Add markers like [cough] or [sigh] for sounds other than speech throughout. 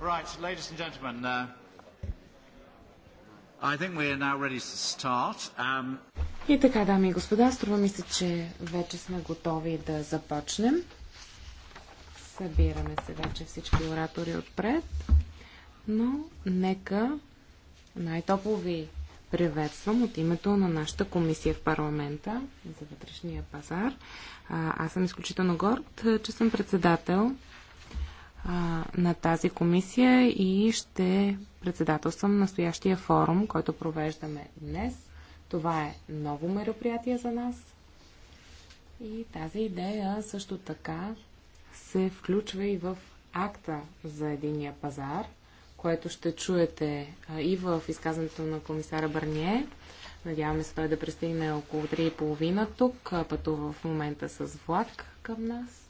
Right, ladies and gentlemen, uh, I think we are now ready to start. Um... И така, дами и господа, струва ми се, че вече сме готови да започнем. Събираме се вече всички оратори отпред, но нека най-топло ви приветствам от името на нашата комисия в парламента за вътрешния пазар. А, аз съм изключително горд, че съм председател а, на тази комисия и ще председателствам настоящия форум, който провеждаме днес. Това е ново мероприятие за нас. И тази идея също така се включва и в акта за единия пазар, което ще чуете и в изказването на комисара Барние. Надяваме се той да пристигне около 3.30 тук, пътува в момента с влак към нас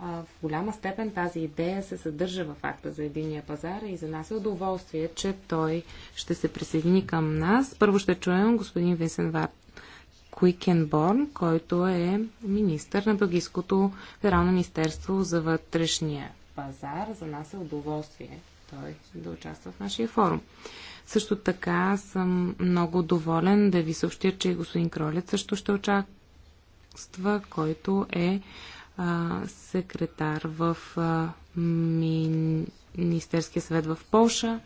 в голяма степен тази идея се съдържа в акта за единния пазар и за нас е удоволствие, че той ще се присъедини към нас. Първо ще чуем господин Винсен Варт Куикенборн, който е министър на Белгийското федерално министерство за вътрешния пазар. За нас е удоволствие той да участва в нашия форум. Също така съм много доволен да ви съобщя, че господин Кролец също ще участва, който е а, секретар в а, Министерския съвет в Полша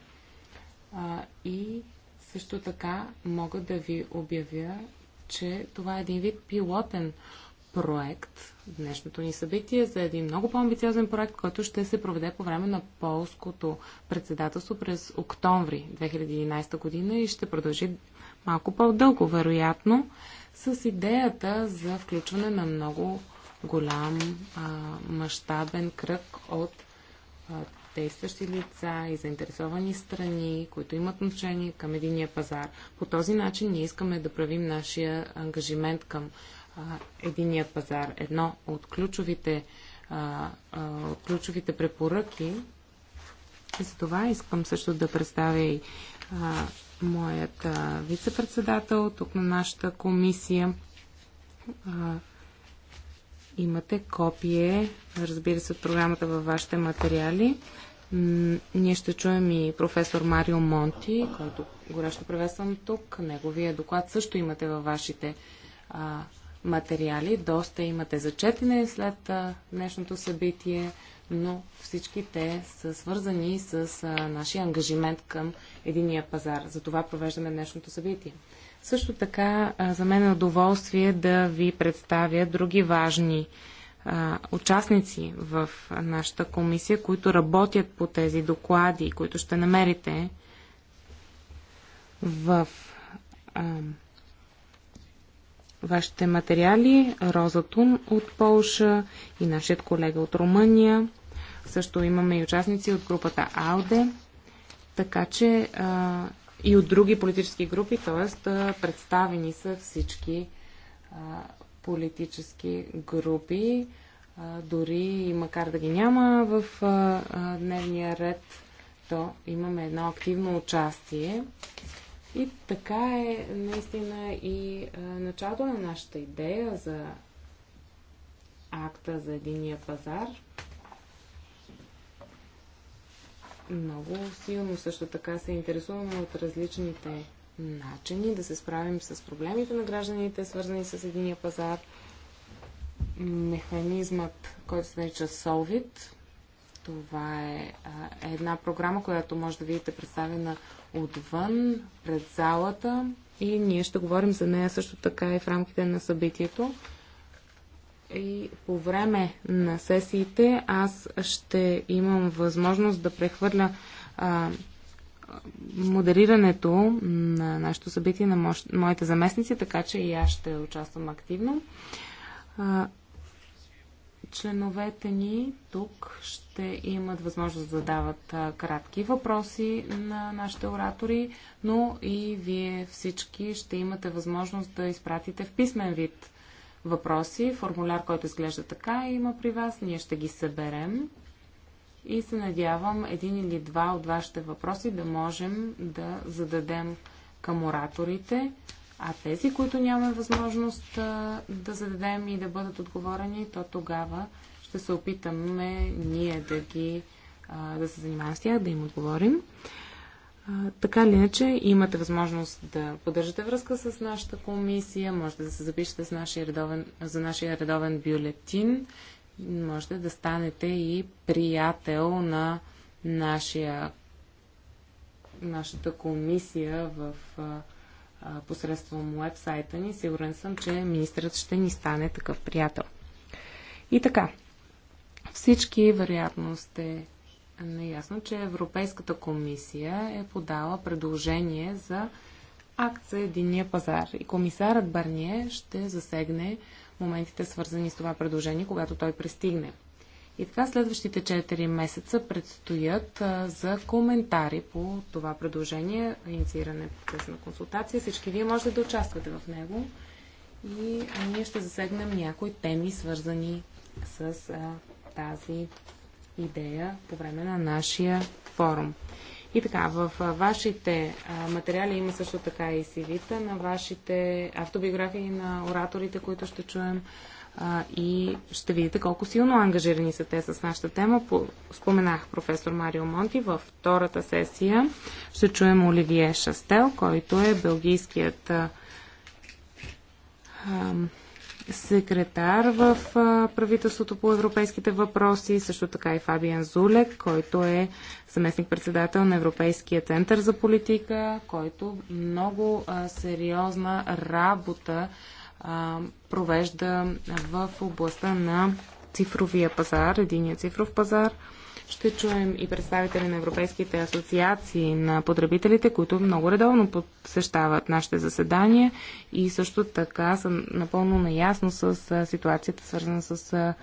а, и също така мога да ви обявя, че това е един вид пилотен проект. Днешното ни събитие е за един много по-амбициозен проект, който ще се проведе по време на полското председателство през октомври 2011 година и ще продължи малко по-дълго, вероятно, с идеята за включване на много голям мащабен кръг от а, действащи лица и заинтересовани страни, които имат отношение към единия пазар. По този начин ние искаме да правим нашия ангажимент към а, единия пазар. Едно от ключовите, а, а, ключовите препоръки и за това искам също да представя и а, моят вице-председател тук на нашата комисия. А, Имате копие, разбира се, от програмата във вашите материали. Ние ще чуем и професор Марио Монти, който горещо приветствам тук. Неговия доклад също имате във вашите а, материали. Доста имате за четене след а, днешното събитие, но всички те са свързани с а, нашия ангажимент към единия пазар. Затова провеждаме днешното събитие. Също така за мен е удоволствие да ви представя други важни участници в нашата комисия, които работят по тези доклади, които ще намерите в а, вашите материали. Роза Тун от Полша и нашият колега от Румъния. Също имаме и участници от групата АЛДЕ. Така че а, и от други политически групи, т.е. представени са всички политически групи, дори макар да ги няма в дневния ред, то имаме едно активно участие. И така е наистина и началото на нашата идея за акта за единия пазар – много силно също така се интересуваме от различните начини да се справим с проблемите на гражданите, свързани с единия пазар. Механизмът, който се нарича Solvit, това е, е една програма, която може да видите представена отвън, пред залата и ние ще говорим за нея също така и в рамките на събитието и по време на сесиите аз ще имам възможност да прехвърля а, модерирането на нашето събитие на моите заместници, така че и аз ще участвам активно. А, членовете ни тук ще имат възможност да задават а, кратки въпроси на нашите оратори, но и вие всички ще имате възможност да изпратите в писмен вид въпроси, формуляр, който изглежда така, има при вас. Ние ще ги съберем и се надявам един или два от вашите въпроси да можем да зададем към ораторите, а тези, които нямаме възможност да зададем и да бъдат отговорени, то тогава ще се опитаме ние да ги да се занимаваме с тях, да им отговорим така или иначе, имате възможност да поддържате връзка с нашата комисия, можете да се запишете с нашия редовен, за нашия редовен бюлетин, можете да станете и приятел на нашия, нашата комисия в посредством вебсайта ни. Сигурен съм, че министрът ще ни стане такъв приятел. И така, всички вероятно сте наясно, че Европейската комисия е подала предложение за акт за единния пазар. И комисарът Барние ще засегне моментите свързани с това предложение, когато той пристигне. И така следващите 4 месеца предстоят а, за коментари по това предложение, иницииране процес на консултация. Всички вие можете да участвате в него и ние ще засегнем някои теми, свързани с а, тази идея по време на нашия форум. И така, в вашите материали има също така и CV-та на вашите автобиографии на ораторите, които ще чуем и ще видите колко силно ангажирани са те с нашата тема. Споменах професор Марио Монти във втората сесия. Ще чуем Оливие Шастел, който е белгийският секретар в правителството по европейските въпроси, също така и Фабиан Зулек, който е заместник-председател на Европейския център за политика, който много сериозна работа провежда в областта на цифровия пазар, единия цифров пазар. Ще чуем и представители на европейските асоциации на потребителите, които много редовно посещават нашите заседания и също така са напълно наясно с ситуацията, свързана с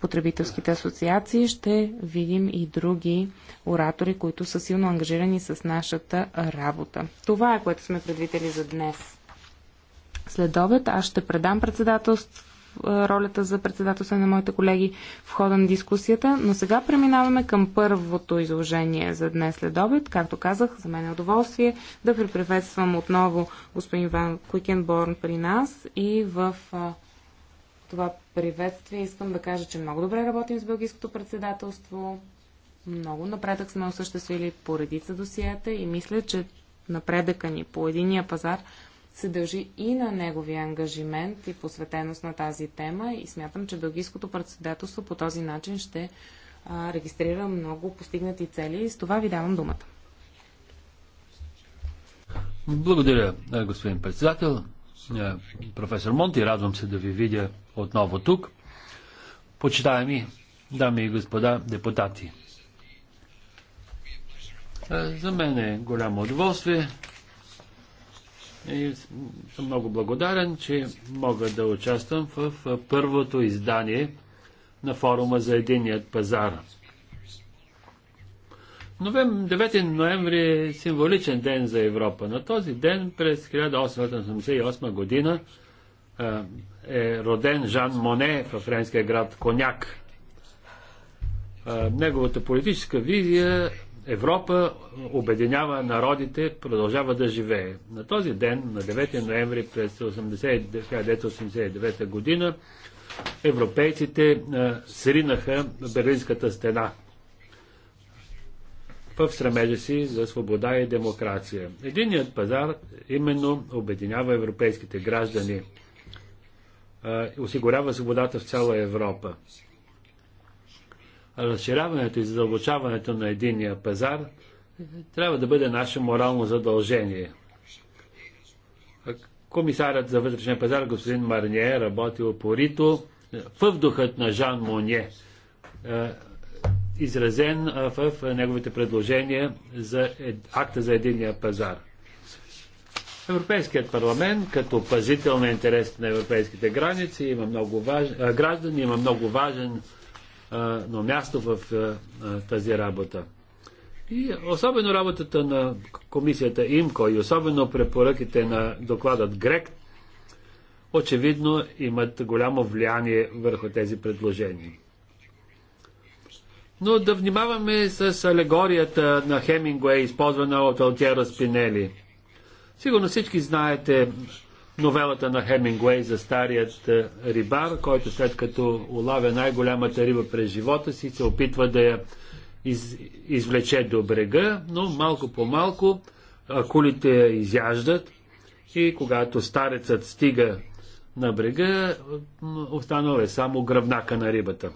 потребителските асоциации. Ще видим и други оратори, които са силно ангажирани с нашата работа. Това е което сме предвидели за днес. След обед аз ще предам председателството е, ролята за председателство на моите колеги в хода на дискусията, но сега преминаваме към първото изложение за днес след обед. Както казах, за мен е удоволствие да приприветствам отново господин Иван Куикенборн при нас и в това приветствие искам да кажа, че много добре работим с Белгийското председателство. Много напредък сме осъществили по редица досиета и мисля, че напредъка ни по единия пазар се дължи и на неговия ангажимент и посветеност на тази тема и смятам, че Белгийското председателство по този начин ще а, регистрира много постигнати цели и с това ви давам думата. Благодаря, господин председател. Професор Монти, радвам се да ви видя отново тук. Почитаеми дами и господа депутати, за мен е голямо удоволствие и съм много благодарен, че мога да участвам в първото издание на форума за единият пазар. 9 ноември е символичен ден за Европа. На този ден през 1888 година е роден Жан Моне в френския град Коняк. Неговата политическа визия Европа обединява народите, продължава да живее. На този ден, на 9 ноември през 1989 година, европейците сринаха Берлинската стена в срамежа си за свобода и демокрация. Единият пазар именно обединява европейските граждани, осигурява свободата в цяла Европа разширяването и задълбочаването на единия пазар трябва да бъде наше морално задължение. Комисарът за вътрешния пазар, господин Марние, работи опорито в духът на Жан Моне, е, изразен е, в неговите предложения за акта за единния пазар. Европейският парламент, като пазител на интересите на европейските граници, има много важен, граждани, има много важен на място в тази работа. И особено работата на комисията ИМКО и особено препоръките на докладът ГРЕК очевидно имат голямо влияние върху тези предложения. Но да внимаваме с алегорията на Хемингуей, използвана от Алтяро Спинели. Сигурно всички знаете новелата на Хемингуей за старият е, рибар, който след като улавя най-голямата риба през живота си, се опитва да я из, извлече до брега, но малко по малко кулите я изяждат и когато старецът стига на брега, останал е само гръбнака на рибата.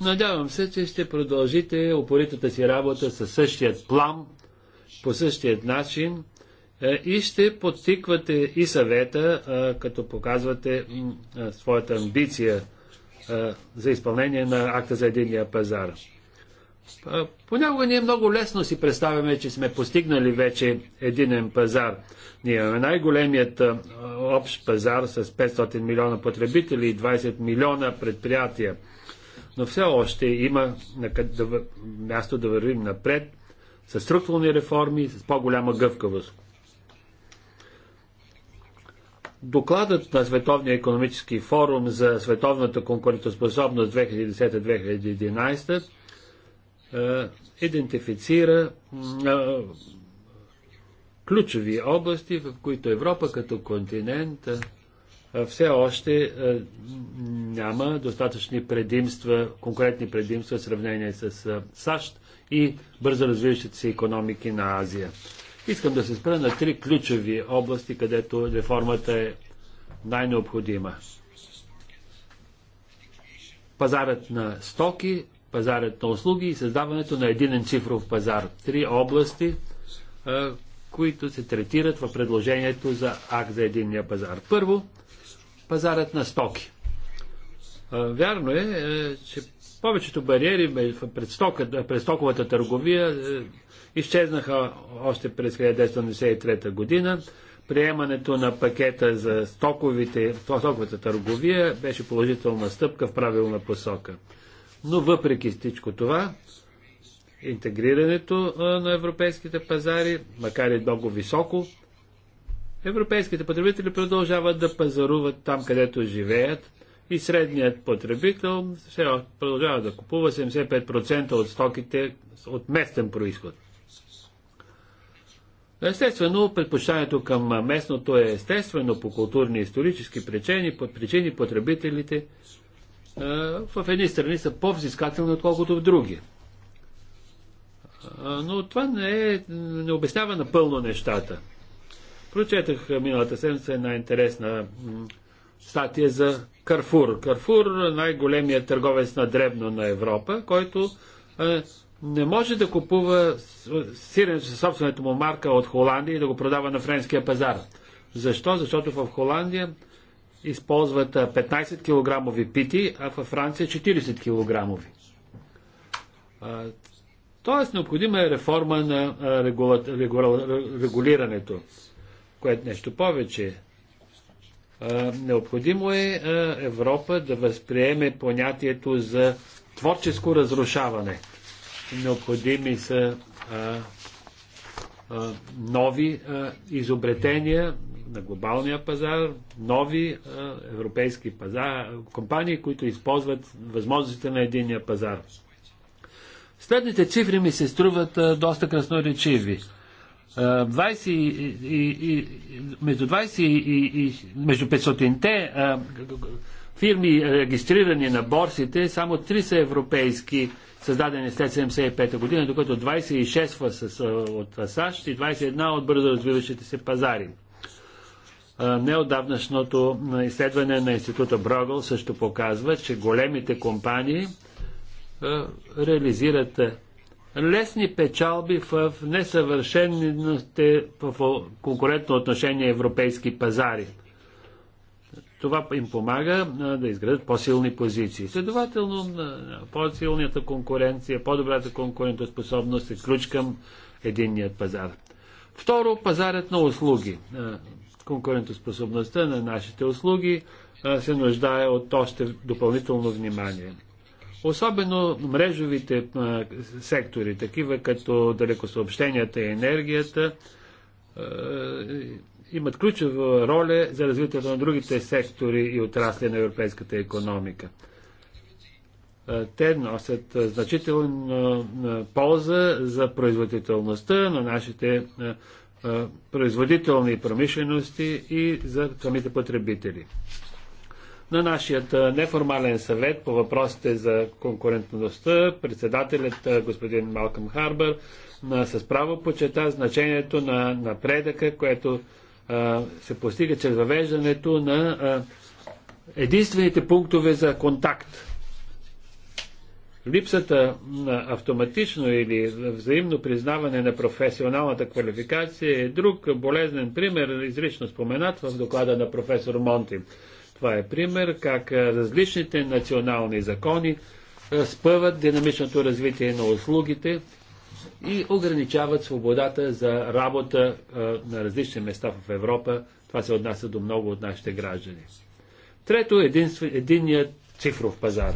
Надявам се, че ще продължите опоритата си работа със същият плам, по същият начин – е, и ще подтиквате и съвета, е, като показвате е, своята амбиция за изпълнение на акта за единния пазар. Понякога ние много лесно си представяме, че сме постигнали вече единен пазар. Ние имаме най-големият общ пазар с 500 милиона потребители и 20 милиона предприятия. Но все още има място да вървим напред с структурни реформи, с по-голяма гъвкавост. Докладът на Световния економически форум за световната конкурентоспособност 2010-2011 е, идентифицира ключови области, в които Европа като континент е, все още е, няма достатъчни предимства, конкретни предимства в сравнение с САЩ и бързо развиващите се економики на Азия. Искам да се спра на три ключови области, където реформата е най-необходима. Пазарът на стоки, пазарът на услуги и създаването на единен цифров пазар. Три области, които се третират в предложението за акт за единния пазар. Първо, пазарът на стоки. Вярно е, че повечето бариери пред, стока, пред стоковата търговия изчезнаха още през 1993 година. Приемането на пакета за стоковите, стоковата търговия беше положителна стъпка в правилна посока. Но въпреки всичко това, интегрирането на европейските пазари, макар и много високо, европейските потребители продължават да пазаруват там, където живеят и средният потребител продължава да купува 75% от стоките от местен происход. Естествено, предпочитанието към местното е естествено по културни и исторически причини, под причини потребителите в едни страни са по-взискателни, отколкото в други. Но това не, е, не обяснява напълно нещата. Прочетах миналата седмица една интересна статия за Карфур. Карфур, най-големият търговец на дребно на Европа, който не може да купува сирен със собствената му марка от Холандия и да го продава на френския пазар. Защо? Защото в Холандия използват 15 кг пити, а във Франция 40 кг. Тоест, необходима е реформа на регула... Регула... регулирането, което е нещо повече. Необходимо е Европа да възприеме понятието за творческо разрушаване – Необходими са а, а, нови а, изобретения на глобалния пазар, нови а, европейски пазар, компании, които използват възможностите на единния пазар. Следните цифри ми се струват а, доста красноречиви. 20 и, и, и, между 20 и, и между 500-те фирми е, регистрирани на борсите, само 3 са европейски, създадени след 75 година, докато 26 са е, от е, САЩ и 21 от бързо развиващите се пазари. Неодавнашното изследване на института Брогъл също показва, че големите компании реализират лесни печалби в несъвършените в конкурентно отношение европейски пазари – това им помага да изградат по-силни позиции. Следователно, по-силната конкуренция, по-добрата конкурентоспособност е ключ към единният пазар. Второ, пазарът на услуги. Конкурентоспособността на нашите услуги се нуждае от още допълнително внимание. Особено мрежовите сектори, такива като далекосъобщенията и енергията, имат ключова роля за развитието на другите сектори и отрасли на европейската економика. Те носят значителна полза за производителността на нашите производителни промишлености и за самите потребители. На нашият неформален съвет по въпросите за конкурентността, председателят господин Малкъм Харбър с право почета значението на напредъка, което се постига чрез въвеждането на единствените пунктове за контакт. Липсата на автоматично или взаимно признаване на професионалната квалификация е друг болезнен пример, изрично споменат в доклада на професор Монти. Това е пример как различните национални закони спъват динамичното развитие на услугите и ограничават свободата за работа а, на различни места в Европа. Това се отнася до много от нашите граждани. Трето, един, единният цифров пазар.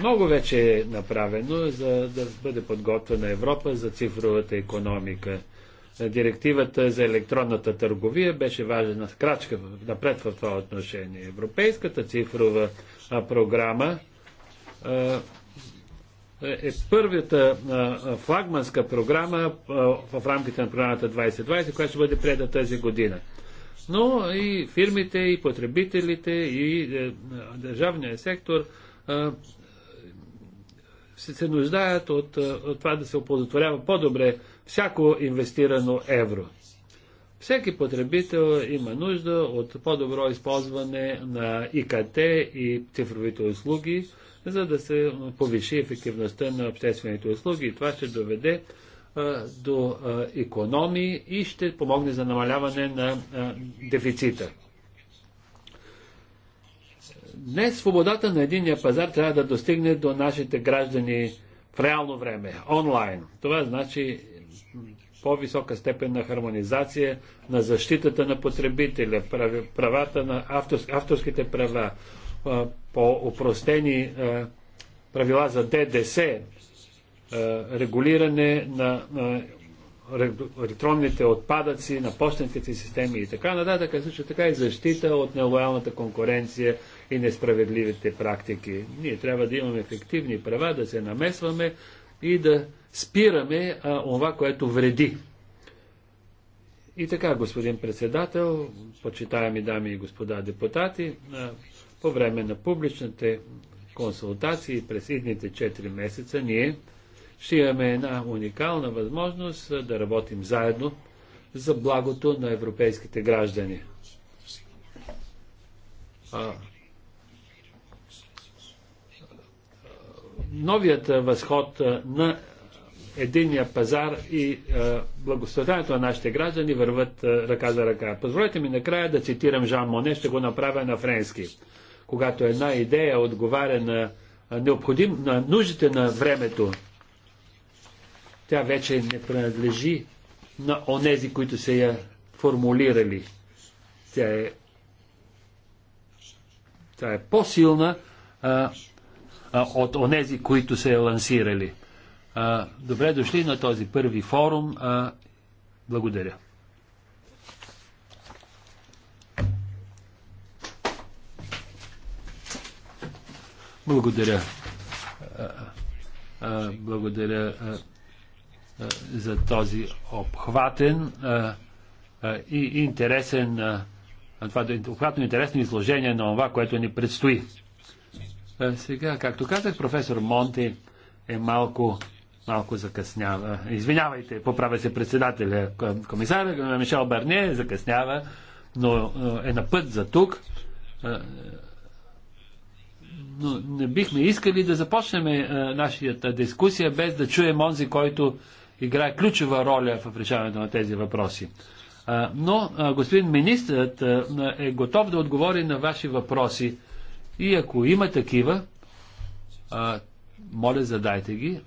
Много вече е направено за да бъде подготвена Европа за цифровата економика. Директивата за електронната търговия беше важна крачка напред в това отношение. Европейската цифрова програма е първата флагманска програма в рамките на програмата 2020, която ще бъде преда тази година. Но и фирмите, и потребителите, и е, е, държавния сектор се нуждаят от, е, от това да се оползотворява по-добре всяко инвестирано евро. Всеки потребител има нужда от по-добро използване на ИКТ и цифровите услуги, за да се повиши ефективността на обществените услуги. Това ще доведе до економии и ще помогне за намаляване на дефицита. Днес свободата на единния пазар трябва да достигне до нашите граждани в реално време, онлайн. Това значи по-висока степен на хармонизация на защитата на потребителя, правата на авторските права, по-опростени правила за ДДС, регулиране на електронните отпадъци, на почтенските системи и така нататък, също така и защита от нелоялната конкуренция и несправедливите практики. Ние трябва да имаме ефективни права, да се намесваме и да спираме това, което вреди. И така, господин председател, почитаеми дами и господа депутати, по време на публичните консултации през идните 4 месеца ние ще имаме една уникална възможност да работим заедно за благото на европейските граждани. А, новият възход на единния пазар и благословението на нашите граждани върват ръка за ръка. Позволете ми накрая да цитирам Жан Моне, ще го направя на френски когато една идея отговаря на, необходим, на нуждите на времето, тя вече не принадлежи на онези, които са я формулирали. Тя е, тя е по-силна а, а, от онези, които са я лансирали. А, добре дошли на този първи форум. А, благодаря. Благодаря. Благодаря за този обхватен и интересен, това е обхватно интересно изложение на това, което ни предстои. Сега, както казах, професор Монти е малко, малко закъснява. Извинявайте, поправя се председателя. Комисар Мишел Барне закъснява, но е на път за тук но не бихме искали да започнем е, нашата дискусия без да чуем онзи, който играе ключова роля в решаването на тези въпроси. Но господин министрът е готов да отговори на ваши въпроси и ако има такива, моля задайте ги.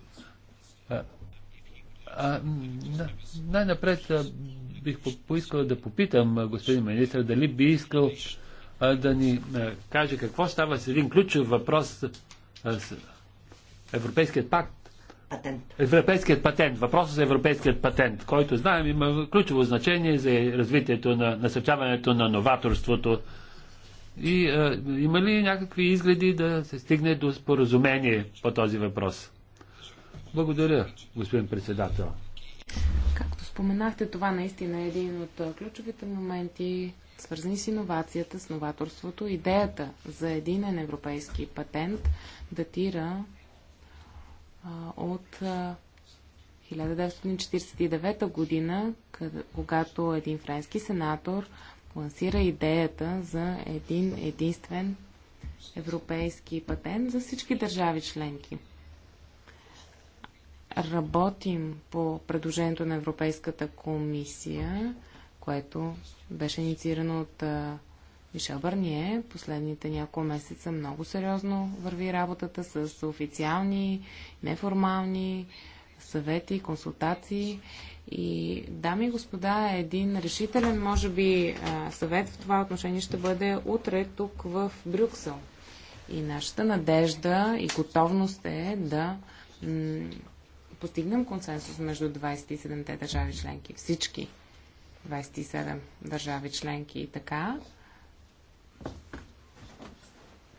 Най-напред бих поискал да попитам господин министр дали би искал да ни каже какво става с един ключов въпрос с Европейският пакт. Патент. Европейският патент. Въпросът за европейският патент, който знаем има ключово значение за развитието на насърчаването на новаторството. И а, има ли някакви изгледи да се стигне до споразумение по този въпрос? Благодаря, господин председател. Както споменахте, това наистина е един от ключовите моменти свързани с иновацията, с новаторството. Идеята за един европейски патент датира а, от а, 1949 година, къде, когато един френски сенатор лансира идеята за един единствен европейски патент за всички държави членки. Работим по предложението на Европейската комисия което беше инициирано от Мишел Барние. Последните няколко месеца много сериозно върви работата с официални, неформални съвети, консултации. И, дами и господа, един решителен, може би, съвет в това отношение ще бъде утре тук в Брюксел. И нашата надежда и готовност е да постигнем консенсус между 27-те държави членки. Всички 27 държави членки и така.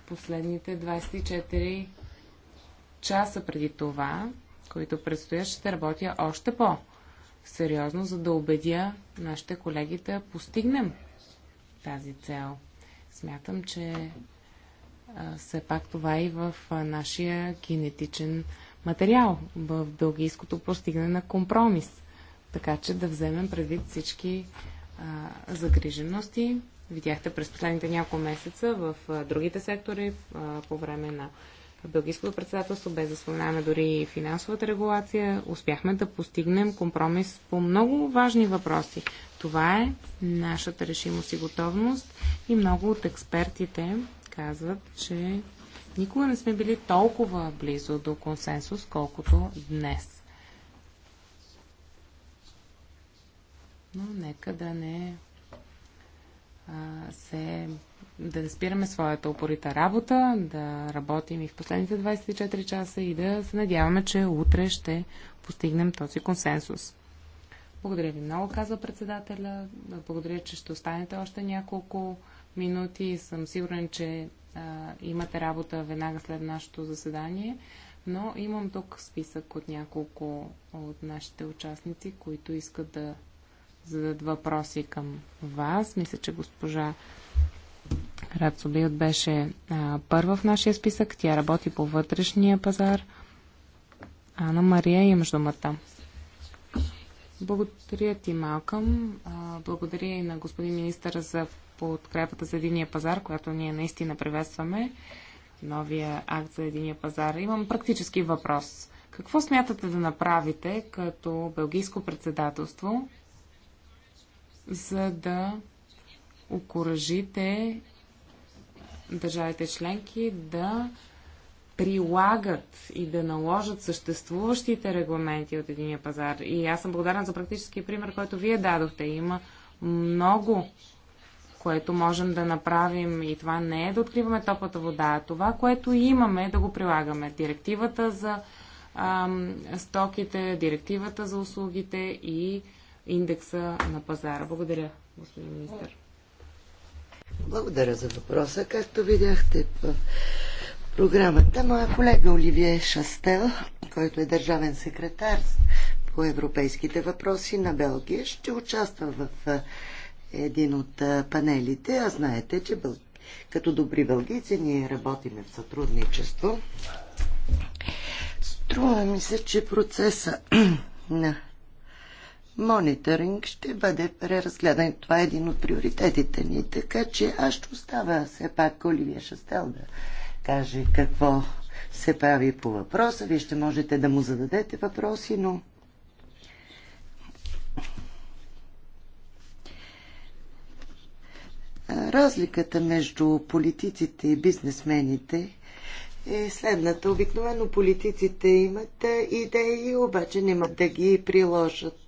Последните 24 часа преди това, които предстоят, ще работя още по-сериозно, за да убедя нашите колеги да постигнем тази цел. Смятам, че все пак това е и в нашия генетичен материал, в дългийското постигане на компромис – така че да вземем предвид всички а, загрижености. Видяхте през последните няколко месеца в а, другите сектори а, по време на Белгийското председателство, без да споменаваме дори и финансовата регулация, успяхме да постигнем компромис по много важни въпроси. Това е нашата решимост и готовност и много от експертите казват, че никога не сме били толкова близо до консенсус, колкото днес. но нека да не се, да не спираме своята опорита работа, да работим и в последните 24 часа и да се надяваме, че утре ще постигнем този консенсус. Благодаря ви много, казва председателя. Благодаря, че ще останете още няколко минути. Съм сигурен, че а, имате работа веднага след нашето заседание, но имам тук списък от няколко от нашите участници, които искат да зададат въпроси към вас. Мисля, че госпожа Рацобиот беше а, първа в нашия списък. Тя работи по вътрешния пазар. Ана Мария имаш думата. Благодаря ти, Малкам. Благодаря и на господин министър за подкрепата за единия пазар, която ние наистина приветстваме. Новия акт за единия пазар. Имам практически въпрос. Какво смятате да направите като Белгийско председателство за да окоръжите държавите членки да прилагат и да наложат съществуващите регламенти от единия пазар. И аз съм благодарен за практически пример, който вие дадохте. Има много, което можем да направим и това не е да откриваме топлата вода, а това, което имаме, е да го прилагаме. Директивата за ам, стоките, директивата за услугите и индекса на пазара. Благодаря, господин министр. Благодаря за въпроса. Както видяхте в програмата, моя колега Оливие Шастел, който е държавен секретар по европейските въпроси на Белгия, ще участва в един от панелите. А знаете, че бъл... като добри бългийци ние работиме в сътрудничество. Струва ми се, че процеса [clears throat] на мониторинг ще бъде преразгледан. Това е един от приоритетите ни. Така че аз ще оставя все пак Оливия Шастел да каже какво се прави по въпроса. Вие ще можете да му зададете въпроси, но Разликата между политиците и бизнесмените е следната. Обикновено политиците имат идеи, обаче не могат да ги приложат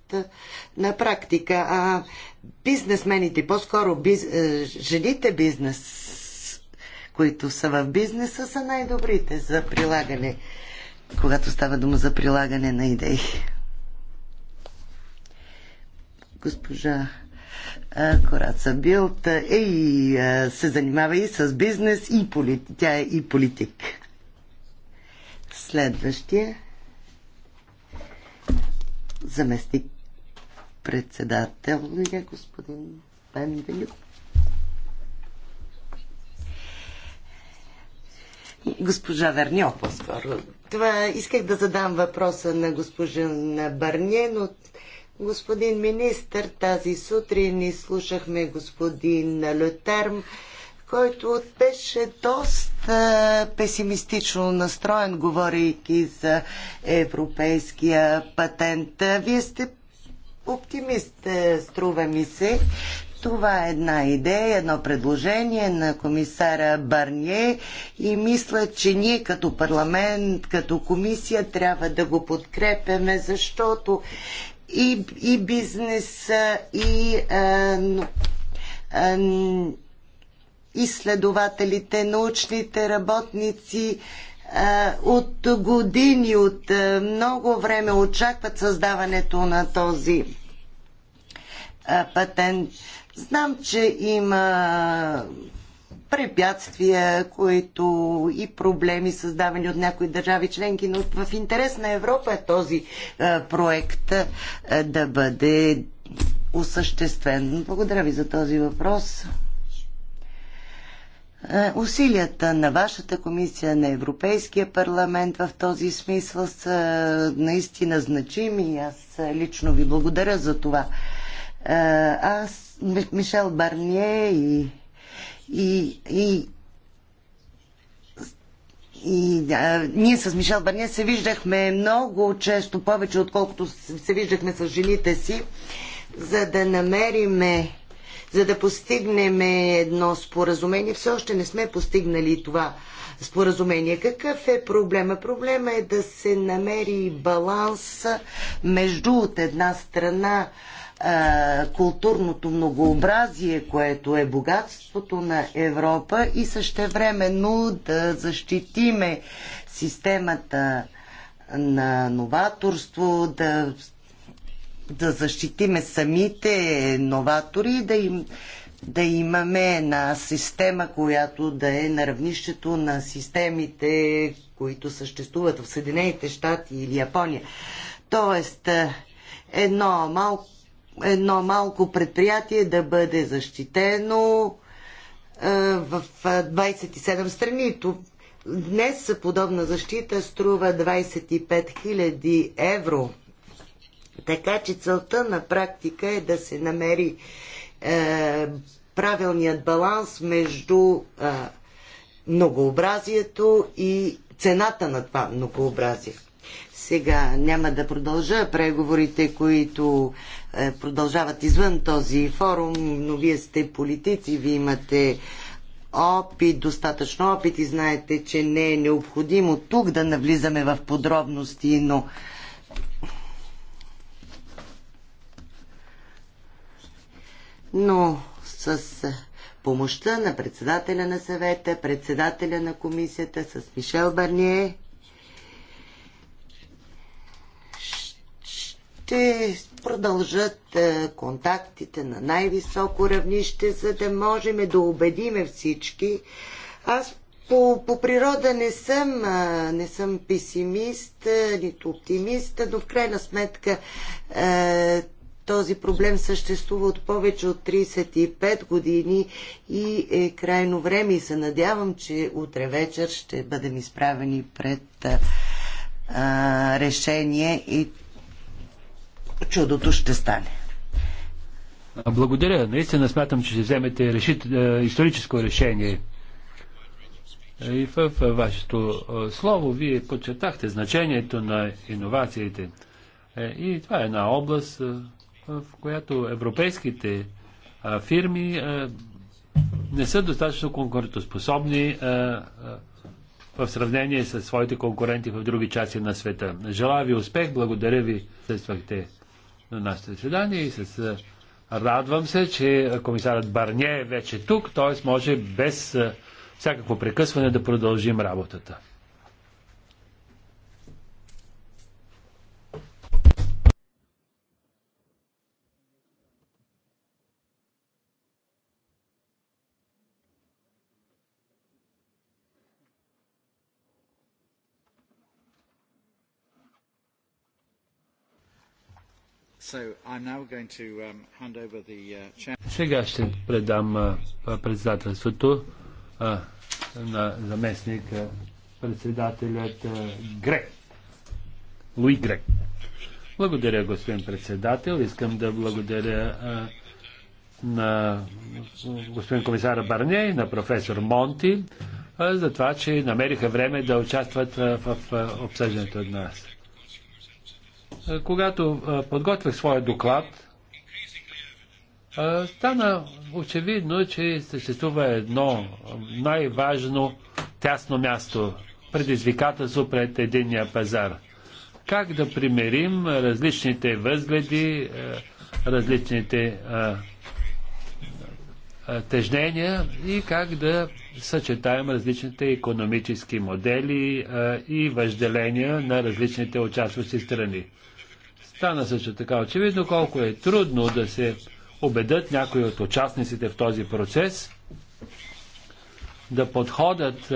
на практика. А бизнесмените, по-скоро биз, жените бизнес, които са в бизнеса, са най-добрите за прилагане, когато става дума за прилагане на идеи. Госпожа Кораца Билт е и се занимава и с бизнес, и полит... тя е и политик. Следващия заместник председателя, е, господин Бендел. Госпожа Верньо, по-скоро. Това исках да задам въпроса на госпожа Барне, но господин министр, тази сутрин ни слушахме господин Летерм, който беше доста песимистично настроен, говорейки за европейския патент. Вие сте оптимист, е, струва ми се. Това е една идея, едно предложение на комисара Барние и мисля, че ние като парламент, като комисия трябва да го подкрепяме, защото и, и бизнеса, и е, е, изследователите, научните работници, е, от години, от е, много време очакват създаването на този е, патент. Знам, че има препятствия, които и проблеми създавани от някои държави членки, но в интерес на Европа е този проект да бъде осъществен. Благодаря ви за този въпрос. Е, усилията на вашата комисия, на Европейския парламент в този смисъл са наистина значими. и Аз лично ви благодаря за това. Е, аз, Мишел Барние и, и, и и а, ние с Мишел Барния се виждахме много често, повече отколкото се виждахме с жените си, за да намериме за да постигнем едно споразумение. Все още не сме постигнали това споразумение. Какъв е проблема? Проблема е да се намери баланс между от една страна културното многообразие, което е богатството на Европа и същевременно да защитиме системата на новаторство, да да защитиме самите новатори, да им да имаме една система, която да е на равнището на системите, които съществуват в Съединените щати или Япония. Тоест, е, едно малко, едно малко предприятие да бъде защитено е, в 27 е, страни. Днес подобна защита струва 25 000 евро така че целта на практика е да се намери е, правилният баланс между е, многообразието и цената на това многообразие. Сега няма да продължа преговорите, които е, продължават извън този форум, но вие сте политици, вие имате опит, достатъчно опит и знаете, че не е необходимо тук да навлизаме в подробности, но но с помощта на председателя на съвета, председателя на комисията, с Мишел Барние, ще продължат е, контактите на най-високо равнище, за да можем да убедиме всички. Аз по, по природа не съм, е, не съм песимист, е, нито оптимист, но в крайна сметка този проблем съществува от повече от 35 години и е крайно време и се надявам, че утре вечер ще бъдем изправени пред а, решение и чудото ще стане. Благодаря. Наистина смятам, че ще вземете решит, историческо решение. И в вашето слово вие подчертахте значението на иновациите. Е, и това е една област, в която европейските фирми не са достатъчно конкурентоспособни в сравнение с своите конкуренти в други части на света. Желая ви успех, благодаря ви, съствахте на нашето заседание и с радвам се, че комисарът Барне е вече тук, т.е. може без всякакво прекъсване да продължим работата. Um, uh, Сега ще предам председателството на заместник председателят Грек. Луи Грек. Благодаря, господин председател. Искам да благодаря на господин комисара Барне и на професор Монти за това, че намериха време да участват в обсъждането от нас. Е, когато е, подготвях своя доклад, е, стана очевидно, че съществува едно най-важно тясно място предизвикателство пред единния пазар. Как да примерим различните възгледи, различните тежнения и как да съчетаем различните економически модели и въжделения на различните участващи страни. Стана също така очевидно колко е трудно да се убедят някои от участниците в този процес да подходят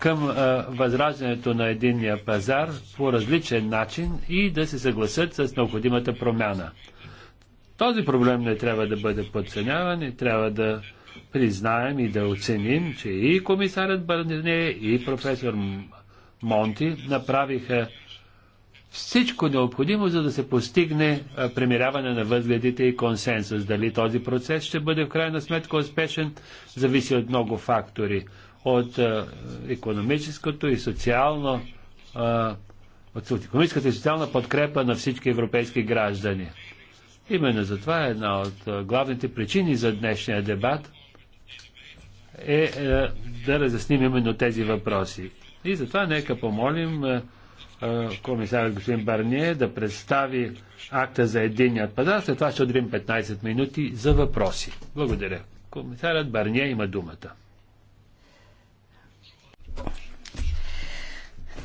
към възраждането на единния пазар по различен начин и да се съгласят с необходимата промяна. Този проблем не трябва да бъде подценяван и трябва да признаем и да оценим, че и комисарът Бърнене и професор Монти направиха всичко необходимо, за да се постигне премиряване на възгледите и консенсус. Дали този процес ще бъде в крайна сметка успешен, зависи от много фактори. От економическото и социално от економическата и социална подкрепа на всички европейски граждани. Именно затова е една от главните причини за днешния дебат е, е да разясним именно тези въпроси. И затова нека помолим е, комисарът господин Барние да представи акта за единият пазар. След това ще отрим 15 минути за въпроси. Благодаря. Комисарът Барние има думата.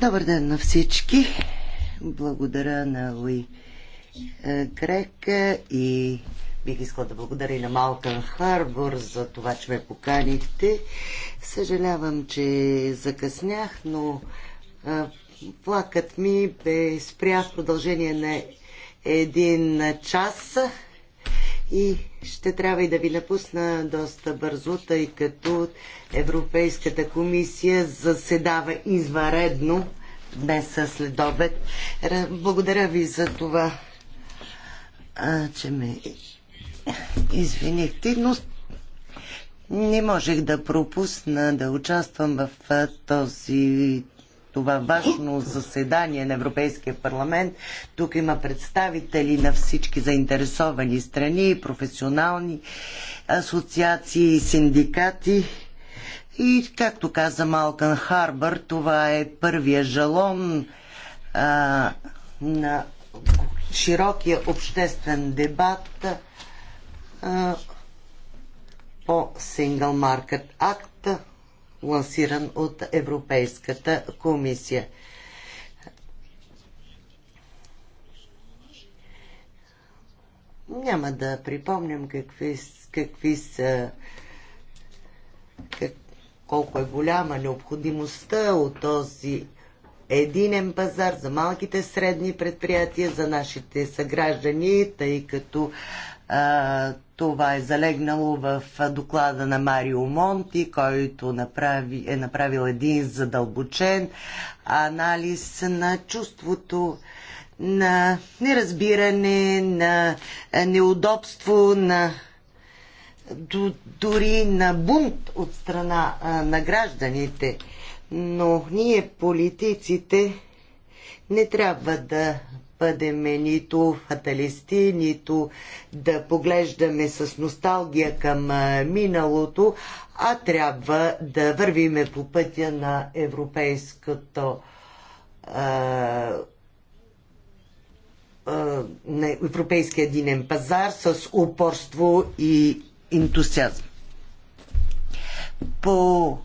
Добър ден на всички. Благодаря на Луи е, Грека е, и бих искала да благодаря и на Малкан Харбор за това, че ме поканихте. Съжалявам, че закъснях, но Влакът ми бе спря в продължение на един час и ще трябва и да ви напусна доста бързо, тъй като Европейската комисия заседава извънредно днес след обед. Благодаря ви за това, че ме извинихте, но не можех да пропусна да участвам в този това важно заседание на Европейския парламент. Тук има представители на всички заинтересовани страни, професионални асоциации и синдикати. И, както каза Малкан Харбър, това е първия жалон а, на широкия обществен дебат а, по Single Market Act лансиран от Европейската комисия. Няма да припомням какви, какви са как, колко е голяма необходимостта от този единен пазар за малките средни предприятия, за нашите съграждани, тъй като това е залегнало в доклада на Марио Монти, който направи, е направил един задълбочен анализ на чувството на неразбиране, на неудобство, на дори на бунт от страна на гражданите. Но ние, политиците, не трябва да бъдеме нито фаталисти, нито да поглеждаме с носталгия към миналото, а трябва да вървиме по пътя на европейското на европейския единен пазар с упорство и ентусиазъм. По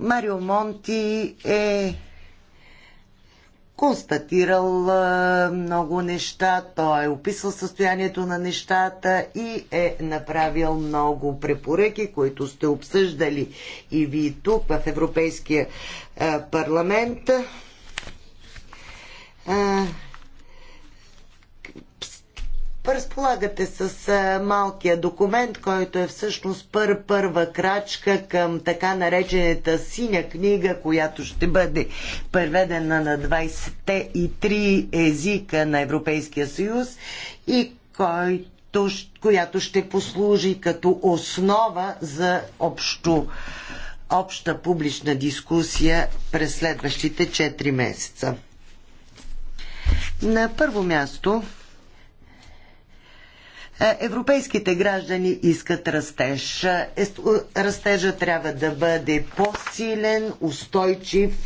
Марио Монти е констатирал много неща, той е описал състоянието на нещата и е направил много препоръки, които сте обсъждали и ви тук в Европейския парламент разполагате с малкия документ, който е всъщност пър първа крачка към така наречената синя книга, която ще бъде преведена на 23 езика на Европейския съюз и който, която ще послужи като основа за общо, обща публична дискусия през следващите 4 месеца. На първо място е, европейските граждани искат растеж. Е, е, растежа трябва да бъде по-силен, устойчив,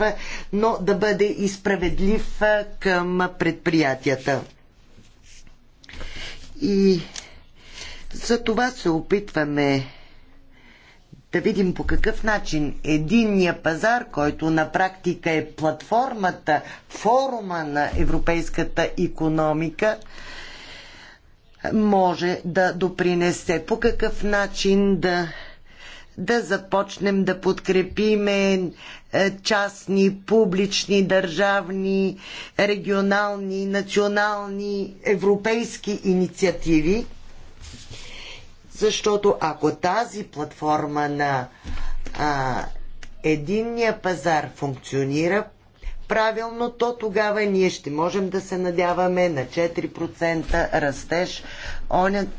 но да бъде и справедлив към предприятията. И за това се опитваме да видим по какъв начин единния пазар, който на практика е платформата, форума на европейската економика, може да допринесе, по какъв начин да, да започнем да подкрепиме е, частни, публични, държавни, регионални, национални, европейски инициативи. Защото ако тази платформа на а, единния пазар функционира, правилно, то тогава ние ще можем да се надяваме на 4% растеж,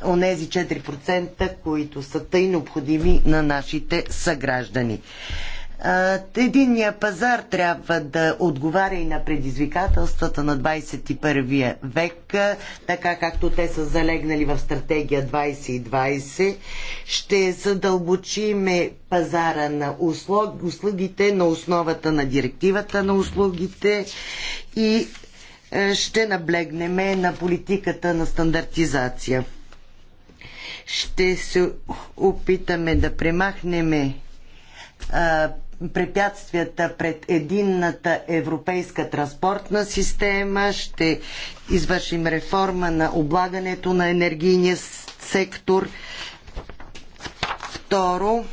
онези 4%, които са тъй необходими на нашите съграждани. Единния пазар трябва да отговаря и на предизвикателствата на 21 век, така както те са залегнали в стратегия 2020. Ще задълбочиме пазара на услугите на основата на директивата на услугите и ще наблегнем на политиката на стандартизация. Ще се опитаме да премахнем препятствията пред единната европейска транспортна система, ще извършим реформа на облагането на енергийния сектор. Второ,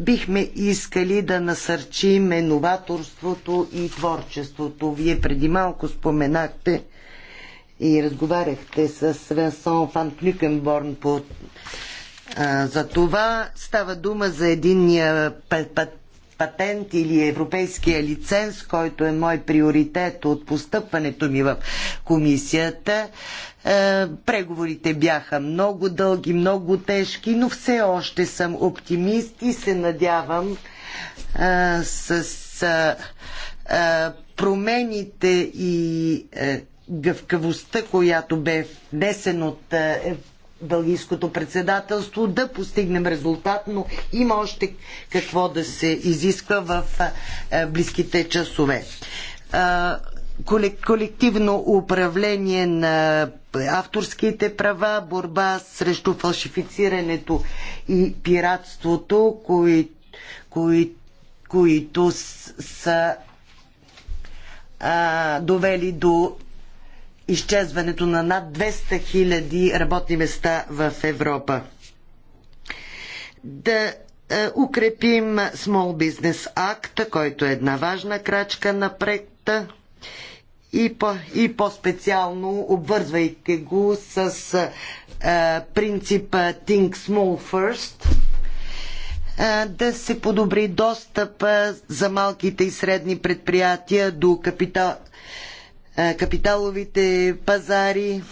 бихме искали да насърчим новаторството и творчеството. Вие преди малко споменахте и разговаряхте с Венсон Фан Клюкенборн по за това става дума за единния патент или европейския лиценз, който е мой приоритет от постъпването ми в комисията. Е, преговорите бяха много дълги, много тежки, но все още съм оптимист и се надявам е, с е, промените и гъвкавостта, която бе внесен от Бългийското председателство да постигнем резултат, но има още какво да се изисква в е, близките часове. Е, колективно управление на авторските права, борба срещу фалшифицирането и пиратството, кои, кои, които са а, довели до изчезването на над 200 000 работни места в Европа. Да е, укрепим Small Business Act, който е една важна крачка напред и, по, и по-специално обвързвайки го с а, е, принципа Think Small First, а, е, да се подобри достъп за малките и средни предприятия до капитал е, капиталовите пазари.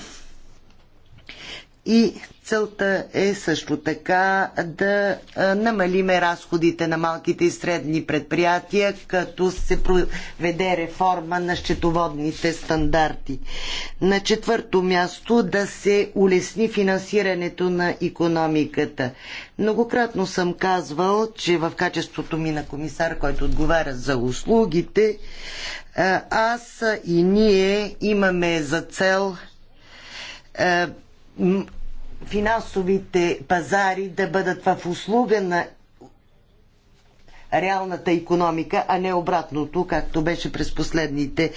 И целта е също така да намалиме разходите на малките и средни предприятия, като се проведе реформа на счетоводните стандарти. На четвърто място да се улесни финансирането на економиката. Многократно съм казвал, че в качеството ми на комисар, който отговаря за услугите, аз и ние имаме за цел финансовите пазари да бъдат в услуга на реалната економика, а не обратното, както беше през последните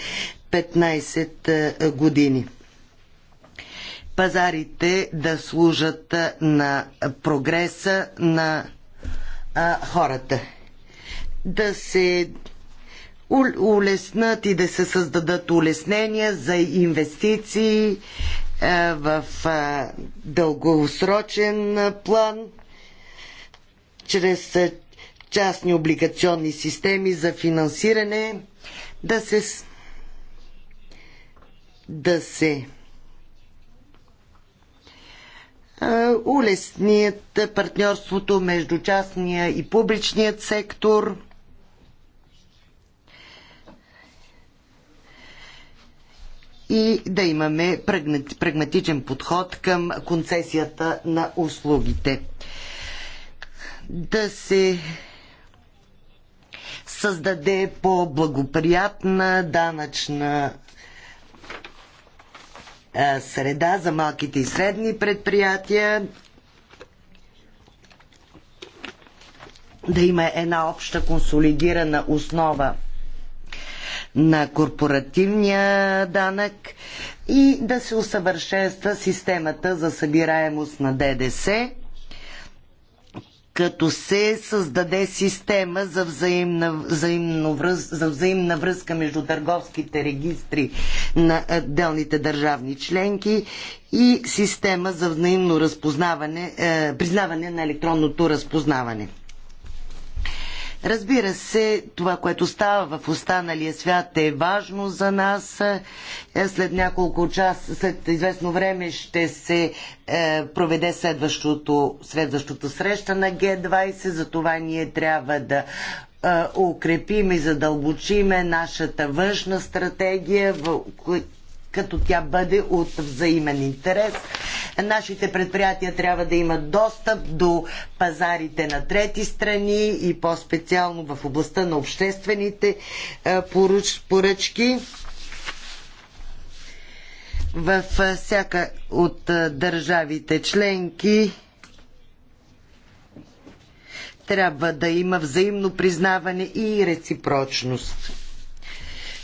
15 е, години. Пазарите да служат е, на прогреса на а, е, хората. Да се улеснат и да се създадат улеснения за инвестиции, е, в е, дългосрочен е, план чрез частни облигационни системи за финансиране да се да се улесният партньорството между частния и публичният сектор – и да имаме прагматичен подход към концесията на услугите. Да се създаде по-благоприятна данъчна среда за малките и средни предприятия, да има една обща консолидирана основа на корпоративния данък и да се усъвършенства системата за събираемост на ДДС, като се създаде система за взаимна, взаимна, връз, за взаимна връзка между търговските регистри на отделните държавни членки и система за взаимно разпознаване, е, признаване на електронното разпознаване. Разбира се, това, което става в останалия свят е важно за нас. Е, след няколко часа, след известно време ще се е, проведе следващото, следващото среща на Г20. Затова ние трябва да е, укрепим и задълбочиме нашата външна стратегия, като тя бъде от взаимен интерес. Нашите предприятия трябва да имат достъп до пазарите на трети страни и по-специално в областта на обществените е, поръчки в е, всяка от е, държавите членки трябва да има взаимно признаване и реципрочност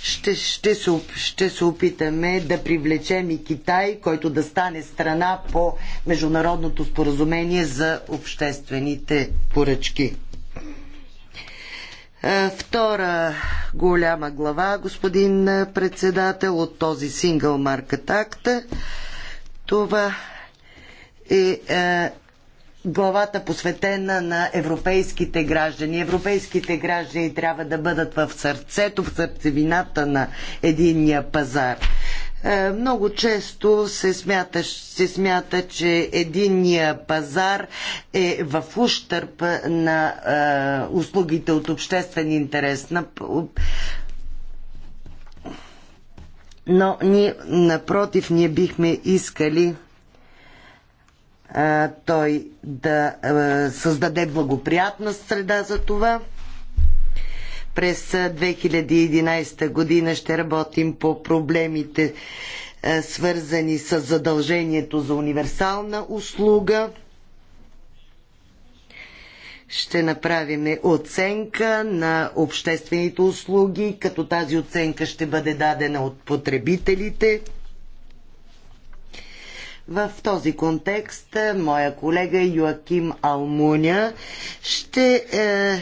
ще, ще, се, ще се опитаме да привлечем и Китай, който да стане страна по Международното споразумение за обществените поръчки. Е, втора голяма глава, господин председател, от този сингъл маркет акт. Това е, е главата посветена на европейските граждани. Европейските граждани трябва да бъдат в сърцето, в сърцевината на единния пазар. Е, много често се смята, се смята че единния пазар е в ущърп на е, услугите от обществен интерес. На, но ние, напротив, ние бихме искали той да създаде благоприятна среда за това. През 2011 година ще работим по проблемите, свързани с задължението за универсална услуга. Ще направим оценка на обществените услуги, като тази оценка ще бъде дадена от потребителите в този контекст е, моя колега Йоаким Алмуня ще, е,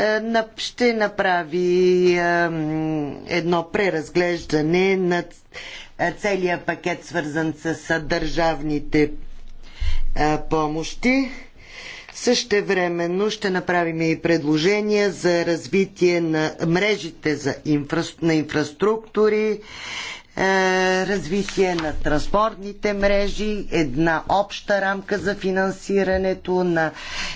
е, ще направи е, едно преразглеждане на е, целия пакет, свързан с държавните е, помощи. Същевременно ще направим и предложения за развитие на мрежите за инфра... на инфраструктури е, развитие на транспортните мрежи, една обща рамка за финансирането на,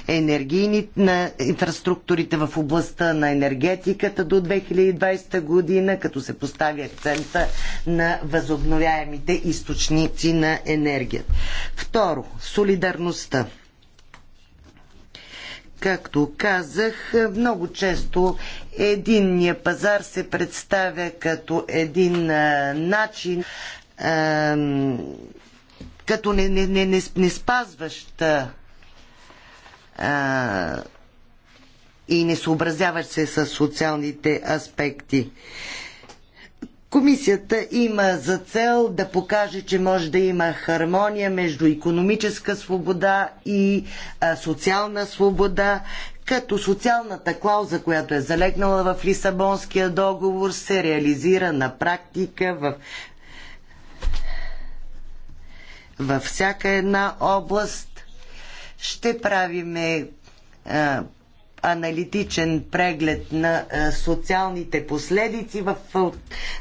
енергийни, на инфраструктурите в областта на енергетиката до 2020 година, като се постави акцента на възобновяемите източници на енергия. Второ, солидарността. Както казах, много често единния пазар се представя като един а, начин, а, като не, не, не, не, не спазващ а, и не съобразяващ се с социалните аспекти. А, Комисията има за цел да покаже, че може да има хармония между економическа свобода и социална свобода, като социалната клауза, която е залегнала в Лисабонския договор, се реализира на практика в във всяка една област. Ще правиме аналитичен преглед на е, социалните последици в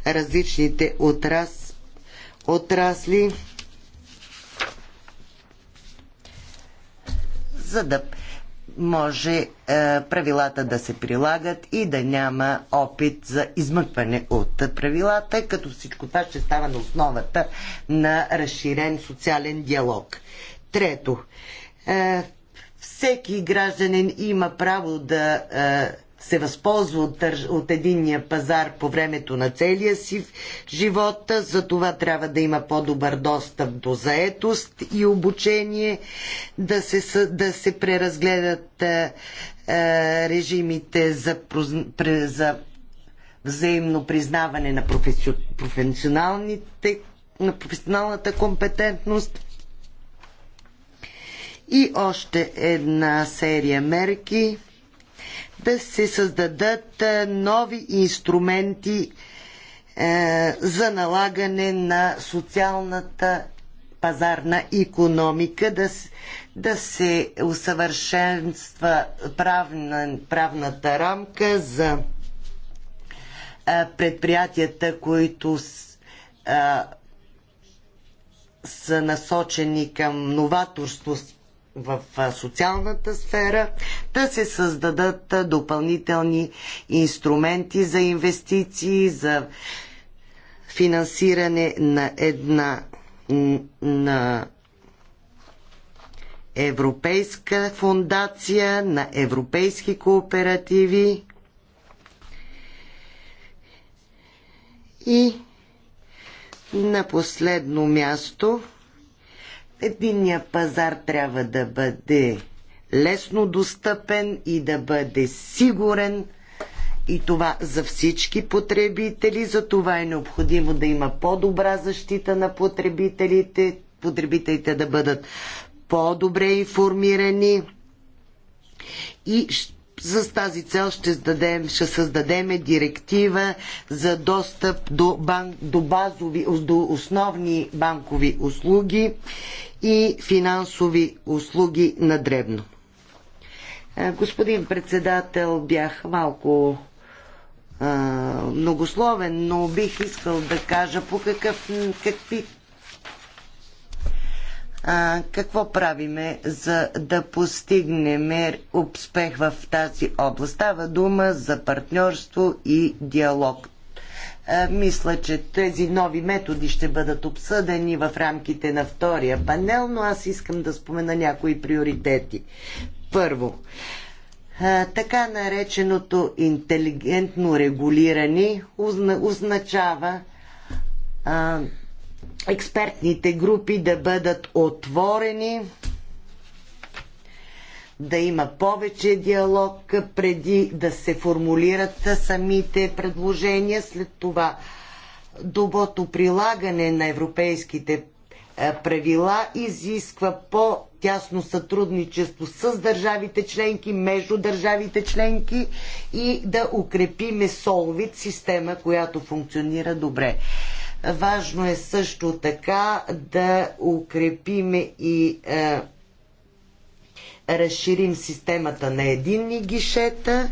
различните отрас, отрасли, за да може е, правилата да се прилагат и да няма опит за измъкване от правилата, като всичко това ще става на основата на разширен социален диалог. Трето, е, всеки гражданин има право да е, се възползва от, от единния пазар по времето на целия си живот. За това трябва да има по-добър достъп до заетост и обучение, да се, да се преразгледат е, е, режимите за, за взаимно признаване на професионалните на професионалната компетентност и още една серия мерки да се създадат е, нови инструменти е, за налагане на социалната пазарна економика, да, да се усъвършенства правна, правната рамка за е, предприятията, които с, е, са насочени към новаторство, в социалната сфера, да се създадат допълнителни инструменти за инвестиции, за финансиране на една на Европейска фундация, на европейски кооперативи и на последно място Единния пазар трябва да бъде лесно достъпен и да бъде сигурен и това за всички потребители. За това е необходимо да има по-добра защита на потребителите, потребителите да бъдат по-добре информирани и с тази цел ще, създадем, ще създадем директива за достъп до, банк, до, базови, до основни банкови услуги и финансови услуги на дребно. Е, господин председател, бях малко а, многословен, но бих искал да кажа по какъв, какви а, какво правиме за да постигнем успех в тази област. Става дума за партньорство и диалог. Е, мисля, че тези нови методи ще бъдат обсъдени в рамките на втория панел, но аз искам да спомена някои приоритети. Първо, е, така нареченото интелигентно регулиране означава е, експертните групи да бъдат отворени да има повече диалог преди да се формулират самите предложения, след това доброто прилагане на европейските е, правила изисква по-тясно сътрудничество с държавите членки, между държавите членки и да укрепиме Солвит, система, която функционира добре. Важно е също така да укрепиме и е, разширим системата на единни гишета,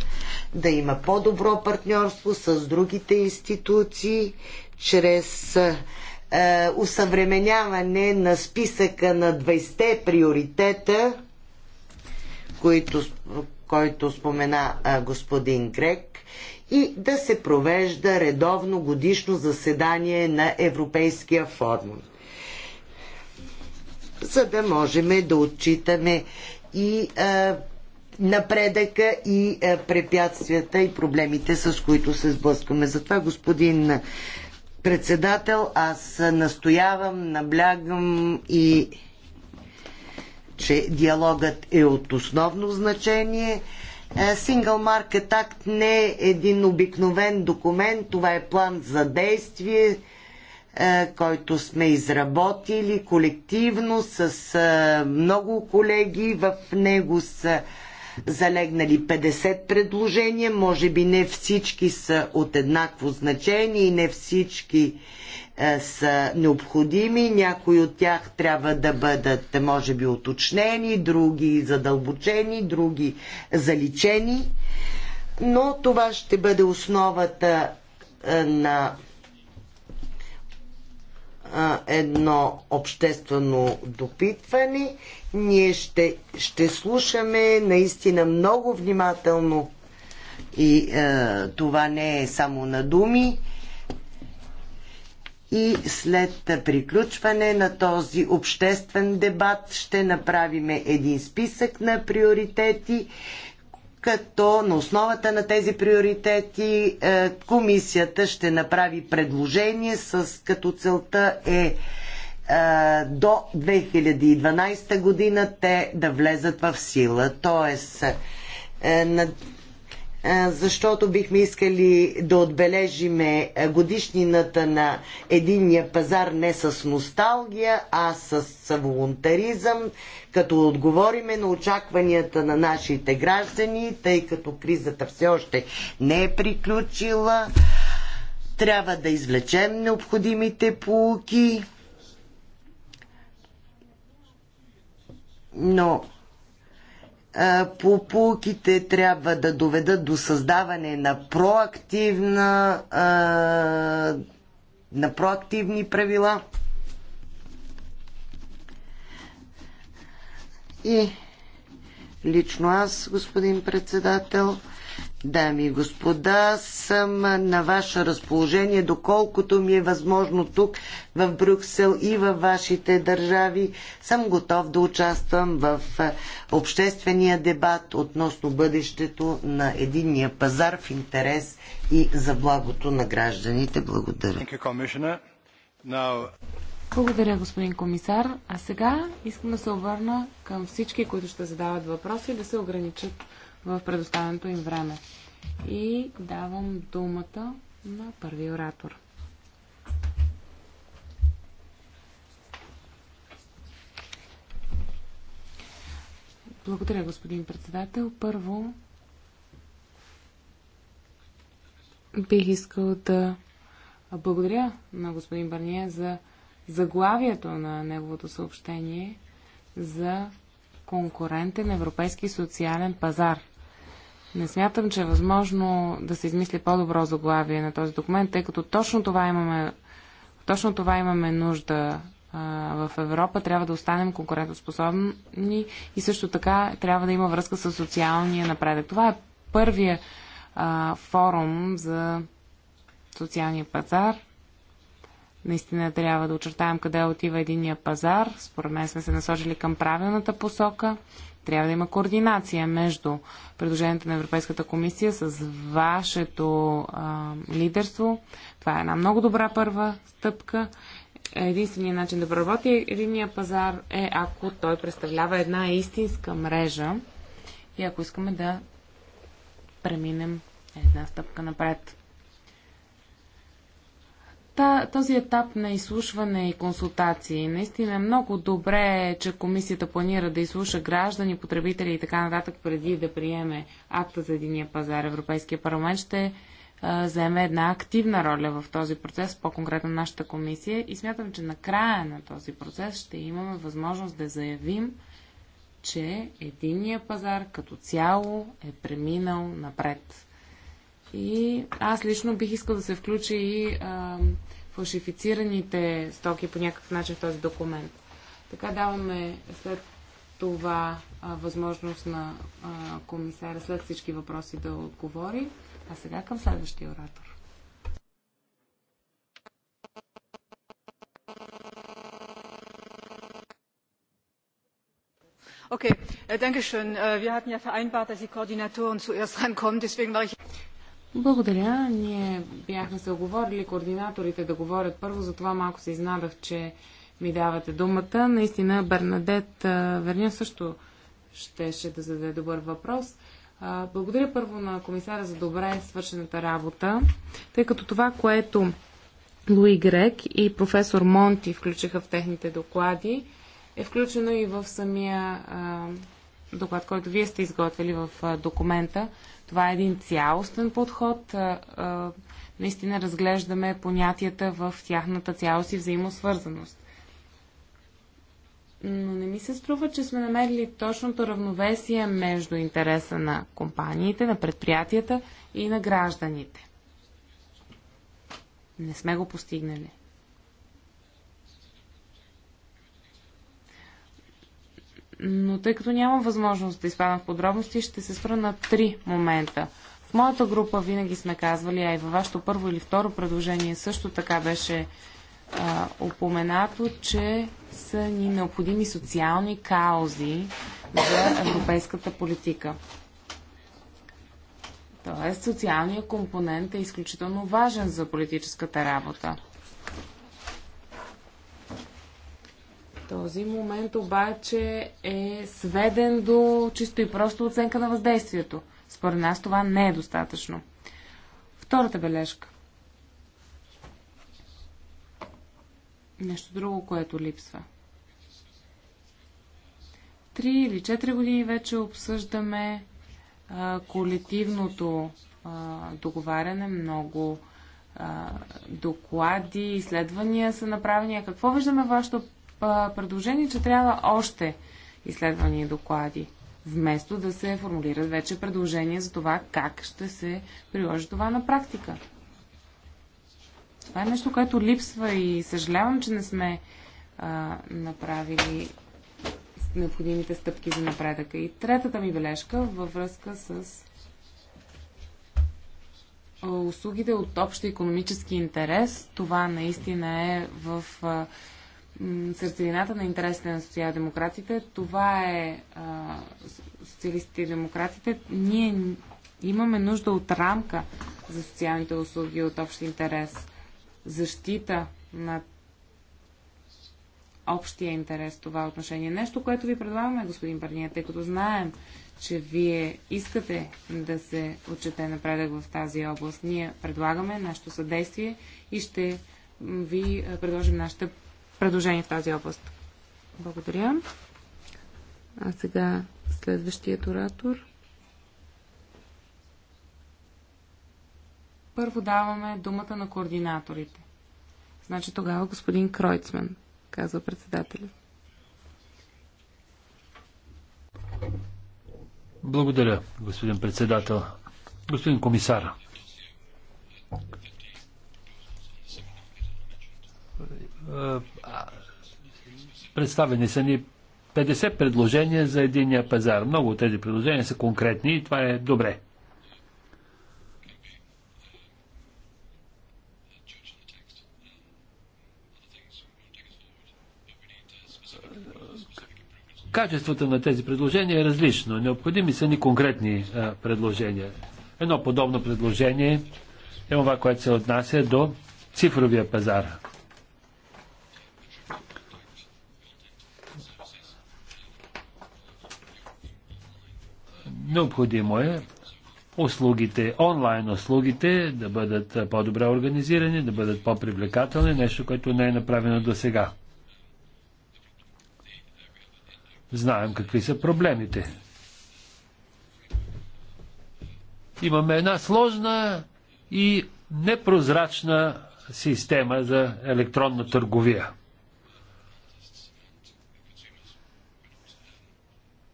да има по-добро партньорство с другите институции, чрез е, усъвременяване на списъка на 20-те приоритета, които, който спомена е, господин Грек, и да се провежда редовно годишно заседание на Европейския форум за да можем да отчитаме и а, напредъка и а, препятствията и проблемите, с които се сблъскваме. Затова, господин председател, аз настоявам, наблягам и че диалогът е от основно значение. Сингъл е, Market Act не е един обикновен документ, това е план за действие е, който сме изработили колективно с е, много колеги. В него са залегнали 50 предложения. Може би не всички са от еднакво значение и не всички е, са необходими. Някои от тях трябва да бъдат, може би, уточнени, други задълбочени, други заличени. Но това ще бъде основата на едно обществено допитване. Ние ще, ще слушаме наистина много внимателно и е, това не е само на думи. И след приключване на този обществен дебат ще направим един списък на приоритети като на основата на тези приоритети е, комисията ще направи предложение с като целта е, е до 2012 година те да влезат в сила. Тоест, е, защото бихме искали да отбележиме годишнината на единния пазар не с носталгия, а с волонтаризъм, като отговориме на очакванията на нашите граждани, тъй като кризата все още не е приключила. Трябва да извлечем необходимите полуки. Но по полките трябва да доведат до създаване на проактивна на проактивни правила и лично аз, господин председател, Дами и господа, съм на ваше разположение, доколкото ми е възможно тук, в Брюксел и във вашите държави. Съм готов да участвам в обществения дебат относно бъдещето на единния пазар в интерес и за благото на гражданите. Благодаря. Благодаря, господин комисар. А сега искам да се обърна към всички, които ще задават въпроси, да се ограничат в предоставеното им време. И давам думата на първи оратор. Благодаря, господин председател. Първо, бих искал да благодаря на господин Барния за заглавието на неговото съобщение за конкурентен европейски социален пазар. Не смятам, че е възможно да се измисли по-добро заглавие на този документ, тъй като точно това имаме, точно това имаме нужда а, в Европа. Трябва да останем конкурентоспособни и също така трябва да има връзка с социалния напредък. Това е първия а, форум за социалния пазар. Наистина трябва да очертаем къде отива единия пазар. Според мен сме се насочили към правилната посока. Трябва да има координация между предложението на Европейската комисия с вашето а, лидерство. Това е една много добра първа стъпка. Единственият начин да проработи единия пазар е ако той представлява една истинска мрежа и ако искаме да преминем една стъпка напред този етап на изслушване и консултации. Наистина е много добре че комисията планира да изслуша граждани, потребители и така нататък преди да приеме акта за единия пазар. Европейския парламент ще заеме една активна роля в този процес, по-конкретно нашата комисия. И смятам, че накрая на този процес ще имаме възможност да заявим, че единия пазар като цяло е преминал напред. И аз лично бих искал да се включи и а, фалшифицираните стоки по някакъв начин в този документ. Така даваме след това а, възможност на а, комисара след всички въпроси да отговори. А сега към следващия оратор. Okay, äh, danke schön. Äh, wir hatten ja vereinbart, dass die Koordinatoren zuerst [laughs] rankommen, deswegen war ich благодаря. Ние бяхме се оговорили координаторите да говорят първо, затова малко се изнадах, че ми давате думата. Наистина Бернадет Верня също щеше да зададе добър въпрос. Благодаря първо на комисара за добре свършената работа, тъй като това, което Луи Грек и професор Монти включиха в техните доклади, е включено и в самия доклад, който вие сте изготвили в документа. Това е един цялостен подход. Наистина разглеждаме понятията в тяхната цялост и взаимосвързаност. Но не ми се струва, че сме намерили точното равновесие между интереса на компаниите, на предприятията и на гражданите. Не сме го постигнали. Но тъй като нямам възможност да изпадам в подробности, ще се спра на три момента. В моята група винаги сме казвали, а и във вашето първо или второ предложение също така беше а, упоменато, че са ни необходими социални каузи за европейската политика. Тоест, социалният компонент е изключително важен за политическата работа. Този момент обаче е сведен до чисто и просто оценка на въздействието. Според нас това не е достатъчно. Втората бележка. Нещо друго, което липсва. Три или четири години вече обсъждаме а, колективното а, договаряне. Много а, доклади, изследвания са направени. А какво виждаме в вашето предложение, че трябва още изследвания и доклади, вместо да се формулират вече предложения за това как ще се приложи това на практика. Това е нещо, което липсва и съжалявам, че не сме а, направили необходимите стъпки за напредъка. И третата ми бележка във връзка с услугите от общ економически интерес. Това наистина е в сърцевината на интересите на социал-демократите. Това е а, социалистите и демократите. Ние имаме нужда от рамка за социалните услуги от общ интерес, защита на общия интерес в това отношение. Нещо, което ви предлагаме, господин Парния, тъй като знаем, че вие искате да се отчете напредък в тази област. Ние предлагаме нашето съдействие и ще ви предложим нашата предложения в тази област. Благодаря. А сега следващият оратор. Първо даваме думата на координаторите. Значи тогава господин Кройцман, казва председателя. Благодаря, господин председател. Господин комисар, Е, представени са ни 50 предложения за единия пазар. Много от тези предложения са конкретни и това е добре. Качеството на тези предложения е различно. Необходими са ни конкретни а, предложения. Едно подобно предложение е това, което се отнася до цифровия пазар. Необходимо е услугите, онлайн услугите да бъдат по-добре организирани, да бъдат по-привлекателни, нещо, което не е направено до сега. Знаем какви са проблемите. Имаме една сложна и непрозрачна система за електронна търговия.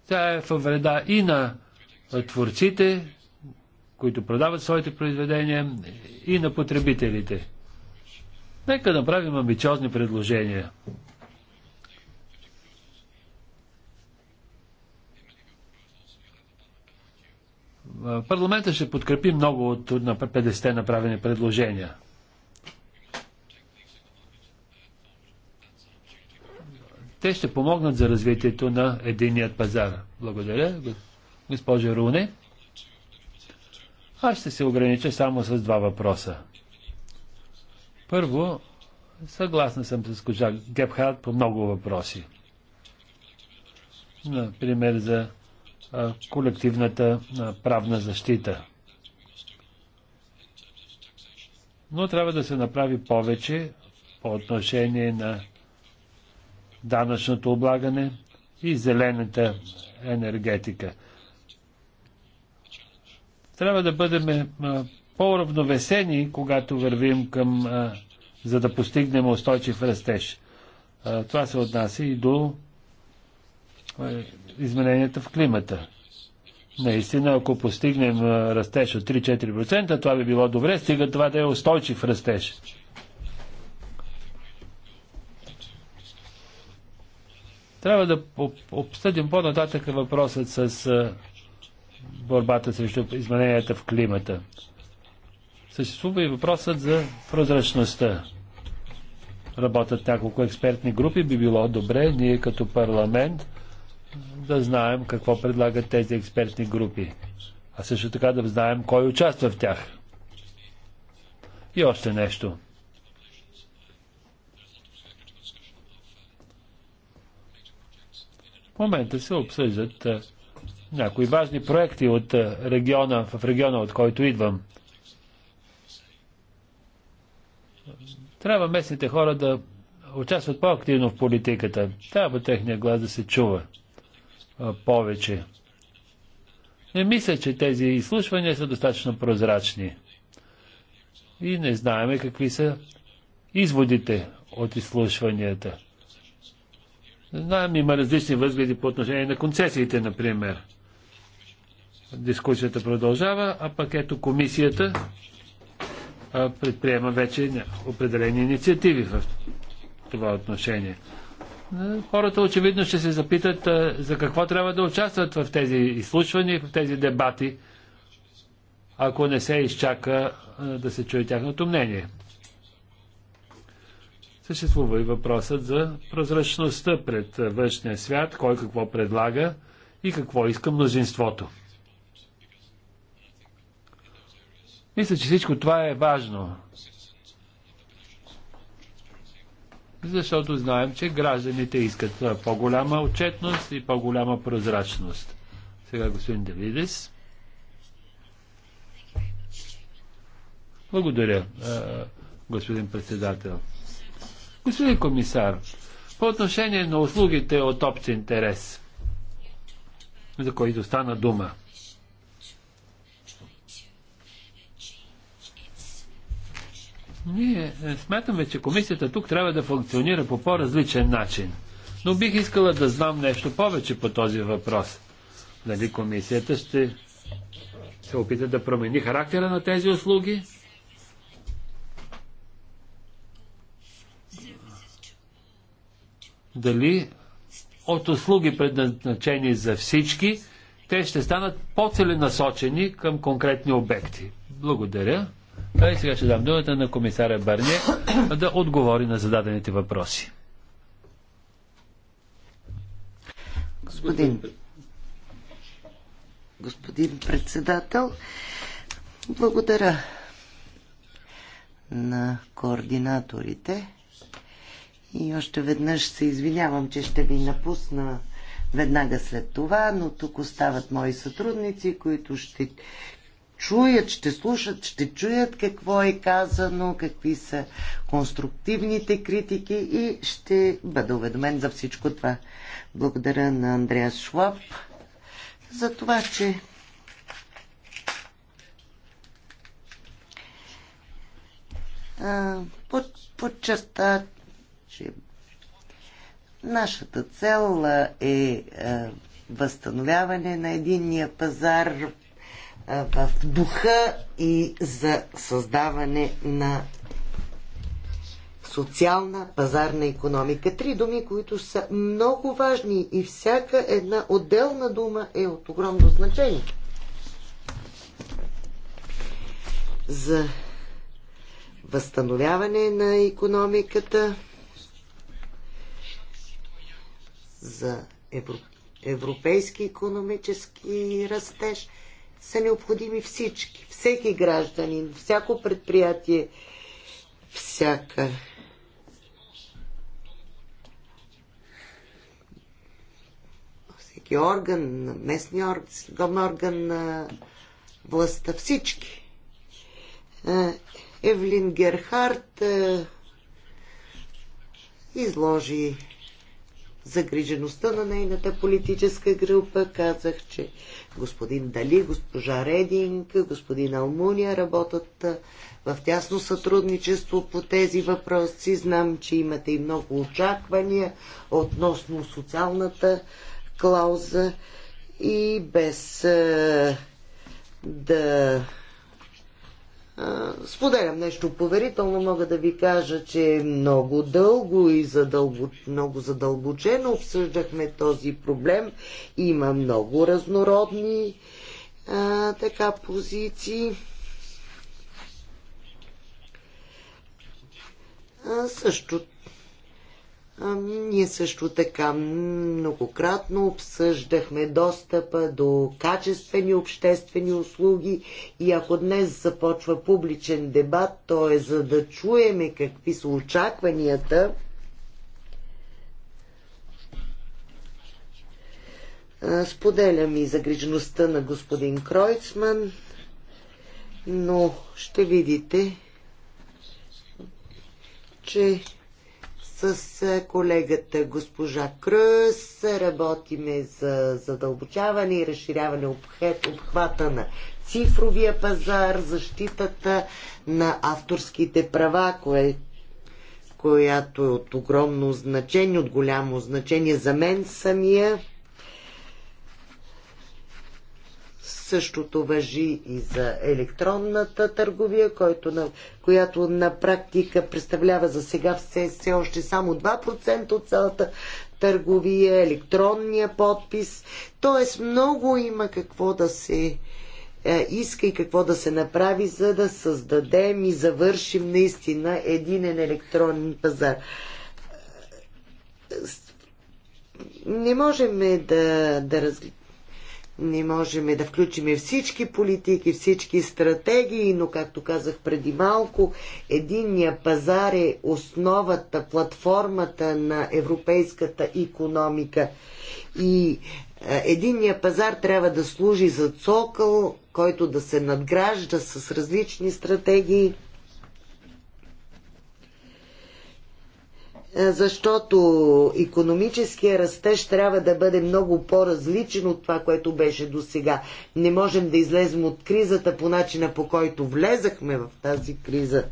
Тя е във вреда и на творците, които продават своите произведения и на потребителите. Нека направим амбициозни предложения. Парламента ще подкрепи много от 50-те направени предложения. Те ще помогнат за развитието на единият пазар. Благодаря госпожо Руне. Аз ще се огранича само с два въпроса. Първо, съгласна съм с госпожа Гепхард по много въпроси. Например, за колективната правна защита. Но трябва да се направи повече по отношение на данъчното облагане и зелената енергетика. Трябва да бъдем по-равновесени, когато вървим към, за да постигнем устойчив растеж. Това се отнася и до измененията в климата. Наистина, ако постигнем растеж от 3-4%, това би било добре, стига това да е устойчив растеж. Трябва да обсъдим по-нататък въпросът с борбата срещу измененията в климата. Съществува и въпросът за прозрачността. Работят няколко експертни групи. Би било добре ние като парламент да знаем какво предлагат тези експертни групи. А също така да знаем кой участва в тях. И още нещо. В момента се обсъждат някои важни проекти от е, региона, в региона, от който идвам. Трябва местните хора да участват по-активно в политиката. Трябва техния глас да се чува е, повече. Не мисля, че тези изслушвания са достатъчно прозрачни. И не знаем какви са изводите от изслушванията. Знаем, има различни възгледи по отношение на концесиите, например. Дискусията продължава, а пък ето комисията предприема вече определени инициативи в това отношение. Хората очевидно ще се запитат за какво трябва да участват в тези изслушвания, в тези дебати, ако не се изчака да се чуе тяхното мнение. Съществува и въпросът за прозрачността пред външния свят, кой какво предлага и какво иска мнозинството. Мисля, че всичко това е важно. Защото знаем, че гражданите искат по-голяма отчетност и по-голяма прозрачност. Сега господин Давидес. Благодаря, господин председател. Господин комисар, по отношение на услугите от общ интерес, за които стана дума – Ние е, смятаме, че комисията тук трябва да функционира по по-различен начин. Но бих искала да знам нещо повече по този въпрос. Дали комисията ще се опита да промени характера на тези услуги? Дали от услуги предназначени за всички, те ще станат по-целенасочени към конкретни обекти. Благодаря. И сега ще дам думата на комисаря Барне да отговори на зададените въпроси. Господин, господин председател, благодаря на координаторите и още веднъж се извинявам, че ще ви напусна веднага след това, но тук остават мои сътрудници, които ще чуят, ще слушат, ще чуят какво е казано, какви са конструктивните критики и ще бъда уведомен за всичко това. Благодаря на Андреас Шваб за това, че подчерта, че нашата цел е възстановяване на единния пазар, в духа и за създаване на социална пазарна економика. Три думи, които са много важни и всяка една отделна дума е от огромно значение. За възстановяване на економиката, за европейски економически растеж – са необходими всички, всеки гражданин, всяко предприятие, всяка. Всеки орган, местния орган, орган на властта, всички. Е, Евлин Герхард е, изложи загрижеността на нейната политическа група. Казах, че господин Дали, госпожа Рединг, господин Алмуния работят в тясно сътрудничество по тези въпроси. Знам, че имате и много очаквания относно социалната клауза и без да Споделям нещо поверително, мога да ви кажа, че много дълго и задълбо, много задълбочено обсъждахме този проблем. Има много разнородни а, така позиции. А, също Ами, ние също така многократно обсъждахме достъпа до качествени обществени услуги и ако днес започва публичен дебат, то е за да чуеме какви са очакванията Споделям и загрижеността на господин Кройцман, но ще видите, че с е, колегата госпожа Кръс работиме за задълбочаване и разширяване обхвата на цифровия пазар, защитата на авторските права, кое, която е от огромно значение, от голямо значение за мен самия. Същото въжи и за електронната търговия, който на, която на практика представлява за сега все, все още само 2% от цялата търговия, електронния подпис. Тоест много има какво да се е, иска и какво да се направи, за да създадем и завършим наистина единен електронен пазар е, не можем да, да, раз, не можем да включим всички политики, всички стратегии, но както казах преди малко, единния пазар е основата, платформата на европейската економика. И е, единния пазар трябва да служи за цокъл, който да се надгражда с различни стратегии защото економическия растеж трябва да бъде много по-различен от това, което беше до сега. Не можем да излезем от кризата по начина по който влезахме в тази криза.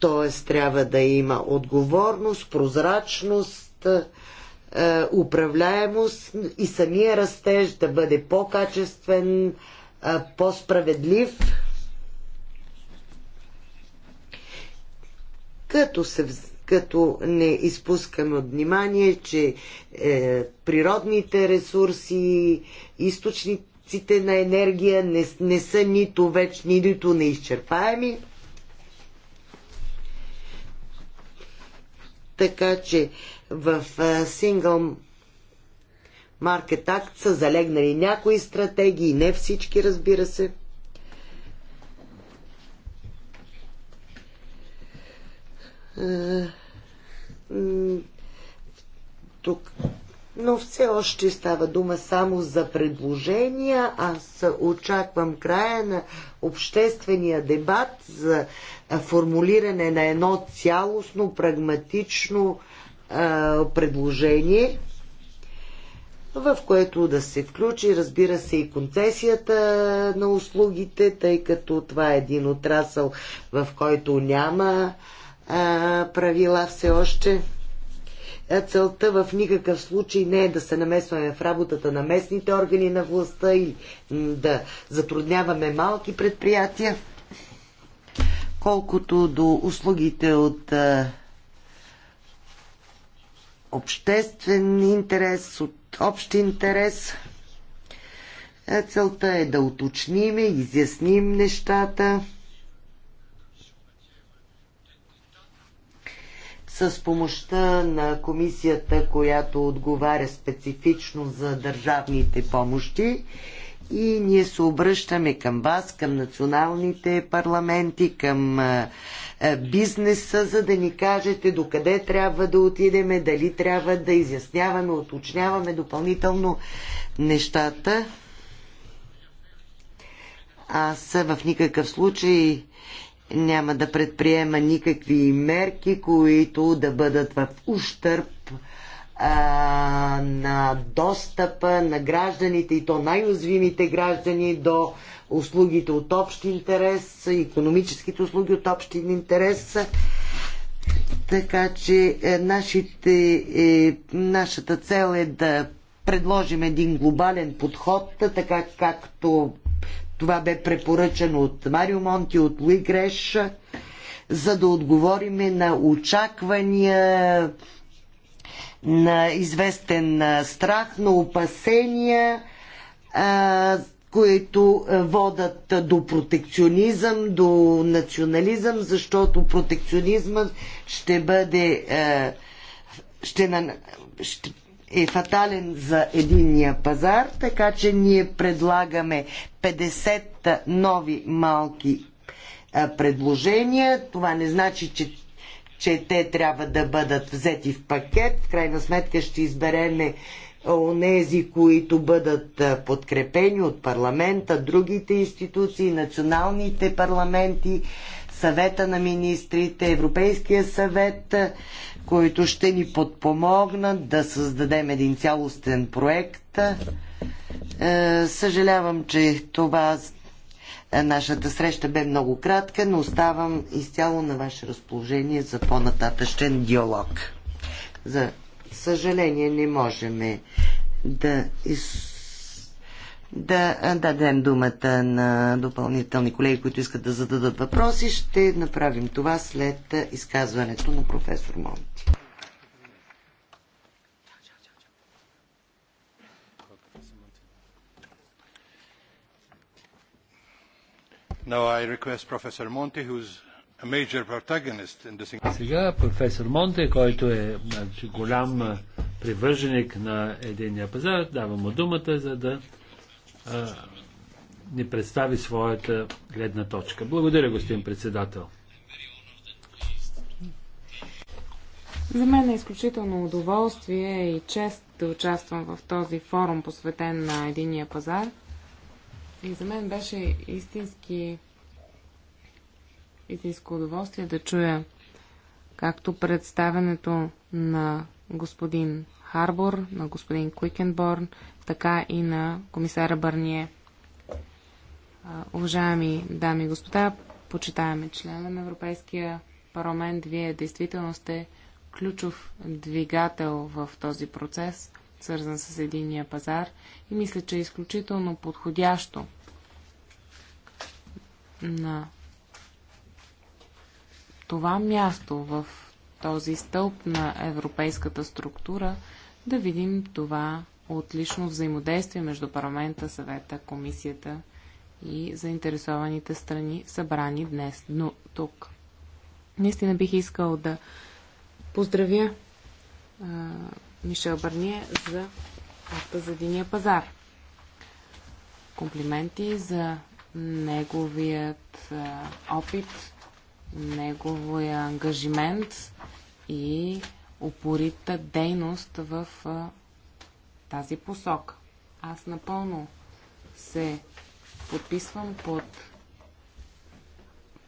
Тоест трябва да има отговорност, прозрачност, е, управляемост и самия растеж да бъде по-качествен, е, по-справедлив. като се като не изпускаме от внимание, че е, природните ресурси, източниците на енергия не, не са нито вечни, нито неизчерпаеми. Така че в е, Single Market Act са залегнали някои стратегии, не всички, разбира се. Е, тук. Но все още става дума само за предложения. Аз очаквам края на обществения дебат за формулиране на едно цялостно, прагматично а, предложение, в което да се включи, разбира се, и концесията на услугите, тъй като това е един отрасъл, в който няма а, правила все още. Целта в никакъв случай не е да се намесваме в работата на местните органи на властта или да затрудняваме малки предприятия. Колкото до услугите от обществен интерес, от общ интерес, целта е да уточним, изясним нещата с помощта на комисията, която отговаря специфично за държавните помощи. И ние се обръщаме към вас, към националните парламенти, към бизнеса, за да ни кажете докъде трябва да отидеме, дали трябва да изясняваме, уточняваме допълнително нещата. Аз в никакъв случай няма да предприема никакви мерки, които да бъдат в ущърп на достъпа на гражданите и то най-уязвимите граждани до услугите от общ интерес, економическите услуги от общ интерес. Така че е, нашите, е, нашата цел е да предложим един глобален подход, така както това бе препоръчано от Марио Монти, от Луи Греш, за да отговориме на очаквания, на известен страх, на опасения, които водат до протекционизъм, до национализъм, защото протекционизмът ще бъде ще, ще е фатален за единния пазар, така че ние предлагаме 50 нови малки предложения. Това не значи, че че те трябва да бъдат взети в пакет. В крайна сметка ще избереме онези, които бъдат подкрепени от парламента, другите институции, националните парламенти, съвета на министрите, Европейския съвет, които ще ни подпомогнат да създадем един цялостен проект. Е, съжалявам, че това е, нашата среща бе много кратка, но оставам изцяло на ваше разположение за по-нататъчен диалог. За съжаление не можем е да из да дадем думата на допълнителни колеги, които искат да зададат въпроси. Ще направим това след изказването на професор Монти. Now I request Professor Monti, who's a major protagonist in this... Сега професор Монте, който е значи, голям привърженик на единия пазар, давам му думата, за да ни представи своята гледна точка. Благодаря, господин председател. За мен е изключително удоволствие и чест да участвам в този форум, посветен на единия пазар. И за мен беше истински истинско удоволствие да чуя както представенето на господин Харбор, на господин Куикенборн, така и на комисара Барние. Уважаеми дами и господа, почитаваме члена на Европейския парламент, вие действително сте ключов двигател в този процес, свързан с единия пазар и мисля, че е изключително подходящо на това място в този стълб на европейската структура да видим това отлично взаимодействие между парламента, съвета, комисията и заинтересованите страни, събрани днес, но тук. Наистина бих искал да поздравя а, Мишел Бърния за акта за единия пазар. Комплименти за неговият а, опит, неговия ангажимент и упорита дейност в а, тази посока. Аз напълно се подписвам под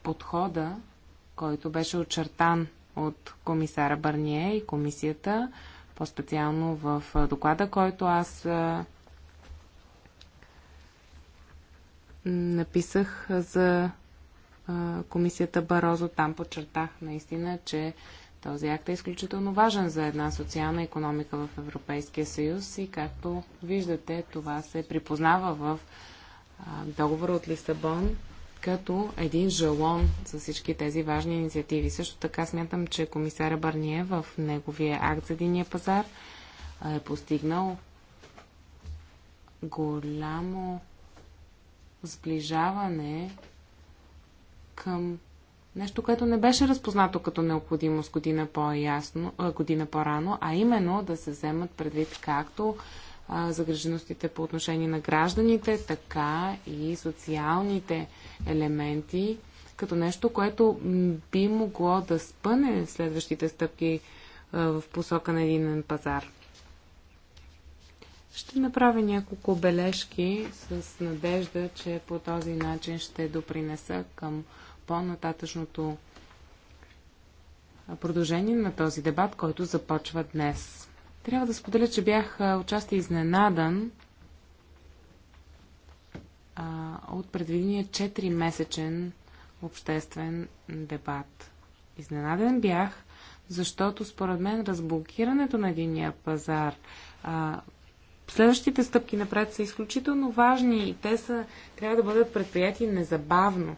подхода, който беше очертан от комисара Барние и комисията, по-специално в доклада, който аз написах за комисията Барозо. Там подчертах наистина, че този акт е изключително важен за една социална економика в Европейския съюз и както виждате, това се припознава в договора от Лисабон като един жалон за всички тези важни инициативи. Също така смятам, че комисаря Барние в неговия акт за единия пазар е постигнал голямо сближаване към Нещо, което не беше разпознато като необходимост година, по-ясно, година по-рано, а именно да се вземат предвид както загреженостите по отношение на гражданите, така и социалните елементи, като нещо, което би могло да спъне следващите стъпки в посока на един пазар. Ще направя няколко бележки с надежда, че по този начин ще допринеса към по-нататъчното продължение на този дебат, който започва днес. Трябва да споделя, че бях отчасти изненадан а, от предвидения 4-месечен обществен дебат. Изненаден бях, защото според мен разблокирането на единия пазар, а, следващите стъпки напред са изключително важни и те са, трябва да бъдат предприяти незабавно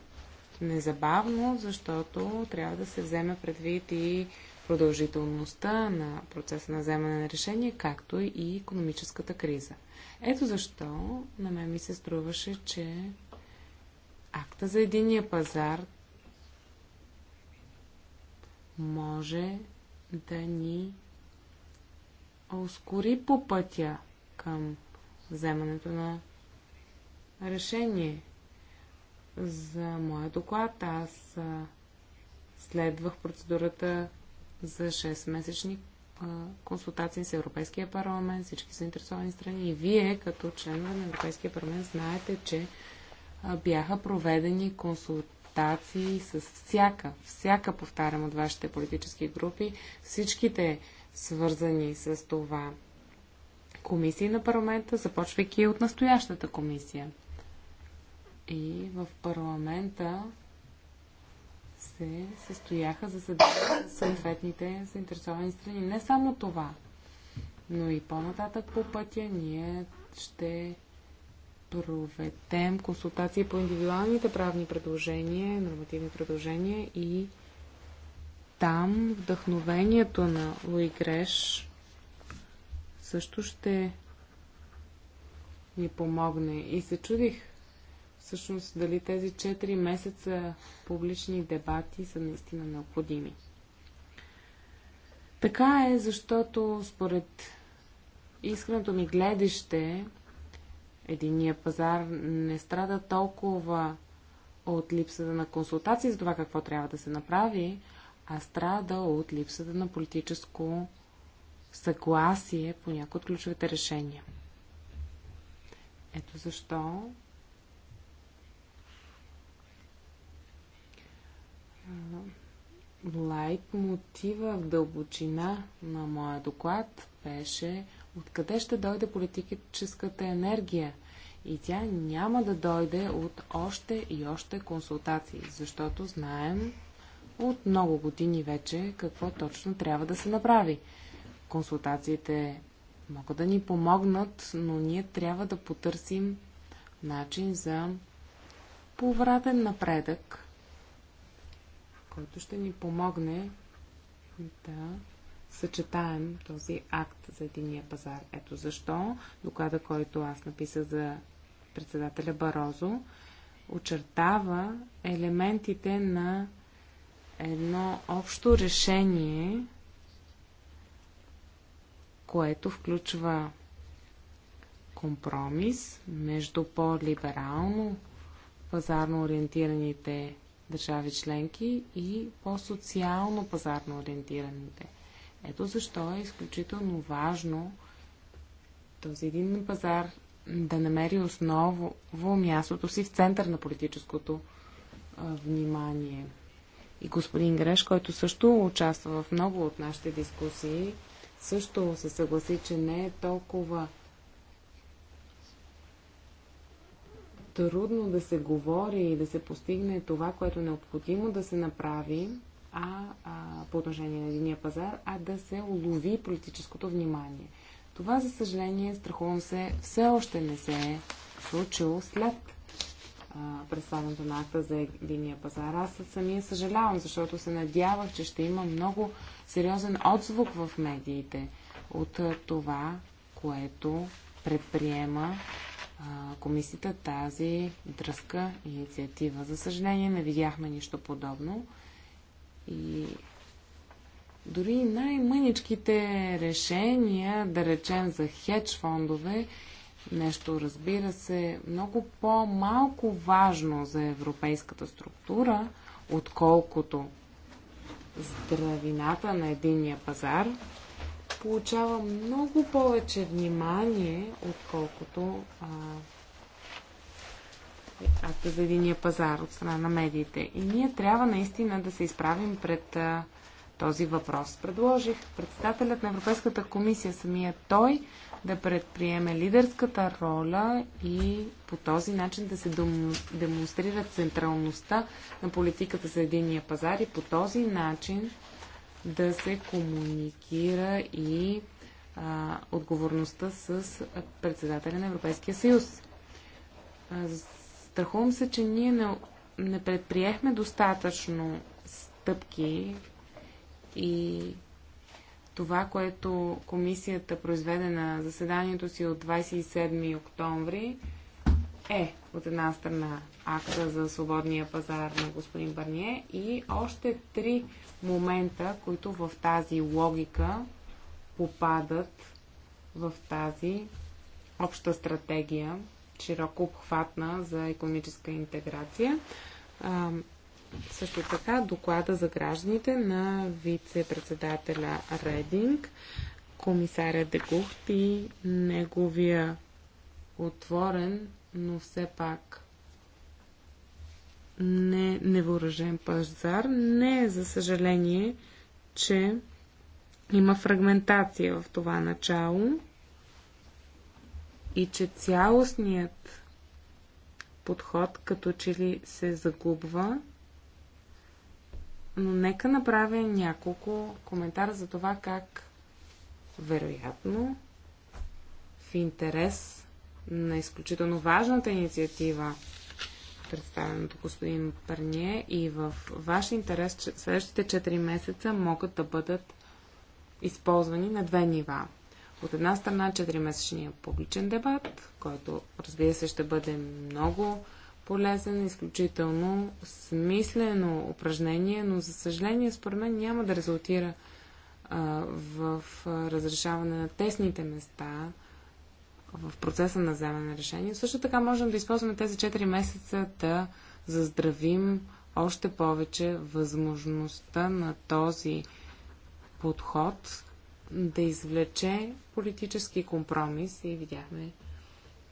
незабавно, защото трябва да се вземе предвид и продължителността на процеса на вземане на решение, както и економическата криза. Ето защо на мен ми се струваше, че акта за единия пазар може да ни ускори по пътя към вземането на решение за моя доклад. Аз следвах процедурата за 6-месечни консултации с Европейския парламент, всички заинтересовани страни. И вие, като членове на Европейския парламент, знаете, че бяха проведени консултации с всяка, всяка, повтарям, от вашите политически групи, всичките свързани с това комисии на парламента, започвайки от настоящата комисия. И в парламента се състояха заседания с съответните заинтересовани страни. Не само това, но и по-нататък по пътя ние ще проведем консултации по индивидуалните правни предложения, нормативни предложения и там вдъхновението на Луи Греш също ще ни помогне. И се чудих всъщност дали тези 4 месеца публични дебати са наистина необходими. Така е, защото според искреното ми гледаще, единия пазар не страда толкова от липсата на консултации за това какво трябва да се направи, а страда от липсата на политическо съгласие по някои от ключовите решения. Ето защо лайк мотива в дълбочина на моя доклад беше откъде ще дойде политическата енергия. И тя няма да дойде от още и още консултации, защото знаем от много години вече какво точно трябва да се направи. Консултациите могат да ни помогнат, но ние трябва да потърсим начин за повратен напредък който ще ни помогне да съчетаем този акт за единия пазар. Ето защо доклада, който аз написах за председателя Барозо, очертава елементите на едно общо решение, което включва компромис между по-либерално пазарно ориентираните държави членки и по-социално пазарно ориентираните. Ето защо е изключително важно този един пазар да намери основово мястото си в център на политическото а, внимание. И господин Греш, който също участва в много от нашите дискусии, също се съгласи, че не е толкова трудно да се говори и да се постигне това, което е необходимо да се направи а, а, по отношение на единия пазар, а да се улови политическото внимание. Това, за съжаление, страхувам се, все още не се е случило след представянето на акта за единия пазар. Аз самия съжалявам, защото се надявах, че ще има много сериозен отзвук в медиите от това, което предприема комисията тази дръзка инициатива. За съжаление не видяхме нищо подобно. И дори най-мъничките решения, да речем за хедж фондове, нещо разбира се много по-малко важно за европейската структура, отколкото здравината на единния пазар, получава много повече внимание, отколкото а, акта е за единия пазар от страна на медиите. И ние трябва наистина да се изправим пред а, този въпрос. Предложих председателят на Европейската комисия, самия той, да предприеме лидерската роля и по този начин да се демонстрира централността на политиката за единия пазар и по този начин да се комуникира и а, отговорността с председателя на Европейския съюз. Страхувам се, че ние не, не предприехме достатъчно стъпки и това, което комисията произведе на заседанието си от 27 октомври, е от една страна акта за свободния пазар на господин Барние и още три момента, които в тази логика попадат в тази обща стратегия, широко обхватна за економическа интеграция. А, също така доклада за гражданите на вице-председателя Рединг, комисаря Дегухт и неговия отворен, но все пак не е невооръжен пазар. Не е за съжаление, че има фрагментация в това начало и че цялостният подход като че ли се загубва. Но нека направя няколко коментара за това как вероятно в интерес на изключително важната инициатива представеното господин Парние и в ваш интерес следващите 4 месеца могат да бъдат използвани на две нива. От една страна 4-месечния публичен дебат, който разбира се ще бъде много полезен, изключително смислено упражнение, но за съжаление според мен няма да резултира а, в разрешаване на тесните места, в процеса на вземане на решение. Също така можем да използваме тези 4 месеца да заздравим още повече възможността на този подход да извлече политически компромис и видяхме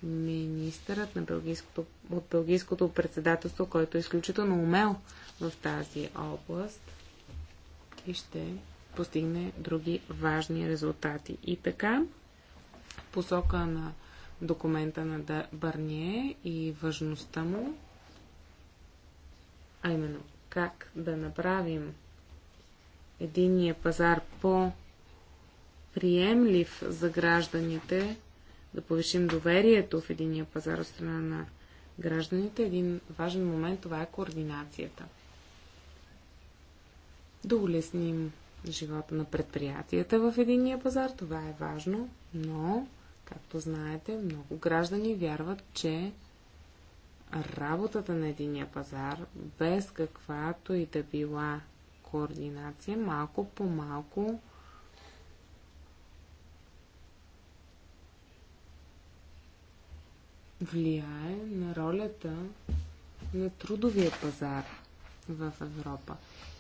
министърът на бългийското, от бългийското председателство, който е изключително умел в тази област и ще постигне други важни резултати. И така, посока на документа на Барние и важността му, а именно как да направим единния пазар по-приемлив за гражданите, да повишим доверието в единния пазар от страна на гражданите, един важен момент това е координацията. Да улесним живота на предприятията в единния пазар. Това е важно, но, както знаете, много граждани вярват, че работата на единия пазар, без каквато и да била координация, малко по малко влияе на ролята на трудовия пазар в Европа.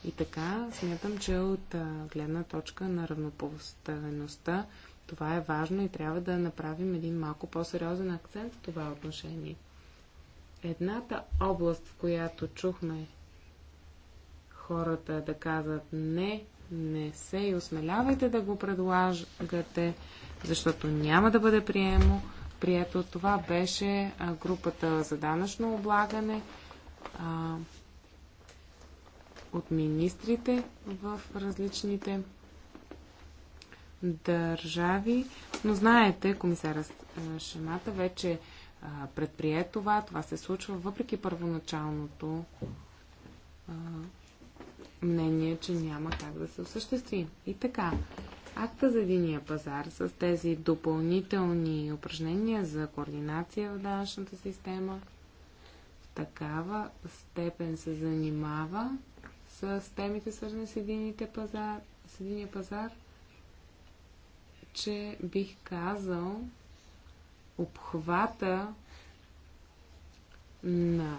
И така, смятам, че от гледна точка на равнопоставеността това е важно и трябва да направим един малко по-сериозен акцент в това отношение. Едната област, в която чухме хората да казват не, не се и осмелявайте да го предлагате, защото няма да бъде приемо. Прието това беше групата за данъчно облагане от министрите в различните държави. Но знаете, комисара Шемата вече предприе това. Това се случва въпреки първоначалното мнение, че няма как да се осъществи. И така, акта за единия пазар с тези допълнителни упражнения за координация в данъчната система в такава степен се занимава с темите, свързани с едините пазар, с единия пазар, че бих казал обхвата на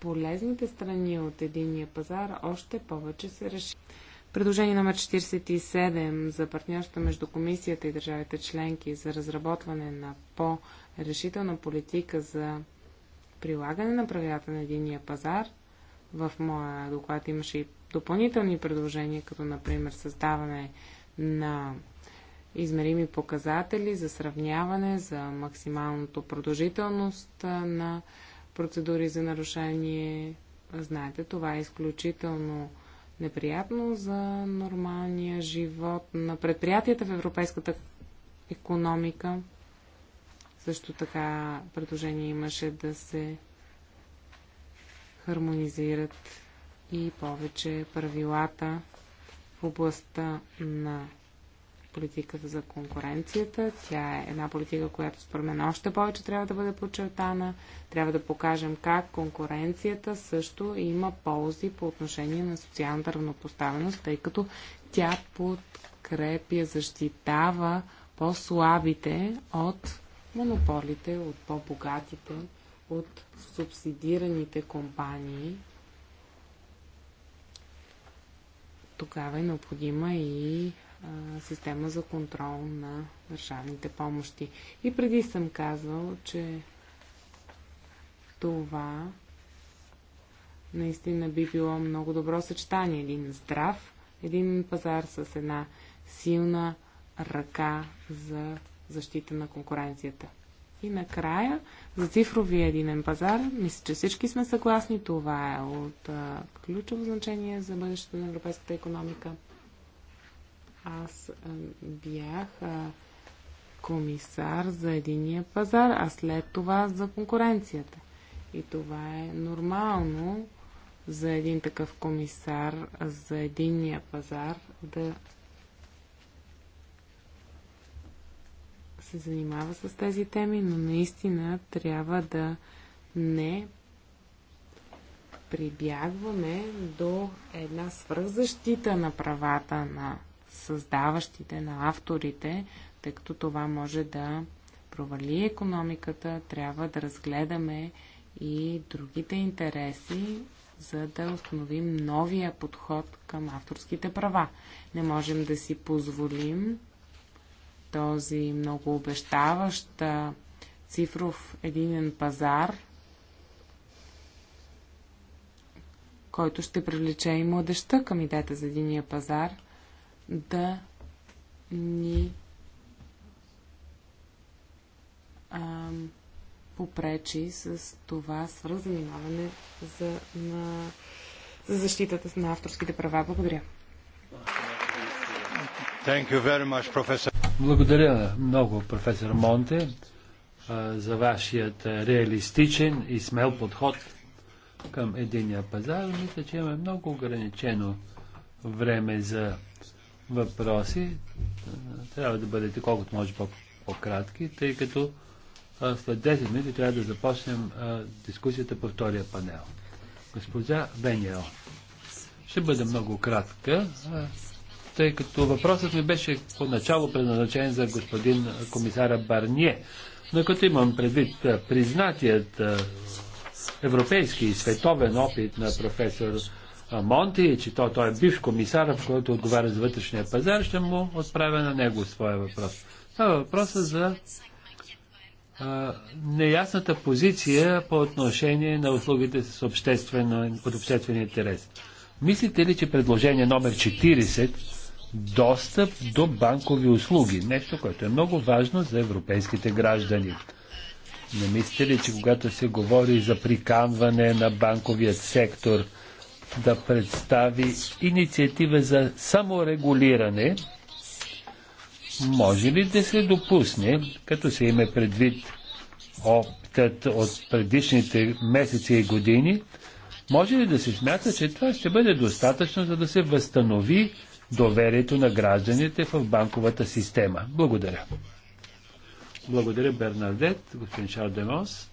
полезните страни от единия пазар още повече се реши. Предложение номер 47 за партньорство между комисията и държавите членки за разработване на по-решителна политика за прилагане на правилата на единия пазар. В моя доклад имаше и допълнителни предложения, като например създаване на измерими показатели за сравняване, за максималното продължителност на процедури за нарушение. Знаете, това е изключително неприятно за нормалния живот на предприятията в европейската економика. Също така предложение имаше да се хармонизират и повече правилата в областта на политиката за конкуренцията. Тя е една политика, която според мен още повече трябва да бъде подчертана. Трябва да покажем как конкуренцията също има ползи по отношение на социалната равнопоставеност, тъй като тя подкрепя, защитава по-слабите от монополите, от по-богатите, от субсидираните компании, тогава е необходима и а, система за контрол на държавните помощи. И преди съм казвал, че това наистина би било много добро съчетание. Един здрав, един пазар с една силна ръка за защита на конкуренцията. И накрая, за цифровия единен пазар, мисля, че всички сме съгласни. Това е от а, ключово значение за бъдещето на европейската економика. Аз а, бях а, комисар за единия пазар, а след това за конкуренцията. И това е нормално за един такъв комисар за единния пазар да се занимава с тези теми, но наистина трябва да не прибягваме до една свръхзащита на правата на създаващите, на авторите, тъй като това може да провали економиката, трябва да разгледаме и другите интереси, за да установим новия подход към авторските права. Не можем да си позволим този много обещаващ цифров единен пазар, който ще привлече и младеща към идеята за единия пазар, да ни ам, попречи с това свързанимаване за, на, за защитата на авторските права. Благодаря. Thank you very much, благодаря много, професор Монте, за вашият реалистичен и смел подход към единия пазар. Мисля, че имаме много ограничено време за въпроси. Трябва да бъдете колкото може по-кратки, -по тъй като след 10 минути трябва да започнем дискусията по втория панел. Госпожа Бенио, Ще бъда много кратка тъй като въпросът ми беше поначало предназначен за господин комисара Барние, но като имам предвид признатият европейски и световен опит на професор Монти, че той, той е бивш комисар, в който отговаря за вътрешния пазар, ще му отправя на него своя въпрос. Това е въпросът за а, неясната позиция по отношение на услугите с обществен, от обществения интерес. Мислите ли, че предложение номер 40 достъп до банкови услуги. Нещо, което е много важно за европейските граждани. Не мислите ли, че когато се говори за приканване на банковият сектор да представи инициатива за саморегулиране, може ли да се допусне, като се има предвид опитът от предишните месеци и години, може ли да се смята, че това ще бъде достатъчно, за да се възстанови доверието на гражданите в банковата система. Благодаря. Благодаря, Бернардет, господин Шар Демос.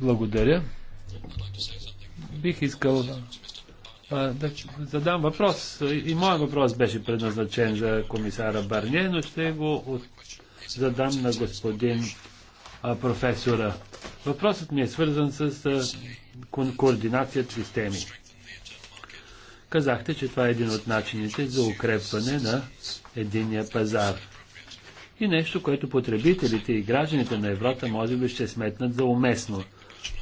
Благодаря. Бих искал а, да задам въпрос. И моят въпрос беше предназначен за комисара Барне, но ще го от... задам на господин а, професора. Въпросът ми е свързан с а, координация в системи. Казахте, че това е един от начините за укрепване на единния пазар. И нещо, което потребителите и гражданите на Еврота може би ще сметнат за уместно.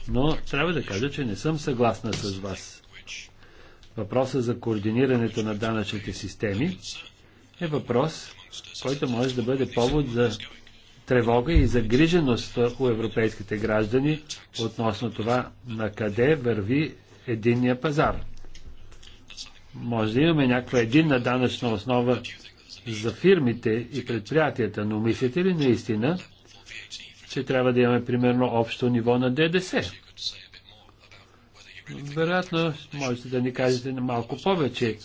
Но трябва да кажа, че не съм съгласна с вас. Въпросът за координирането на данъчните системи е въпрос, който може да бъде повод за тревога и загриженост у европейските граждани относно това на къде върви единния пазар. Може да имаме някаква единна данъчна основа за фирмите и предприятията, но мислите ли наистина, че трябва да имаме примерно общо ниво на ДДС? Вероятно, можете да ни кажете малко повече.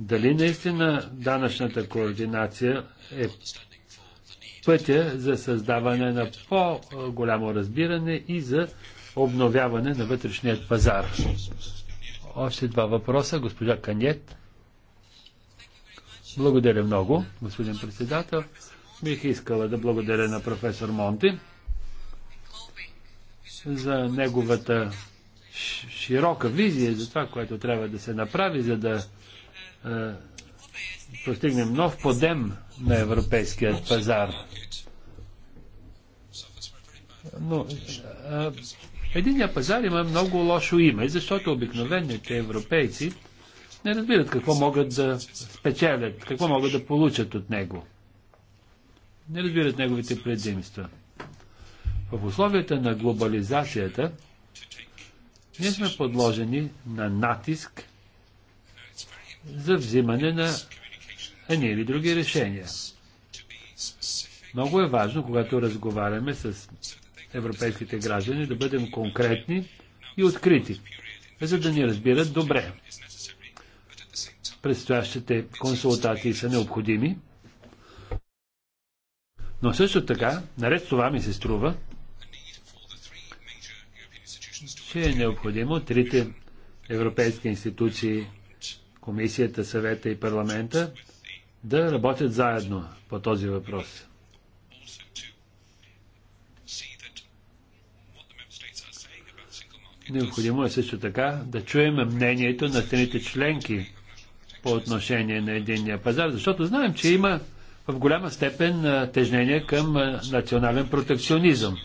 Дали наистина данъчната координация е пътя за създаване на по-голямо разбиране и за обновяване на вътрешният пазар? Още два въпроса. Госпожа Каньет. Благодаря много, господин председател. Бих искала да благодаря на професор Монти за неговата широка визия за това, което трябва да се направи, за да е, постигнем нов подем на европейският пазар. Но е, Единия пазар има много лошо име, защото обикновените европейци не разбират какво могат да спечелят, какво могат да получат от него. Не разбират неговите предимства. В условията на глобализацията ние сме подложени на натиск за взимане на едни или други решения. Много е важно, когато разговаряме с европейските граждани, да бъдем конкретни и открити, за да ни разбират добре. Предстоящите консултации са необходими, но също така, наред с това ми се струва, че е необходимо трите европейски институции, Комисията, Съвета и Парламента, да работят заедно по този въпрос. Необходимо е също така да чуем мнението на страните членки по отношение на единния пазар, защото знаем, че има в голяма степен тежнение към национален протекционизъм.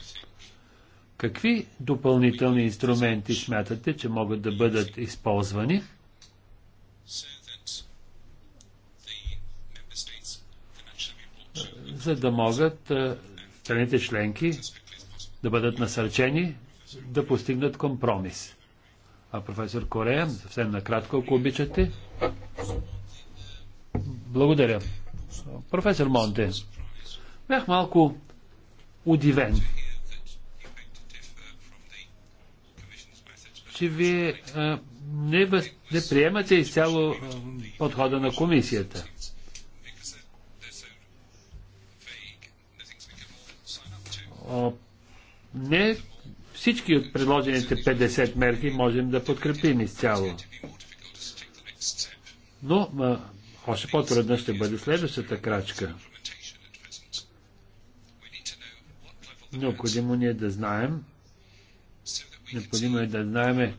Какви допълнителни инструменти смятате, че могат да бъдат използвани? за да могат страните членки да бъдат насърчени да постигнат компромис. А професор Корея, съвсем накратко, ако обичате. Благодаря. Професор Монте, бях малко удивен, че вие а, не, въз, не приемате изцяло а, подхода на комисията. не всички от предложените 50 мерки можем да подкрепим изцяло. Но ма, още по-трудна ще бъде следващата крачка. Необходимо ни е да знаем, необходимо е да знаем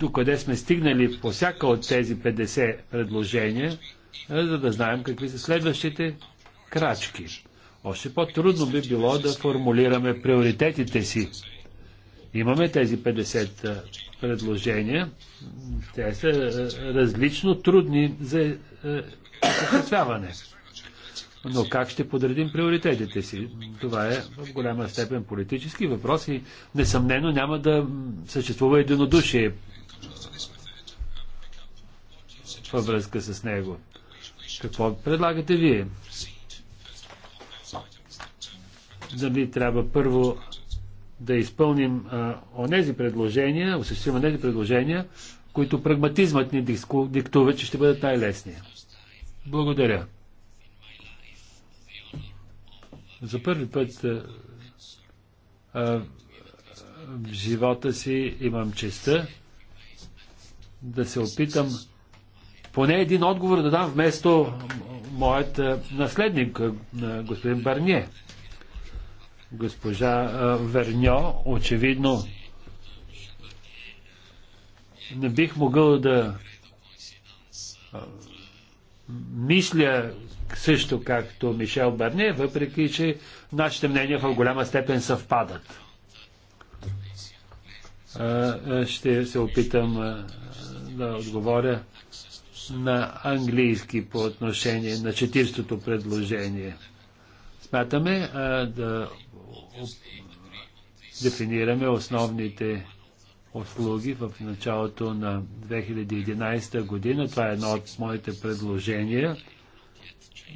до къде сме стигнали по всяка от тези 50 предложения, за да знаем какви са следващите крачки още по-трудно би било да формулираме приоритетите си. Имаме тези 50 предложения. Те са различно трудни за осъществяване. Но как ще подредим приоритетите си? Това е в голяма степен политически въпрос и несъмнено няма да съществува единодушие във връзка с него. Какво предлагате вие? дали трябва първо да изпълним а, онези предложения, осъществим онези предложения, които прагматизмът ни диктува, че ще бъдат най-лесни. Благодаря. За първи път а, а, в живота си имам честа да се опитам поне един отговор да дам вместо моят наследник, господин Барние госпожа Верньо, очевидно не бих могъл да мисля също както Мишел Барне, въпреки че нашите мнения в голяма степен съвпадат. Ще се опитам да отговоря на английски по отношение на 40-то предложение – Смятаме а, да дефинираме основните услуги в началото на 2011 година. Това е едно от моите предложения.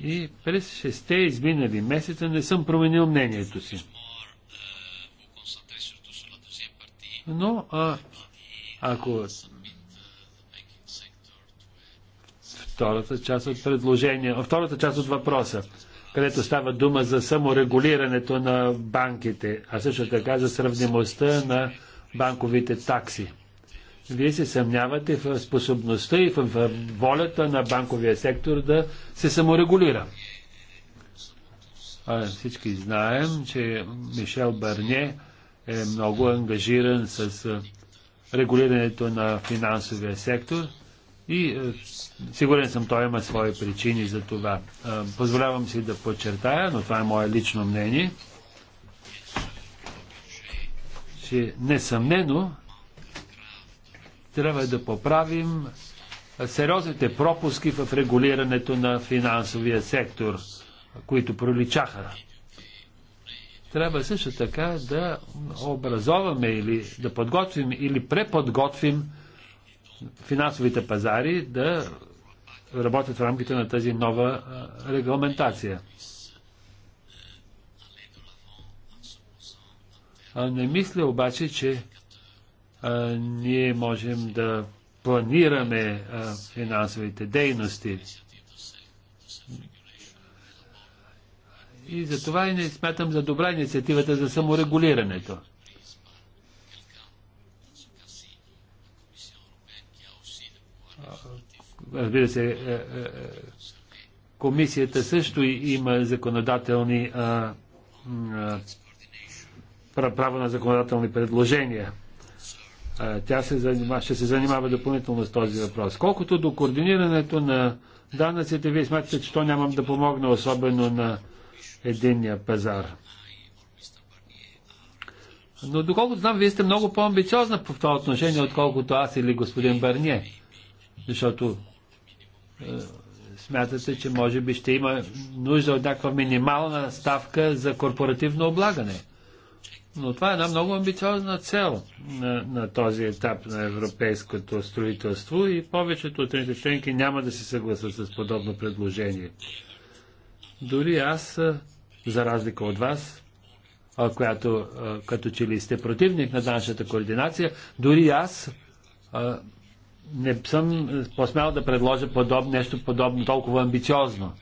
И през 6 изминали месеца не съм променил мнението си. Но а, ако втората част от предложение, втората част от въпроса където става дума за саморегулирането на банките, а също така за сравнимостта на банковите такси. Вие се съмнявате в способността и в волята на банковия сектор да се саморегулира. А всички знаем, че Мишел Барне е много ангажиран с регулирането на финансовия сектор – и е, сигурен съм, той има свои причини за това. Е, позволявам си да подчертая, но това е мое лично мнение, че несъмнено трябва да поправим сериозните пропуски в регулирането на финансовия сектор, които проличаха. Трябва също така да образоваме или да подготвим или преподготвим финансовите пазари да работят в рамките на тази нова регламентация. Не мисля обаче, че а, ние можем да планираме а, финансовите дейности. И затова и не смятам за добра инициативата за саморегулирането. разбира се, е, е, е, комисията също има законодателни право на законодателни предложения. Тя се занимава, ще се занимава допълнително с този въпрос. Колкото до координирането на данъците, вие смятате, че то нямам да помогне особено на единния пазар. Но доколкото знам, вие сте много по-амбициозна по това отношение, отколкото аз или господин Барние. Защото е, смятате, че може би ще има нужда от някаква минимална ставка за корпоративно облагане. Но това е една много амбициозна цел на, на този етап на европейското строителство и повечето от трите членки няма да се съгласат с подобно предложение. Дори аз, е, за разлика от вас, която е, като че ли сте противник на данъчната координация, дори аз не съм посмял да предложа подоб, нещо подобно, толкова амбициозно.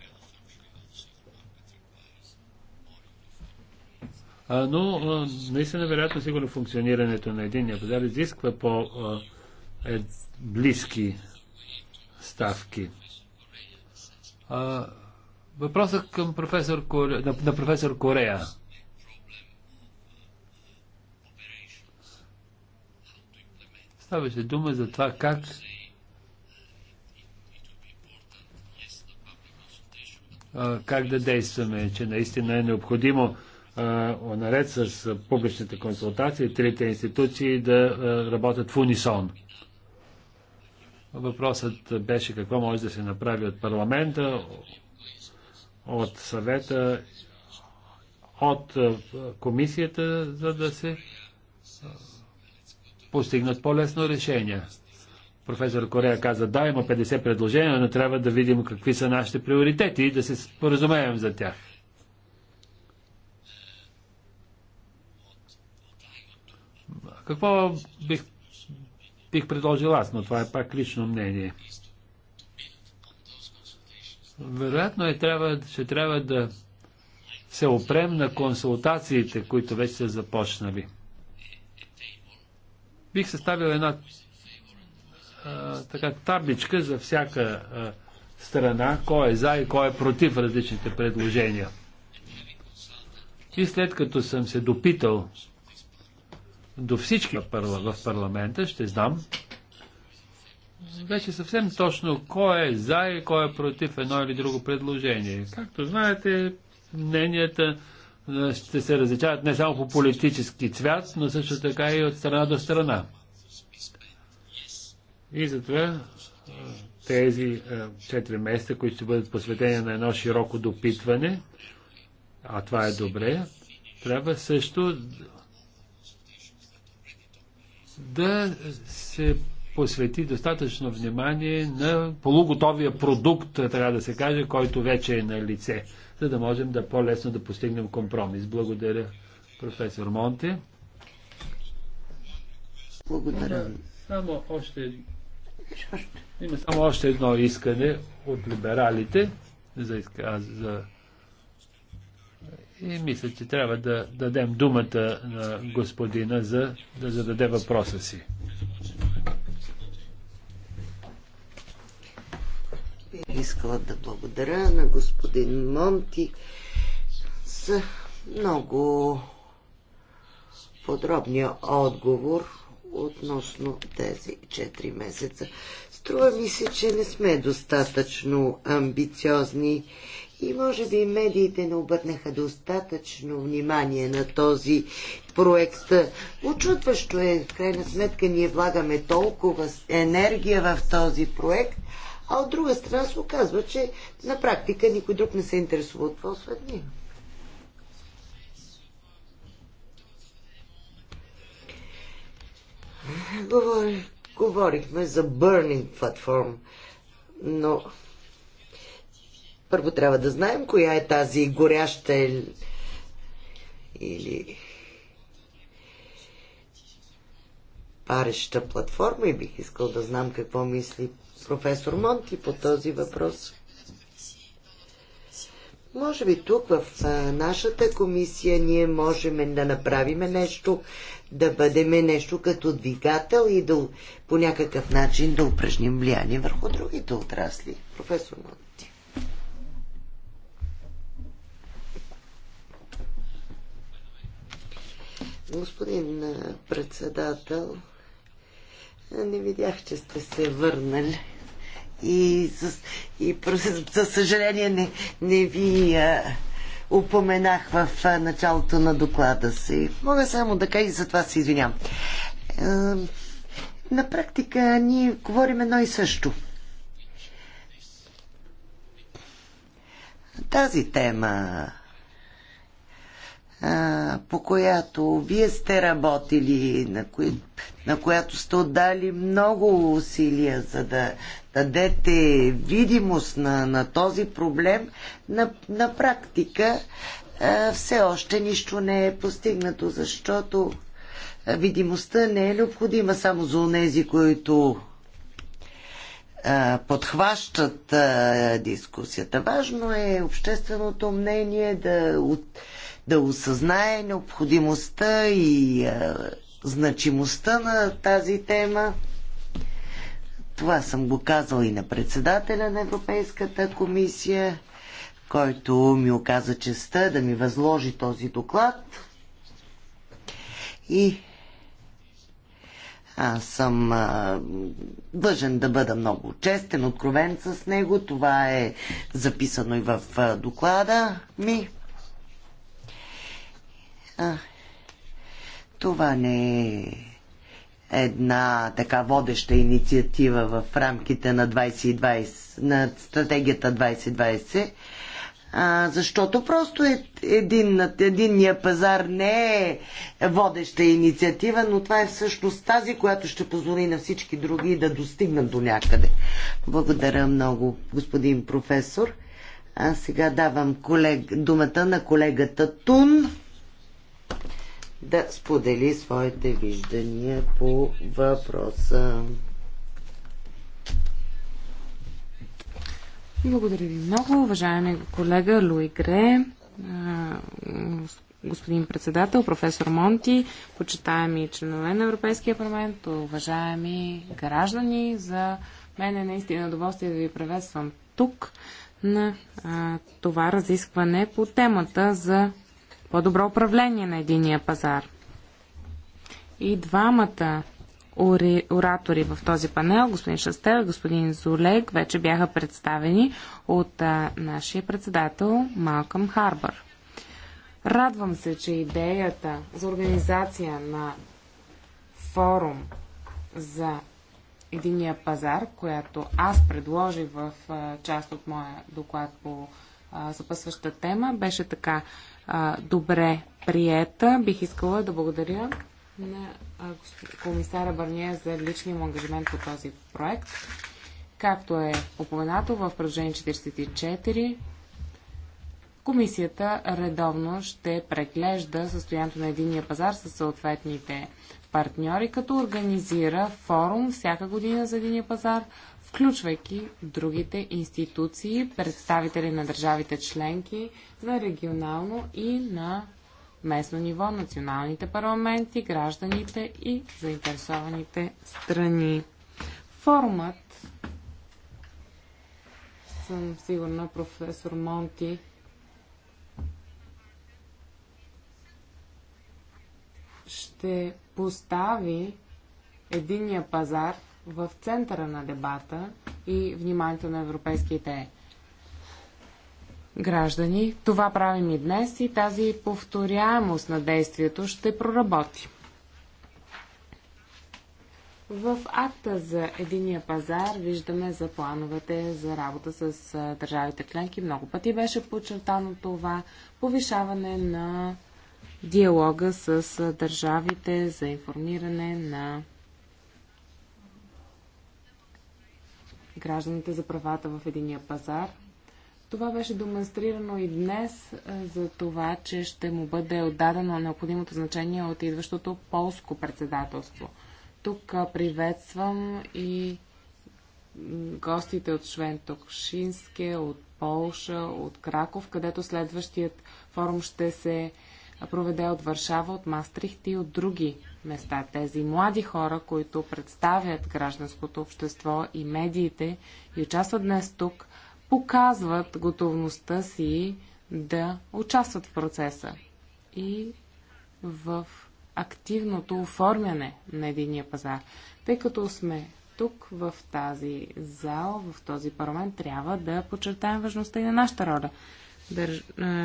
А, но а, наистина, вероятно, сигурно функционирането на единния пазар изисква по а, е, близки ставки. А, въпросът към професор Коре... на, на професор Корея. Ставаше дума за това как как да действаме, че наистина е необходимо наред с публичните консултации, трите институции да работят в унисон. Въпросът беше какво може да се направи от парламента, от съвета, от комисията, за да се постигнат по-лесно решение. Професор Корея каза, да, има 50 предложения, но трябва да видим какви са нашите приоритети и да се споразумеем за тях. Какво бих, бих предложил аз, но това е пак лично мнение. Вероятно е, трябва, ще трябва да се опрем на консултациите, които вече са започнали. Бих съставил една а, така табличка за всяка а, страна, кой е за и кой е против различните предложения. И след като съм се допитал до всички в парламента, ще знам вече съвсем точно кой е за и кой е против едно или друго предложение. Както знаете, мненията ще се различават не само по политически цвят, но също така и от страна до страна. И затова тези четири месеца, които ще бъдат посветени на едно широко допитване, а това е добре, трябва също да се посвети достатъчно внимание на полуготовия продукт, така да се каже, който вече е на лице за да можем да по-лесно да постигнем компромис. Благодаря, професор Монте. Благодаря. Само още... Има само още едно искане от либералите за, за и мисля, че трябва да дадем думата на господина за да зададе въпроса си. Искала да благодаря на господин Монти за много подробния отговор относно тези 4 месеца. Струва ми се, че не сме достатъчно амбициозни и може би медиите не обърнаха достатъчно внимание на този проект. Очутващо е, в крайна сметка, ние влагаме толкова енергия в този проект, а от друга страна се оказва, че на практика никой друг не се интересува от това, освен ние. говорихме за Burning Platform, но първо трябва да знаем коя е тази горяща или пареща платформа и бих искал да знам какво мисли професор Монти по този въпрос. Може би тук в нашата комисия ние можем да направим нещо, да бъдем нещо като двигател и да по някакъв начин да упражним влияние върху другите отрасли. Професор Монти. Господин председател, не видях, че сте се върнали и, и за съжаление не, не ви а, упоменах в а, началото на доклада си. Мога само да кажа и за това се извинявам. Е, на практика ние говорим едно и също. Тази тема по която вие сте работили, на, кои, на която сте отдали много усилия, за да дадете видимост на, на този проблем, на, на практика а, все още нищо не е постигнато, защото видимостта не е необходима само за онези, които подхващат а, дискусията. Важно е общественото мнение да. От, да осъзнае необходимостта и а, значимостта на тази тема. Това съм го казал и на председателя на Европейската комисия, който ми оказа честа да ми възложи този доклад. И аз съм а, дължен да бъда много честен, откровен с него. Това е записано и в а, доклада ми. А, това не е една така водеща инициатива в рамките на, 2020, на стратегията 2020, а, защото просто е, един, единния пазар не е водеща инициатива, но това е всъщност тази, която ще позволи на всички други да достигнат до някъде. Благодаря много, господин професор. А сега давам колег, думата на колегата Тун да сподели своите виждания по въпроса. Благодаря ви много, уважаеми колега Луи Гре, господин председател, професор Монти, почитаеми членове на Европейския парламент, уважаеми граждани. За мен е наистина удоволствие да ви приветствам тук на а, това разискване по темата за по-добро управление на единия пазар. И двамата оратори в този панел, господин Шастел и господин Зулег, вече бяха представени от а, нашия председател Малкъм Харбър. Радвам се, че идеята за организация на форум за единия пазар, която аз предложих в а, част от моя доклад по съпъсваща тема, беше така а, добре приета. Бих искала да благодаря на комисара Барния за личния му ангажимент по този проект. Както е упоменато в предложение 44, комисията редовно ще преглежда състоянието на единия пазар с съответните партньори, като организира форум всяка година за единия пазар, включвайки другите институции, представители на държавите членки, на регионално и на местно ниво, националните парламенти, гражданите и заинтересованите страни. Формат съм сигурна, професор Монти, ще постави единия пазар в центъра на дебата и вниманието на европейските граждани. Това правим и днес и тази повторяемост на действието ще проработи. В акта за единия пазар виждаме за плановете за работа с държавите членки. Много пъти беше подчертано това повишаване на диалога с държавите за информиране на гражданите за правата в единия пазар. Това беше демонстрирано и днес е, за това, че ще му бъде отдадено необходимото значение от идващото полско председателство. Тук приветствам и гостите от Швентокшинске, от Полша, от Краков, където следващият форум ще се проведе от Варшава, от Мастрихт и от други места. Тези млади хора, които представят гражданското общество и медиите и участват днес тук, показват готовността си да участват в процеса и в активното оформяне на единия пазар. Тъй като сме тук в тази зал, в този парламент, трябва да подчертаем важността и на нашата роля, Държ...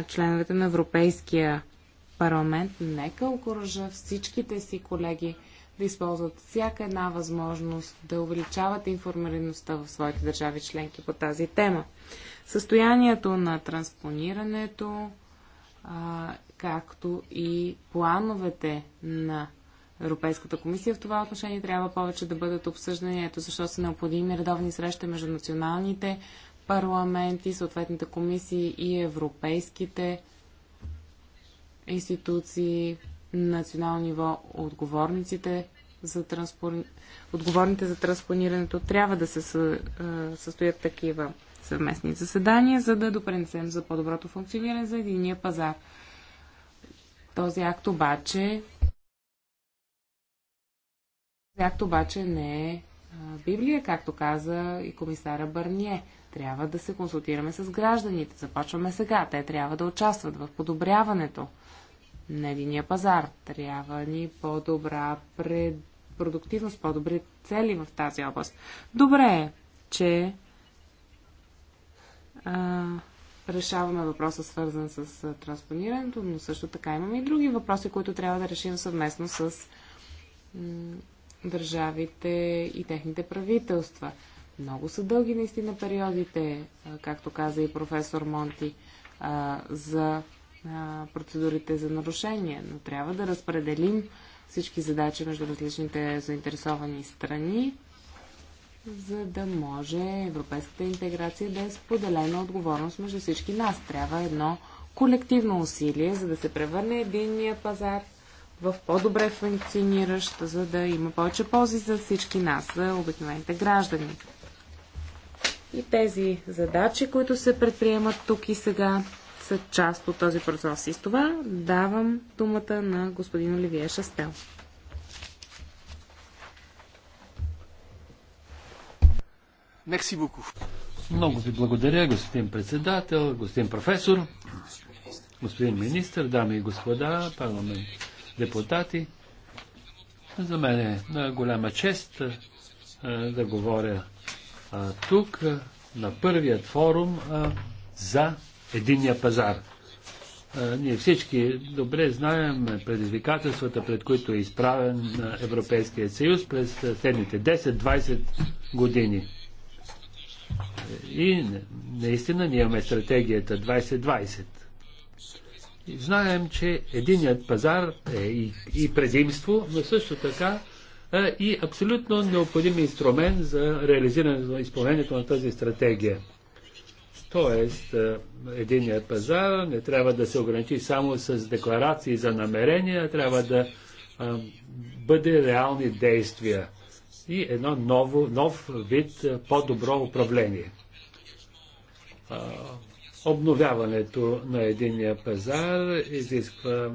Членовете на Европейския парламент нека окоръжа всичките си колеги да използват всяка една възможност да увеличават информираността в своите държави членки по тази тема. Състоянието на транспонирането, а, както и плановете на Европейската комисия в това отношение трябва повече да бъдат обсъждани, ето защо са необходими редовни срещи между националните парламенти, съответните комисии и европейските институции, национално ниво, отговорниците за транспон... отговорните за транспонирането трябва да се състоят такива съвместни заседания, за да допренесем за по-доброто функциониране за единия пазар. Този акт обаче този акт обаче не е Библия, както каза и комисара Бърние. Трябва да се консултираме с гражданите. Започваме сега. Те трябва да участват в подобряването на единия пазар. Трябва ни по-добра пред... продуктивност, по-добри цели в тази област. Добре е, че а, решаваме въпроса свързан с а, транспонирането, но също така имаме и други въпроси, които трябва да решим съвместно с държавите и техните правителства. Много са дълги наистина периодите, а, както каза и професор Монти, а, за процедурите за нарушение, но трябва да разпределим всички задачи между различните заинтересовани страни, за да може европейската интеграция да е споделена отговорност между всички нас. Трябва едно колективно усилие, за да се превърне единния пазар в по-добре функциониращ, за да има повече ползи за всички нас, за обикновените граждани. И тези задачи, които се предприемат тук и сега, са част от този процес. И с това давам думата на господин Оливие Шастел. Мерси буку. Много ви благодаря, господин председател, господин професор, господин министр, дами и господа, парламент, депутати. За мен е голяма чест да говоря тук на първият форум за единния пазар. Ние всички добре знаем предизвикателствата, пред които е изправен Европейския съюз през следните 10-20 години. Е, и наистина ние имаме стратегията 2020. И знаем, че единият пазар е и, и предимство, но също така е и абсолютно необходим инструмент за реализирането на изпълнението на тази стратегия. Тоест, е, единият пазар не трябва да се ограничи само с декларации за намерения, трябва да бъде реални действия и едно ново, нов вид е, по-добро управление. обновяването на единия пазар изисква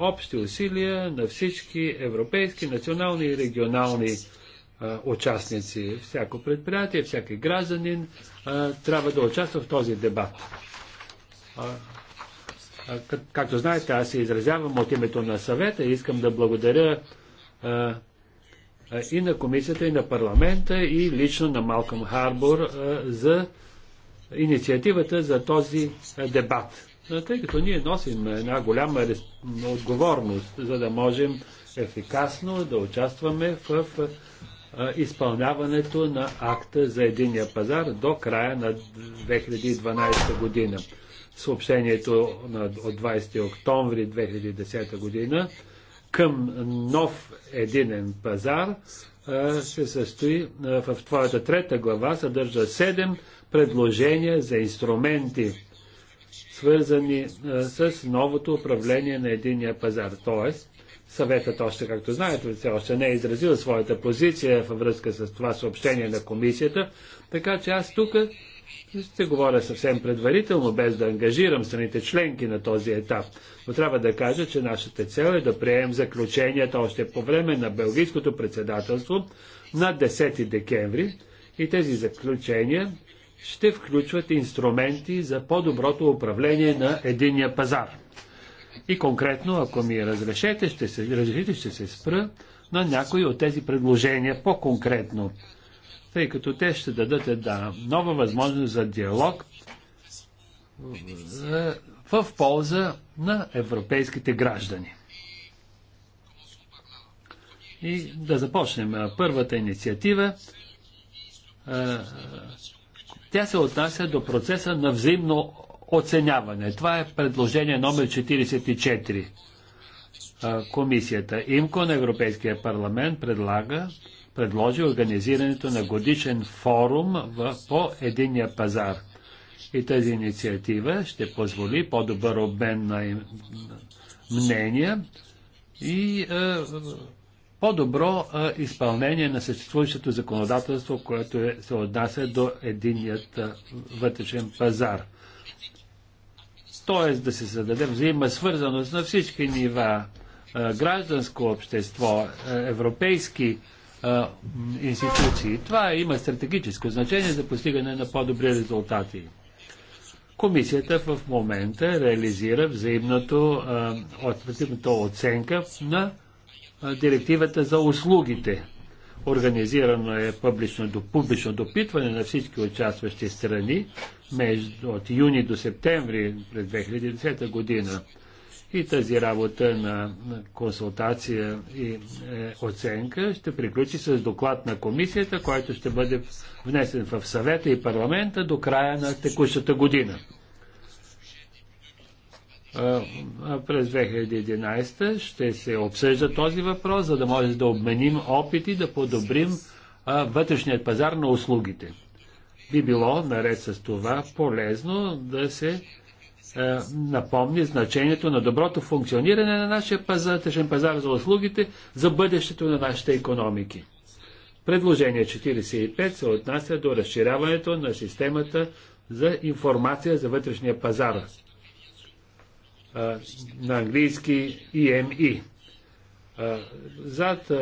общи усилия на всички европейски, национални и регионални участници. Всяко предприятие, всяки гражданин трябва да участва в този дебат. както знаете, аз се изразявам от името на съвета и искам да благодаря и на комисията, и на парламента, и лично на Малком Харбор за инициативата за този дебат. Тъй като ние носим една голяма отговорност, за да можем ефикасно да участваме в изпълняването на акта за единия пазар до края на 2012 година. Съобщението от 20 октомври 2010 година към нов единен пазар се състои в твоята трета глава, съдържа 7 предложения за инструменти, свързани с новото управление на единия пазар. Тоест, Съветът още, както знаете, все още не е изразил своята позиция във връзка с това съобщение на комисията, така че аз тук ще говоря съвсем предварително, без да ангажирам страните членки на този етап. Но трябва да кажа, че нашата цел е да приемем заключенията още по време на Белгийското председателство на 10 декември и тези заключения ще включват инструменти за по-доброто управление на единия пазар. И конкретно, ако ми разрешете, ще се, разрешите, ще се спра на някои от тези предложения по-конкретно, тъй като те ще дадат една нова възможност за диалог е, в полза на европейските граждани. И да започнем е, първата инициатива. Е, тя се отнася до процеса на взаимно оценяване. Това е предложение номер 44. Комисията ИМКО на Европейския парламент предлага, предложи организирането на годишен форум в, по единния пазар. И тази инициатива ще позволи по-добър обмен на мнения и е, по-добро е, изпълнение на съществуващото законодателство, което е, се отнася до единият вътрешен пазар т.е. да се създаде взаима свързаност на всички нива, гражданско общество, европейски институции. Това има стратегическо значение за постигане на по-добри резултати. Комисията в момента реализира взаимното оценка на директивата за услугите. Организирано е публично, публично допитване на всички участващи страни между, от юни до септември през 2010 година. И тази работа на, консултация и е, оценка ще приключи с доклад на комисията, който ще бъде внесен в съвета и парламента до края на текущата година през 2011 ще се обсъжда този въпрос, за да може да обменим опити, да подобрим вътрешният пазар на услугите. Би било, наред с това, полезно да се напомни значението на доброто функциониране на нашия вътрешен пазар за услугите за бъдещето на нашите економики. Предложение 45 се отнася до разширяването на системата за информация за вътрешния пазар на английски EME. E. Зад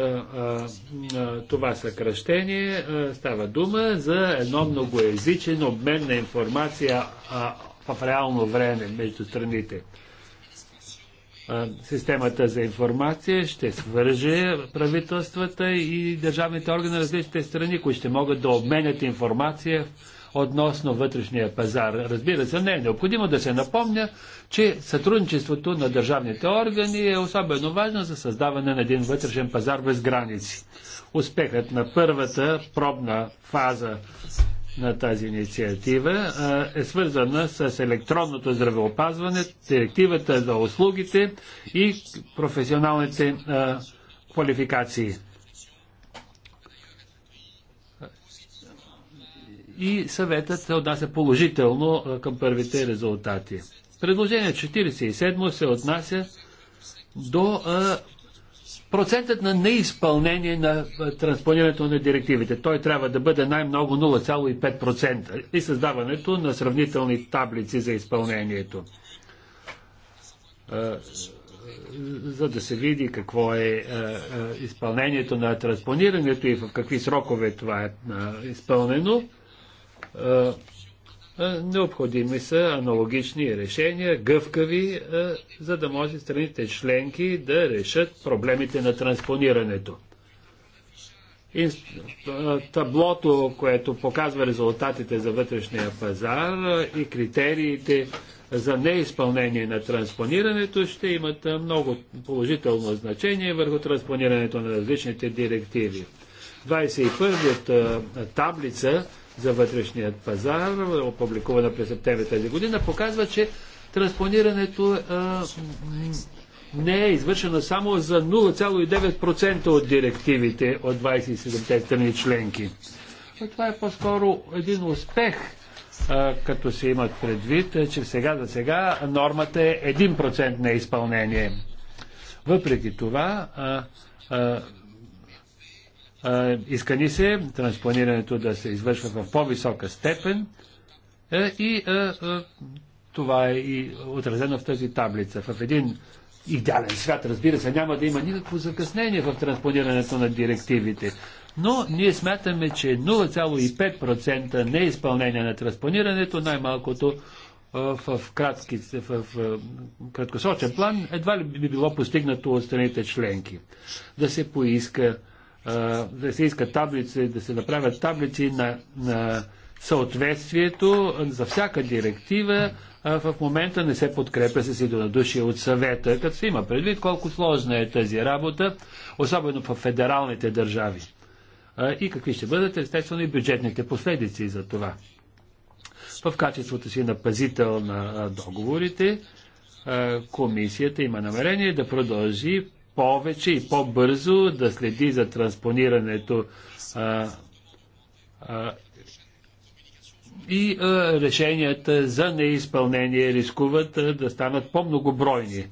това съкръщение става дума за едно многоязичен обмен на информация в реално време между страните. Системата за информация ще свърже правителствата и държавните органи на различните страни, които ще могат да обменят информация в относно вътрешния пазар. Разбира се, не е необходимо да се напомня, че сътрудничеството на държавните органи е особено важно за създаване на един вътрешен пазар без граници. Успехът на първата пробна фаза на тази инициатива е свързана с електронното здравеопазване, директивата за услугите и професионалните квалификации. и съветът се отнася положително към първите резултати. Предложение 47 се отнася до а, процентът на неизпълнение на транспонирането на директивите. Той трябва да бъде най-много 0,5% и създаването на сравнителни таблици за изпълнението. А, за да се види какво е, изпълнението на транспонирането и в какви срокове това е, е изпълнено. Необходими са аналогични решения, гъвкави, за да може страните членки да решат проблемите на транспонирането. Таблото, което показва резултатите за вътрешния пазар и критериите за неизпълнение на транспонирането, ще имат много положително значение върху транспонирането на различните директиви. 21-та таблица за вътрешният пазар, опубликувана през септември тази година, показва, че транспонирането а, е, не е извършено само за 0,9% от директивите от 27-те страни членки. Но това е по-скоро един успех, а, е, като се имат предвид, е, че сега за сега нормата е 1% на изпълнение. Въпреки това, а, иска ни се транспонирането да се извършва в по-висока степен е, и е, е, това е и отразено в тази таблица. В един идеален свят, разбира се, няма да има никакво закъснение в транспонирането на директивите. Но ние смятаме, че 0,5% неизпълнение на транспонирането, най-малкото в, кратки, в, в краткосрочен план, едва ли би било постигнато от страните членки. Да се поиска да се искат таблици, да се направят таблици на, на съответствието за всяка директива в момента не се подкрепя с единодушие от съвета, като се има предвид колко сложна е тази работа, особено в федералните държави. И какви ще бъдат естествено и бюджетните последици за това. В качеството си на пазител на договорите, комисията има намерение да продължи повече и по-бързо да следи за транспонирането а, а, и а, решенията за неизпълнение рискуват а, да станат по-многобройни.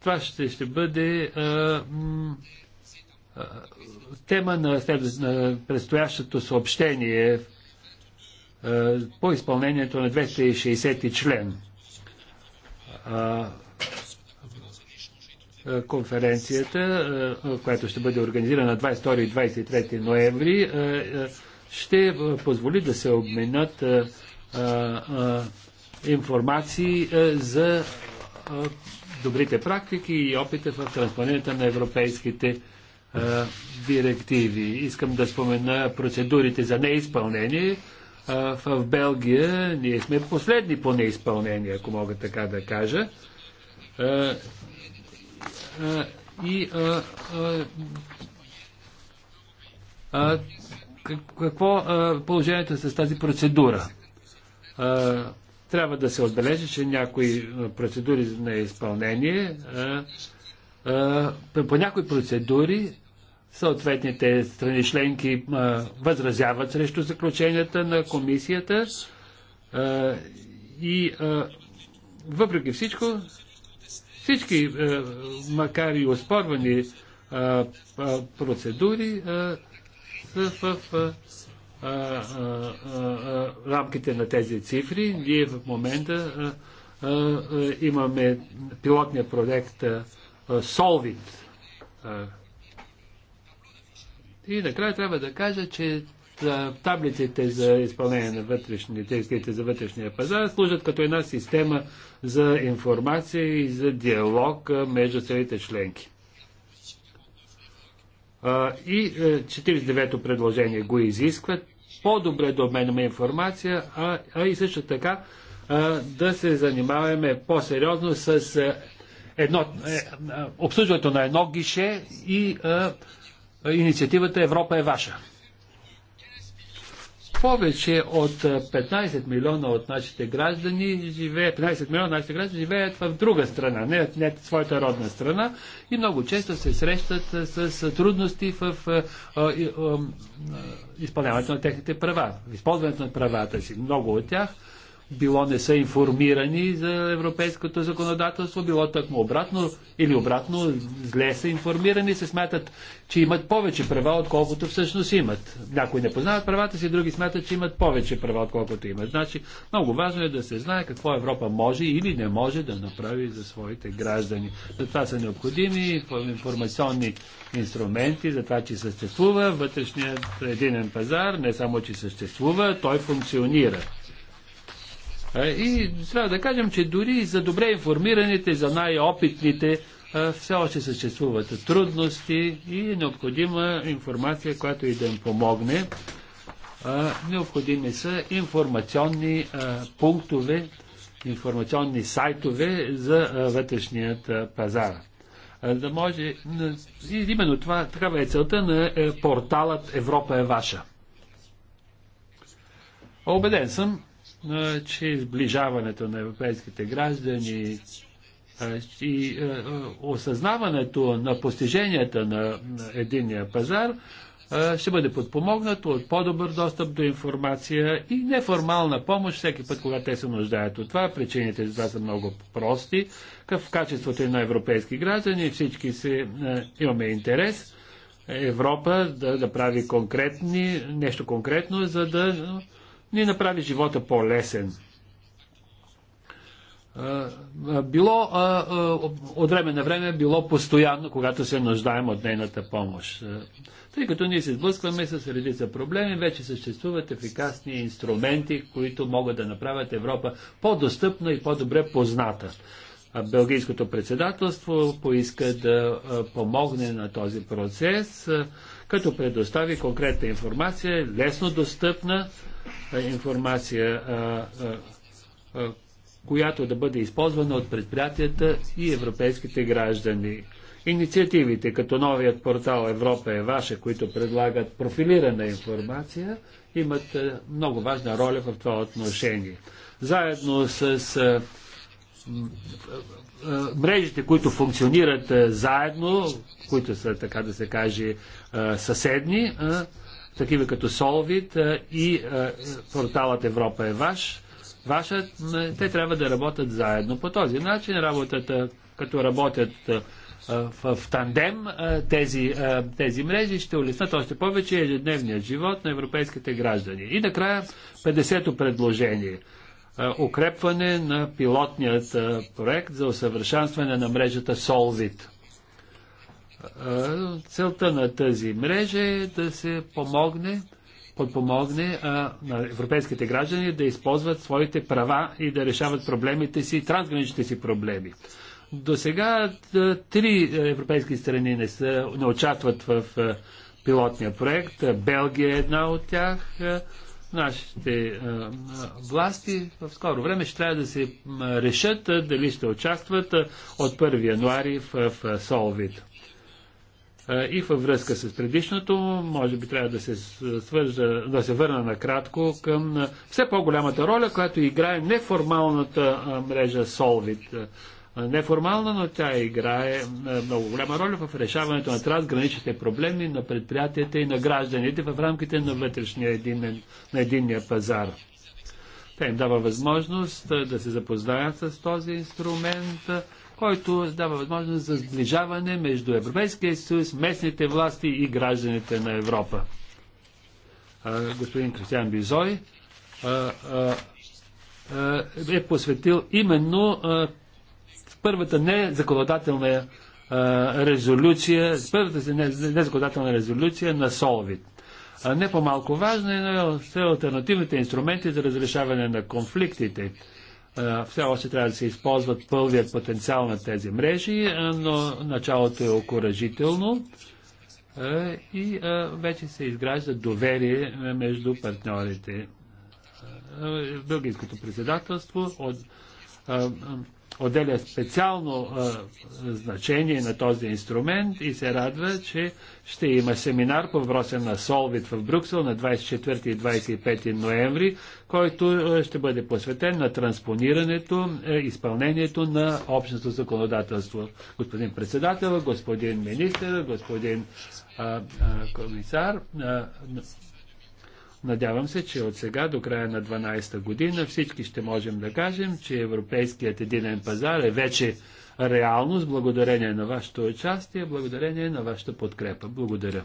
това ще, ще бъде а, а, тема на, на предстоящото съобщение а, по изпълнението на 260 член. А, е, конференцията, е, е, която ще бъде организирана на 22 и 23 ноември, ще позволи да се обменят информации за добрите практики и опита в транспонирането на европейските директиви. Искам да спомена процедурите за неизпълнение. В Белгия ние сме последни по неизпълнение, ако мога така да кажа. Е, и е, е, какво положението с тази процедура? Трябва да се отбележи, че някои процедури на изпълнение, по някои процедури съответните страни членки възразяват срещу заключенията на комисията и въпреки всичко всички, е, макар и оспорвани е, е, процедури, са в рамките на тези цифри. Ние в момента имаме пилотния проект Solvit. И накрая трябва да кажа, че таблиците за изпълнение на вътрешните, тестите за вътрешния пазар служат като една система за информация и за диалог между целите членки. И 49-то е, предложение го изисква по-добре да обменяме информация, а, а и също така а, да се занимаваме по-сериозно с а, е, едно, е, е, обслужването на едно гише и а, инициативата Европа е ваша повече от 15 милиона от нашите граждани живеят, 15 милиона от нашите граждани живеят в друга страна, не, не в своята родна страна и много често се срещат с трудности в изпълняването на техните права, в използването на правата си. Много от тях било не са информирани за европейското законодателство, било тъкмо обратно или обратно зле са информирани, се смятат, че имат повече права, отколкото всъщност имат. Някои не познават правата си, други смятат, че имат повече права, отколкото имат. Значи, много важно е да се знае какво Европа може или не може да направи за своите граждани. Затова са необходими информационни инструменти, за това, че съществува вътрешният единен пазар, не само, че съществува, той функционира. Е, и трябва да кажем, че дори за добре информираните, за най-опитните, е, все още съществуват трудности и е необходима информация, която и да им помогне. Е, необходими са информационни пунктове, информационни сайтове за вътрешният пазар. Да може. И именно това такава е целта на порталът Европа е ваша. Обеден съм, че сближаването на европейските граждани и осъзнаването на постиженията на единния пазар ще бъде подпомогнато от по-добър достъп до информация и неформална помощ всеки път, когато те се нуждаят от това. Причините за това са много прости. В качеството на европейски граждани всички се, имаме интерес Европа да, да прави конкретни, нещо конкретно, за да ни направи живота по-лесен. Било от време на време, било постоянно, когато се нуждаем от нейната помощ. Тъй като ние се сблъскваме с редица проблеми, вече съществуват ефикасни инструменти, които могат да направят Европа по-достъпна и по-добре позната. Белгийското председателство поиска да помогне на този процес, като предостави конкретна информация, лесно достъпна, информация, която да бъде използвана от предприятията и европейските граждани. Инициативите, като новият портал Европа е ваша, които предлагат профилирана информация, имат много важна роля в това отношение. Заедно с мрежите, които функционират заедно, които са, така да се каже, съседни, такива като Солвит и порталът Европа е ваш, ваша, те трябва да работят заедно. По този начин работата, като работят в тандем тези, тези мрежи ще улеснат още повече ежедневният живот на европейските граждани. И накрая 50-то предложение. Укрепване на пилотният проект за усъвършенстване на мрежата Solvit. Целта на тази мрежа е да се помогне, подпомогне а, на европейските граждани да използват своите права и да решават проблемите си, трансграничните си проблеми. До сега три европейски страни не, са, не участват в пилотния проект. Белгия е една от тях. Нашите власти в скоро време ще трябва да се решат дали ще участват от 1 януари в, в Солвит. И във връзка с предишното, може би трябва да се, свържа, да се върна накратко към все по-голямата роля, която играе неформалната мрежа Solvit. Неформална, но тя играе много голяма роля в решаването на трансграничните проблеми на предприятията и на гражданите в рамките на вътрешния единен, на единния пазар. Тя им дава възможност да се запознаят с този инструмент, който дава възможност за сближаване между Европейския съюз, местните власти и гражданите на Европа. А, господин Кристиан Бизой а, а, е посветил именно първата незаконодателна резолюция, първата незаконодателна резолюция на а Не по-малко важно е на е е альтернативните инструменти за разрешаване на конфликтите все още трябва да се използват пълният потенциал на тези мрежи, но началото е окоръжително и вече се изгражда доверие между партньорите. Бългийското председателство от, отделя специално значение на този инструмент и се радва, че ще има семинар по въпроса на Солвит в Брюксел на 24 и 25 ноември който е, ще бъде посветен на транспонирането, е, изпълнението на общото законодателство. Господин председател, господин министр, господин а, а, комисар, а, Надявам се, че от сега до края на 12-та година всички ще можем да кажем, че европейският единен пазар е вече реалност благодарение на вашето участие, благодарение на вашата подкрепа. Благодаря.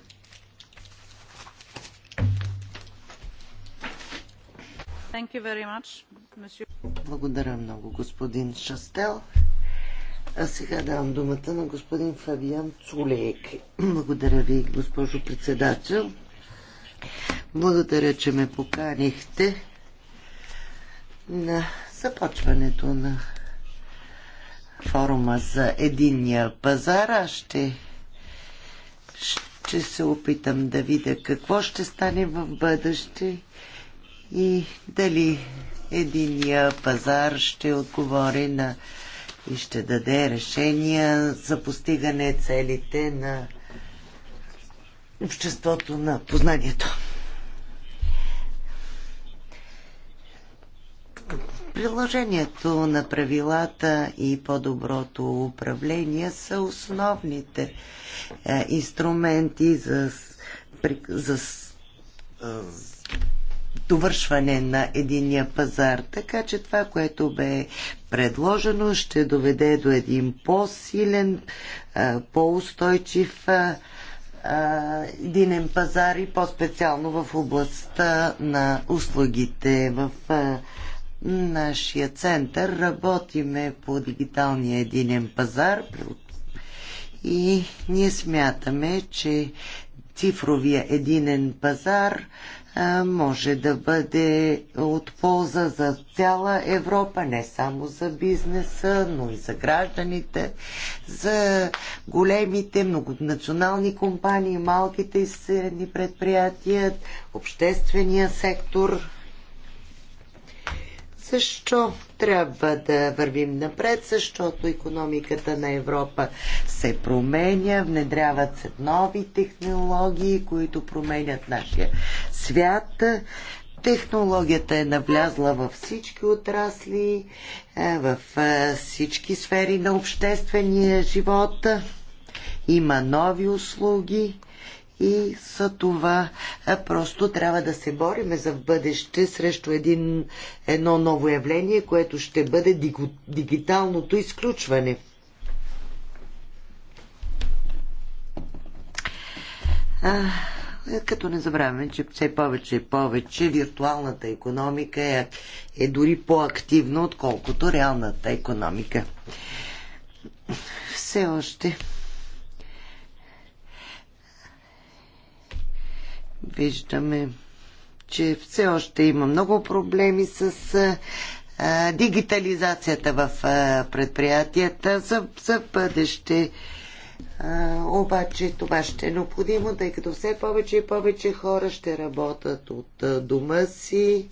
Благодаря много, господин Шастел. А сега давам думата на господин Фабиан Цулейк. Благодаря ви, госпожо председател. Благодаря, че ме поканихте на започването на форума за единния пазар. Аз ще, ще се опитам да видя какво ще стане в бъдеще и дали единия пазар ще отговори на и ще даде решения за постигане целите на обществото на познанието. Приложението на правилата и по-доброто управление са основните е, инструменти за, за, за довършване на единия пазар. Така че това, което бе предложено, ще доведе до един по-силен, по-устойчив единен пазар и по-специално в областта на услугите. В нашия център работиме по дигиталния единен пазар и ние смятаме, че цифровия единен пазар може да бъде от полза за цяла Европа, не само за бизнеса, но и за гражданите, за големите многонационални компании, малките и средни предприятия, обществения сектор. Защо трябва да вървим напред? Защото економиката на Европа се променя, внедряват се нови технологии, които променят нашия свят. Технологията е навлязла във всички отрасли, е, в е, всички сфери на обществения живот. Има нови услуги, и за това просто трябва да се бориме за в бъдеще срещу един, едно ново явление, което ще бъде дигиталното изключване. А, като не забравяме, че все повече и повече виртуалната економика е, е дори по-активна, отколкото реалната економика. Все още виждаме, че все още има много проблеми с а, дигитализацията в а, предприятията за, за бъдеще. А, обаче това ще е необходимо, тъй като все повече и повече хора ще работят от а, дома си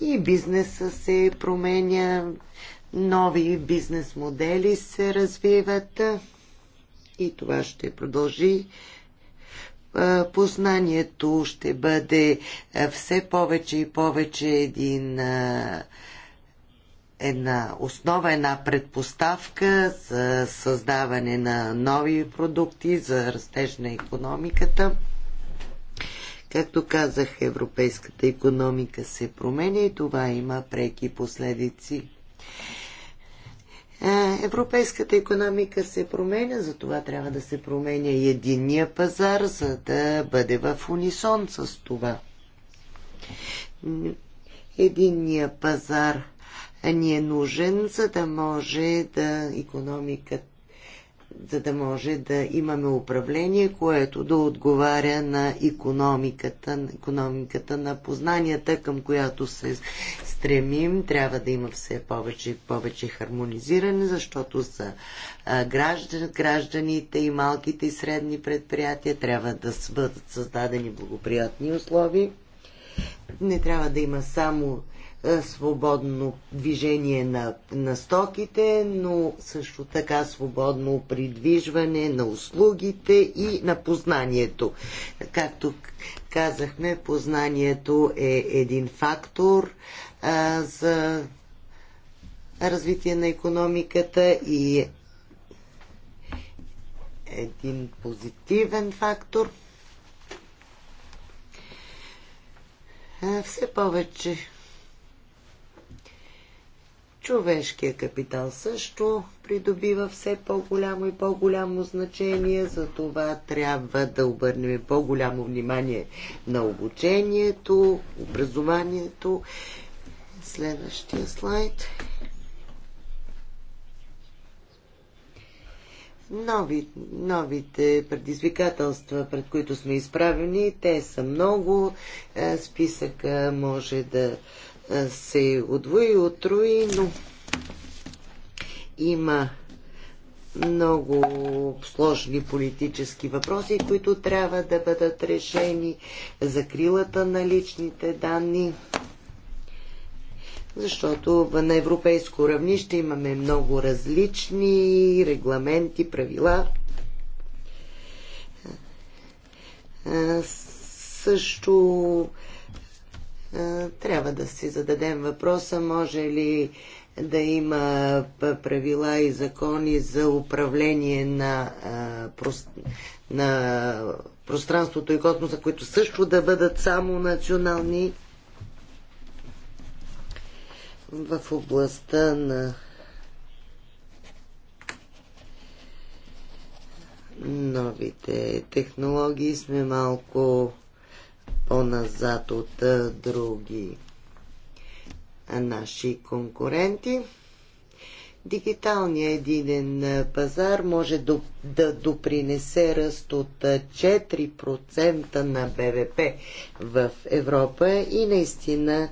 и бизнеса се променя, нови бизнес модели се развиват и това ще продължи познанието ще бъде все повече и повече един, една основа, една предпоставка за създаване на нови продукти, за растеж на економиката. Както казах, европейската економика се променя и това има преки последици Европейската економика се променя, за това трябва да се променя и пазар, за да бъде в унисон с това. Единия пазар ни е нужен, за да може да економиката за да може да имаме управление, което да отговаря на економиката, на економиката на познанията, към която се стремим. Трябва да има все повече повече хармонизиране, защото са граждан, гражданите и малките и средни предприятия трябва да бъдат създадени благоприятни условия. Не трябва да има само е, свободно движение на, на стоките, но също така свободно придвижване на услугите и на познанието. Както казахме, познанието е един фактор а, е, за развитие на економиката и един позитивен фактор. Е, все повече Човешкия капитал също придобива все по-голямо и по-голямо значение, за това трябва да обърнем по-голямо внимание на обучението, образованието. Следващия слайд. Нови, новите предизвикателства, пред които сме изправени, те са много. Е, списъка може да се отвои, отруи, но има много сложни политически въпроси, които трябва да бъдат решени, закрилата на личните данни, защото на европейско равнище имаме много различни регламенти, правила. Също е, трябва да си зададем въпроса, може ли да има правила и закони за управление на, е, на пространството и космоса, които също да бъдат само национални в областта на новите технологии сме малко по-назад от други наши конкуренти. Дигиталният единен пазар може да допринесе ръст от 4% на БВП в Европа и наистина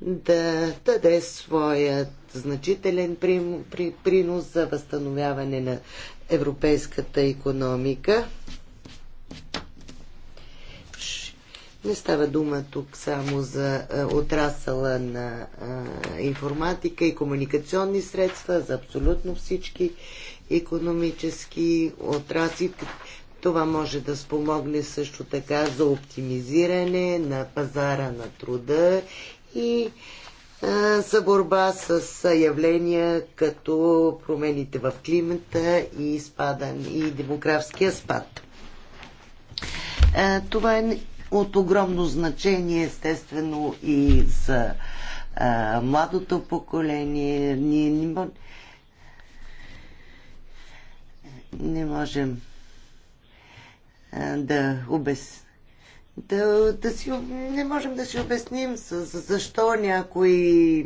да даде своят значителен принос за възстановяване на европейската економика. Не става дума тук само за е, отрасъла на е, информатика и комуникационни средства, за абсолютно всички економически отрасли. Това може да спомогне също така за оптимизиране на пазара на труда и е, за борба с явления като промените в климата и спадан и демографския спад. Това е от огромно значение, естествено, и за а, младото поколение. Ние не, не можем а, да обясним да, да си, не можем да си обясним защо някои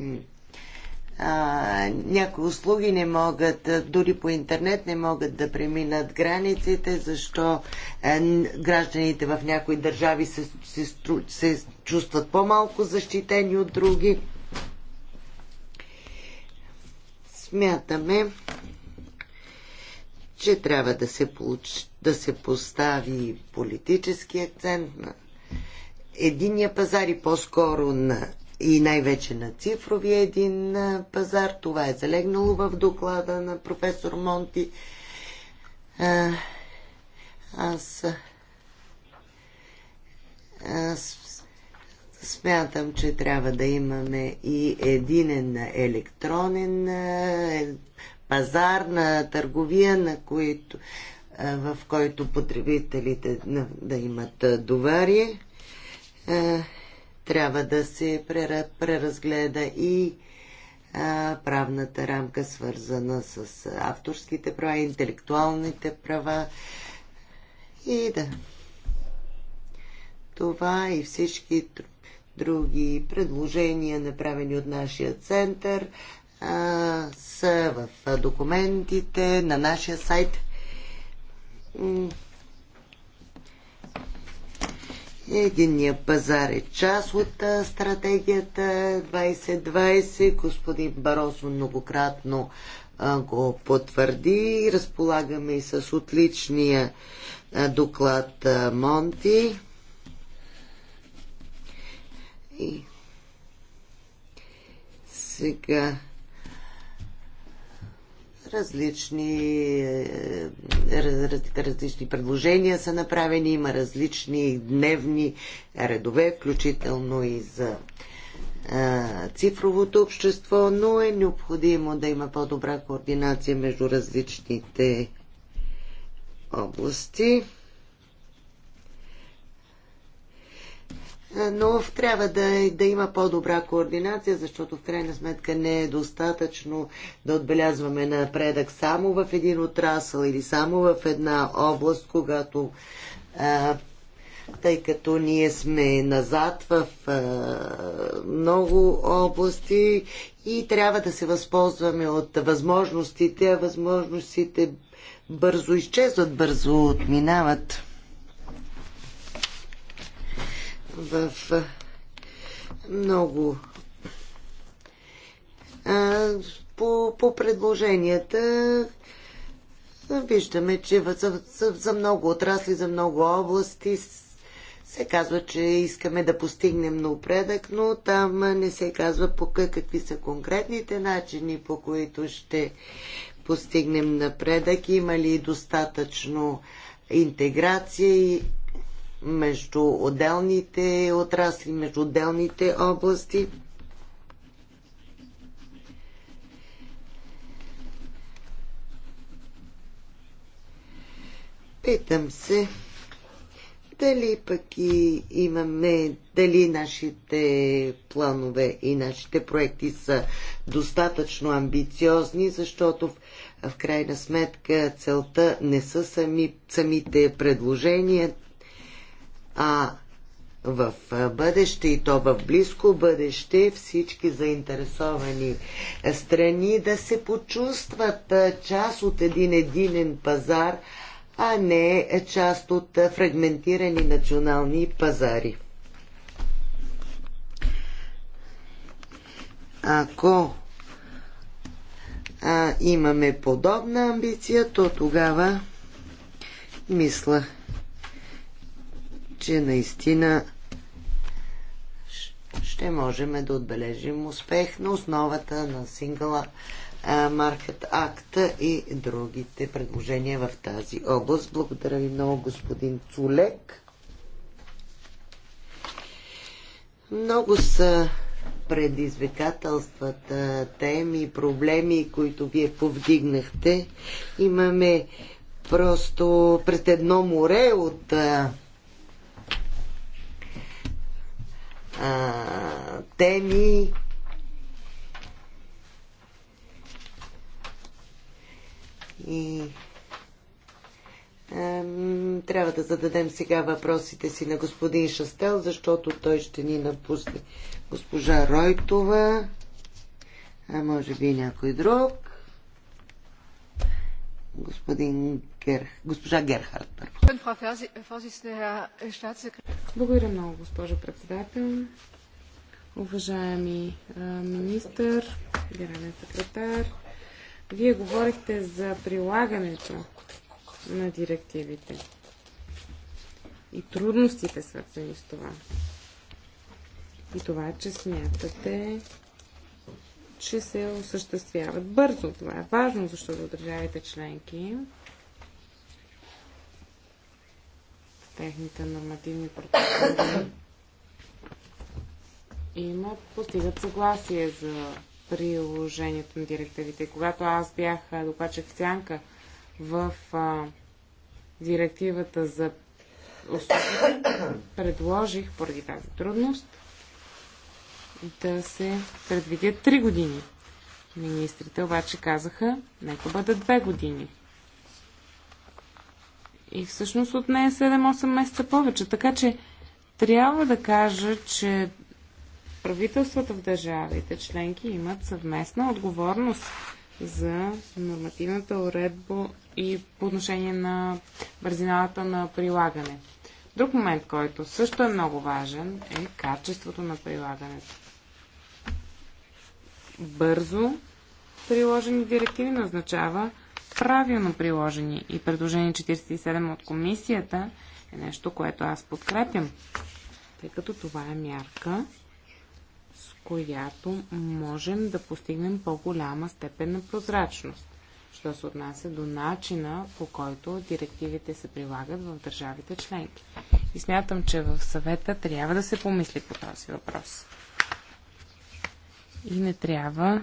а, някои услуги не могат, дори по интернет не могат да преминат границите, защо е, гражданите в някои държави се, се, се чувстват по-малко защитени от други. Смятаме, че трябва да се, получ... да се постави политически акцент на единия пазар и по-скоро на и най-вече на цифровия един пазар. Това е залегнало в доклада на професор Монти. А, аз, аз смятам, че трябва да имаме и единен електронен е, пазар на търговия, на които, в който потребителите да имат доварие трябва да се преразгледа и правната рамка, свързана с авторските права, интелектуалните права и да. Това и всички други предложения, направени от нашия център, а, са в документите на нашия сайт. Единия пазар е част от стратегията 2020. Господин Баросо многократно го потвърди. Разполагаме и с отличния доклад Монти. И сега Различни, е, раз, различни предложения са направени, има различни дневни редове, включително и за е, цифровото общество, но е необходимо да има по-добра координация между различните области. Е, но трябва да, да има по-добра координация, защото в крайна сметка не е достатъчно да отбелязваме напредък само в един отрасъл или само в една област, когато а, е, тъй като ние сме назад в а, е, много области и трябва да се възползваме от възможностите, а възможностите бързо изчезват, бързо отминават. в много по, по предложенията виждаме, че за, за, за много отрасли, за много области се казва, че искаме да постигнем напредък, но там не се казва по какви са конкретните начини, по които ще постигнем напредък, има ли достатъчно интеграция и между отделните отрасли, между отделните области. Питам се дали пък и имаме, дали нашите планове и нашите проекти са достатъчно амбициозни, защото в, в крайна сметка целта не са сами, самите предложения, а в бъдеще и то в близко бъдеще всички заинтересовани е, страни да се почувстват част от един единен пазар, а не е, част от фрагментирани национални пазари. Ако а, имаме подобна амбиция, то тогава мисля, че наистина ще можем да отбележим успех на основата на сингъла Market Act и другите предложения в тази област. Благодаря ви много, господин Цулек. Много са предизвикателствата, теми, проблеми, които вие повдигнахте. Имаме просто пред едно море от а, теми. И трябва да зададем сега въпросите си на господин Шастел, защото той ще ни напусне госпожа Ройтова, а може би някой друг господин госпожа Герхард Благодаря много, госпожо председател. Уважаеми министър, генерален секретар, вие говорихте за прилагането на директивите и трудностите свързани с това. И това, е, че смятате, че се осъществяват бързо. Това е важно, защото държавите членки техните нормативни протоколи имат, постигат съгласие за приложението на директивите. Когато аз бях докладчик в Сянка в а, директивата за услуги, [coughs] предложих поради тази трудност да се предвидят три години. Министрите обаче казаха, нека бъдат две години. И всъщност от нея 7-8 месеца повече. Така че трябва да кажа, че правителствата в държавите членки имат съвместна отговорност за нормативната уредба и по отношение на бързината на прилагане. Друг момент, който също е много важен, е качеството на прилагането бързо приложени директиви, но означава правилно приложени. И предложение 47 от комисията е нещо, което аз подкрепям, тъй като това е мярка, с която можем да постигнем по-голяма степен на прозрачност, що се отнася до начина, по който директивите се прилагат в държавите членки. И смятам, че в съвета трябва да се помисли по този въпрос и не трябва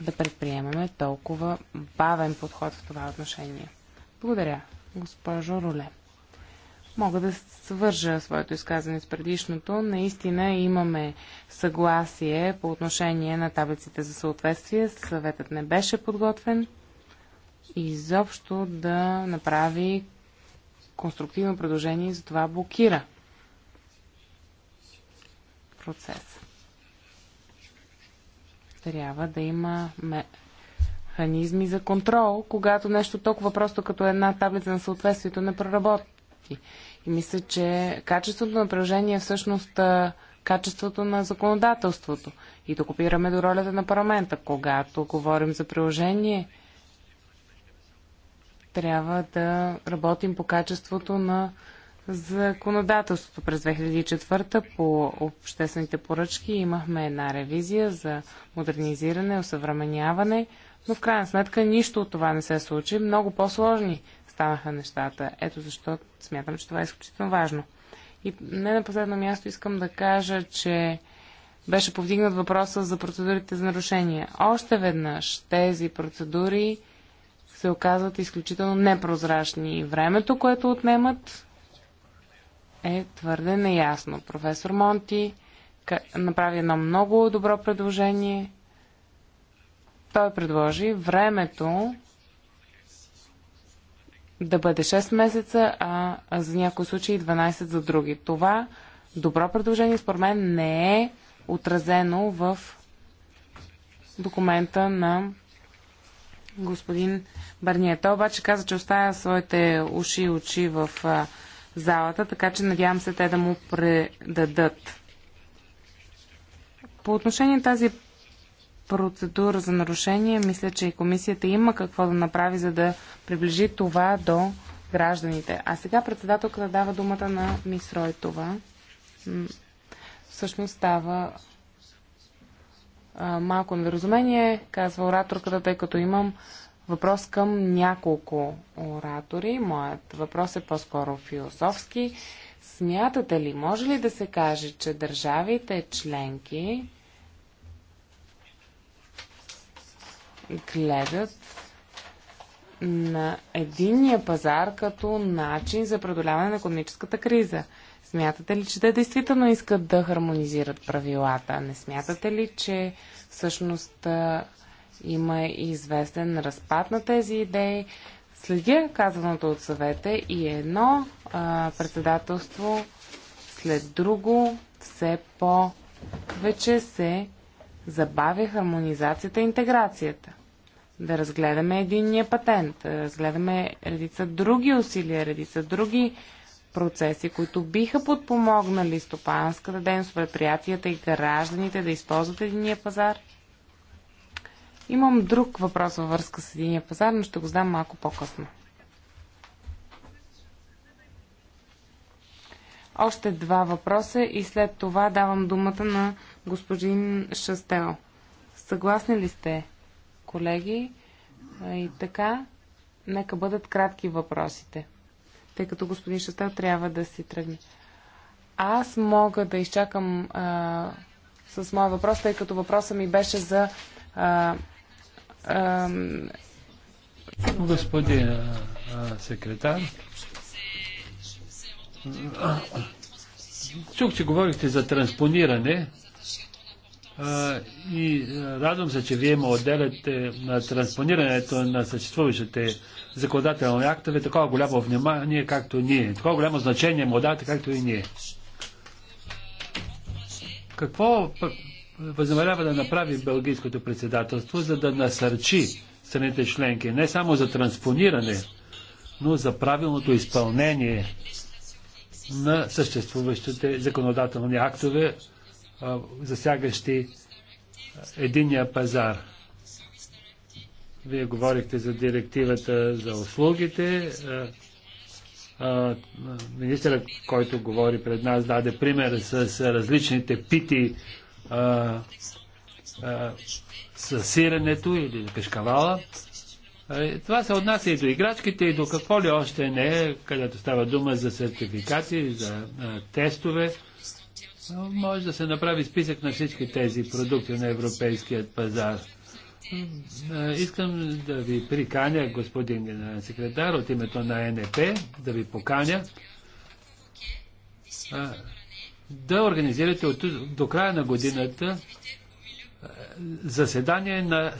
да предприемаме толкова бавен подход в това отношение. Благодаря, госпожо Руле, Мога да свържа своето изказване с предишното. Наистина имаме съгласие по отношение на таблиците за съответствие. Съветът не беше подготвен изобщо да направи конструктивно предложение и затова блокира процес. Трябва да има механизми за контрол, когато нещо толкова просто като една таблица на съответствието не проработи. И мисля, че качеството на приложение е всъщност качеството на законодателството. И да копираме до ролята на парламента. Когато говорим за приложение, трябва да работим по качеството на законодателството през 2004 по обществените поръчки имахме една ревизия за модернизиране, осъвременяване, но в крайна сметка нищо от това не се случи. Много по-сложни станаха нещата. Ето защо смятам, че това е изключително важно. И не на последно място искам да кажа, че беше повдигнат въпроса за процедурите за нарушения. Още веднъж тези процедури се оказват изключително непрозрачни. времето, което отнемат, е твърде неясно. Професор Монти направи едно много добро предложение. Той предложи времето да бъде 6 месеца, а за някои случаи 12 за други. Това добро предложение според мен не е отразено в документа на господин Барния. Той обаче каза, че оставя своите уши и очи в залата, така че надявам се те да му предадат. По отношение на тази процедура за нарушение, мисля, че и комисията има какво да направи, за да приближи това до гражданите. А сега председателката дава думата на мис Ройтова. Всъщност става малко недоразумение, казва ораторката, тъй като имам въпрос към няколко оратори. Моят въпрос е по-скоро философски. Смятате ли, може ли да се каже, че държавите членки гледат на единния пазар като начин за преодоляване на економическата криза? Смятате ли, че те действително искат да хармонизират правилата? Не смятате ли, че всъщност има и известен разпад на тези идеи. Следя казаното от съвета и едно а, председателство след друго все по-вече се забавя хармонизацията и интеграцията. Да разгледаме единния патент, да разгледаме редица други усилия, редица други процеси, които биха подпомогнали стопанската дейност, предприятията и гражданите да използват единния пазар – Имам друг въпрос във връзка с единия пазар, но ще го задам малко по-късно. Още два въпроса и след това давам думата на господин Шастел. Съгласни ли сте, колеги? И така, нека бъдат кратки въпросите, тъй като господин Шастел трябва да си тръгне. Аз мога да изчакам а, с моя въпрос, тъй като въпросът ми беше за а, Господин секретар, чух, че говорихте за транспониране и радвам се, че вие ме отделяте на транспонирането на съществуващите законодателни актове такова голямо внимание, както ние. Такова голямо значение му давате, както и ние. Какво възнамерява да направи Белгийското председателство, за да насърчи страните членки не само за транспониране, но за правилното изпълнение на съществуващите законодателни актове, засягащи единния пазар. Вие говорихте за директивата за услугите. министерът, който говори пред нас, даде пример с различните пити, а, а, сиренето или пешкавала. Това се отнася и до играчките, и до какво ли още не, където става дума за сертификати, за а, тестове. Може да се направи списък на всички тези продукти на европейският пазар. Искам да ви приканя, господин генерален секретар, от името на НП, да ви поканя да организирате от, до края на годината е, заседание на,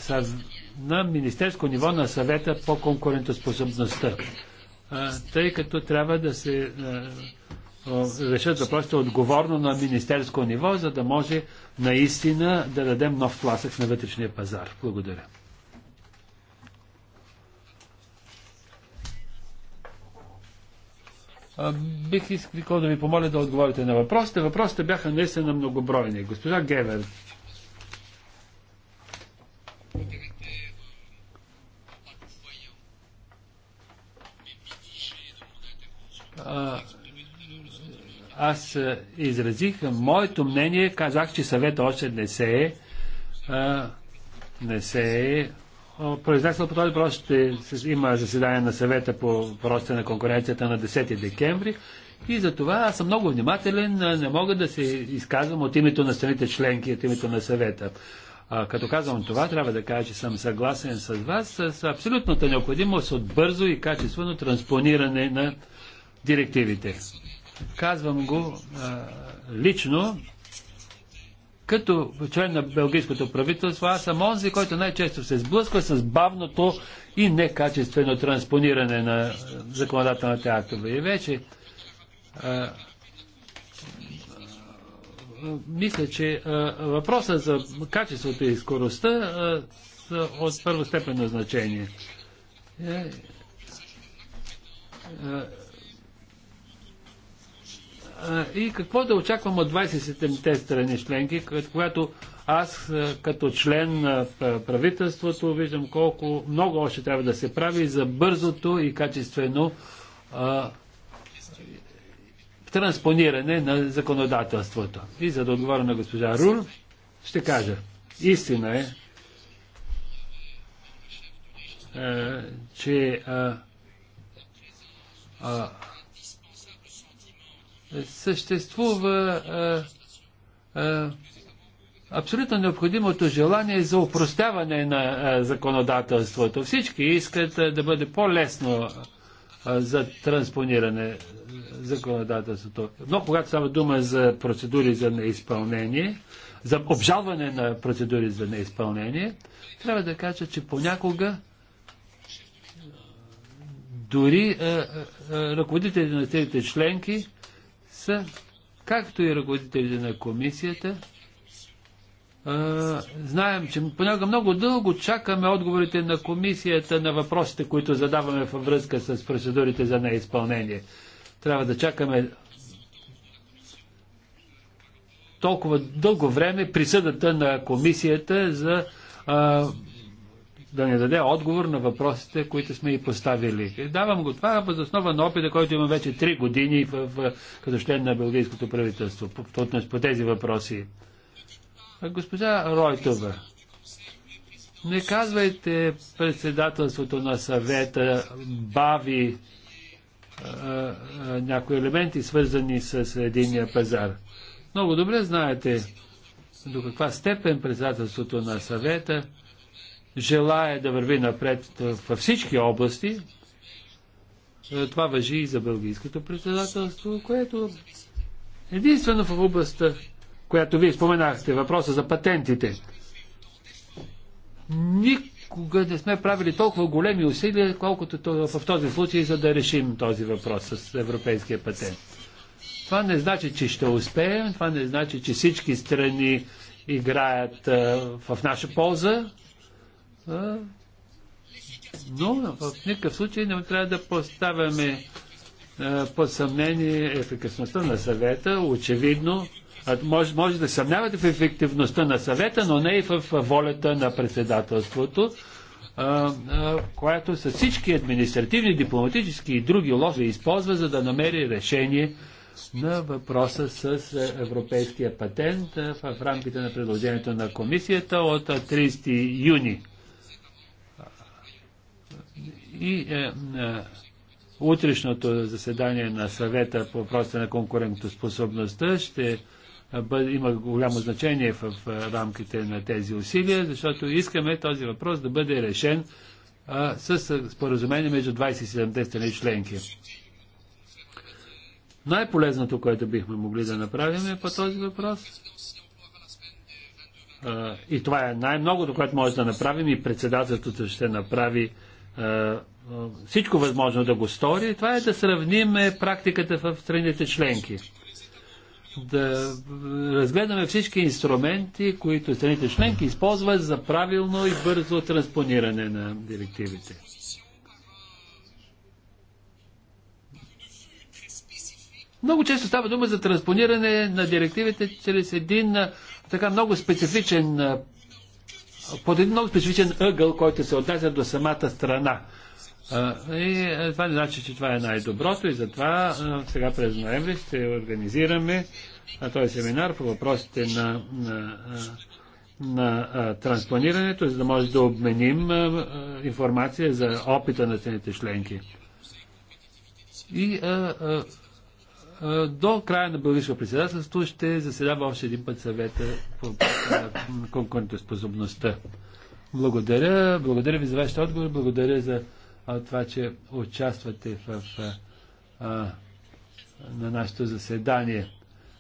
на министерско ниво на съвета по конкурентоспособността, е, тъй като трябва да се е, решат въпросите отговорно на министерско ниво, за да може наистина да дадем нов пласък на вътрешния пазар. Благодаря. Бих искал да ви помоля да отговорите на въпросите. Въпросите бяха наистина многобройни. Госпожа Гевер. аз изразих моето мнение, казах, че съвета още не се е, не се е произнесъл по този въпрос. Ще има заседание на съвета по въпросите на конкуренцията на 10 декември. И за това аз съм много внимателен, не мога да се изказвам от името на страните членки, от името на съвета. А, като казвам това, трябва да кажа, че съм съгласен с вас с абсолютната необходимост от бързо и качествено транспониране на директивите. Казвам го а, лично, като член на белгийското правителство, аз съм онзи, който най-често се сблъсква с бавното и некачествено транспониране на е, законодателните актове. И вече а, е, а, е, мисля, че а, въпросът за качеството и скоростта а, са от първостепенно значение. а, и какво да очаквам от 27-те страни членки, когато аз като член на правителството виждам колко много още трябва да се прави за бързото и качествено а, транспониране на законодателството. И за да отговоря на госпожа Рур, ще кажа, истина е, а, че а, съществува а, а, абсолютно необходимото желание за упростяване на а, законодателството. Всички искат а, да бъде по-лесно за транспониране законодателството. Но когато става дума за процедури за неизпълнение, за обжалване на процедури за неизпълнение, трябва да кажа, че понякога дори а, а, ръководителите на тези членки са, както и ръководителите на комисията, знаем, че понякога много дълго чакаме отговорите на комисията на въпросите, които задаваме във връзка с процедурите за неизпълнение. Трябва да чакаме толкова дълго време присъдата на комисията за а, да не даде отговор на въпросите, които сме и поставили. Давам го това въз основа на опита, който имам вече 3 години в, в, като член на Белгийското правителство по, по, по тези въпроси. Госпожа Ройтова, не казвайте председателството на съвета бави а, а, някои елементи, свързани с единия пазар. Много добре знаете до каква степен председателството на съвета желая да върви напред във всички области, е, това въжи и за бългийското председателство, което единствено в областта, която вие споменахте, въпроса за патентите. Никога не сме правили толкова големи усилия, колкото в този случай, за да решим този въпрос с европейския патент. Това не значи, че ще успеем, това не значи, че всички страни играят е, в наша полза, но в никакъв случай не трябва да поставяме е, под съмнение ефикасността на съвета. Очевидно, може, може да съмнявате в ефективността на съвета, но не и в волята на председателството, е, е, която с всички административни, дипломатически и други лови използва, за да намери решение на въпроса с европейския патент в рамките на предложението на комисията от 30 юни и е, е, утрешното заседание на съвета по въпроса на конкурентоспособността ще е, бъде, има голямо значение в, в е, рамките на тези усилия, защото искаме този въпрос да бъде решен е, с е, споразумение между 27-те страни членки. Най-полезното, което бихме могли да направим е по този въпрос. и това е най-многото, което може да направим и председателството ще направи всичко възможно да го стори, това е да сравним практиката в страните членки. Да разгледаме всички инструменти, които страните членки използват за правилно и бързо транспониране на директивите. Много често става дума за транспониране на директивите чрез един така много специфичен под един много специфичен ъгъл, който се отнася до самата страна. И е, това не значи, че това е най-доброто и затова сега през ноември ще организираме този семинар по въпросите на, на, на транспланирането, за да може да обменим информация за опита на цените членки. И а, а, а, до края на българското председателство ще заседава още един път съвета по конкурентоспособността. Благодаря. Благодаря ви за вашите отговори. Благодаря за от това, че участвате в, а, на нашето заседание.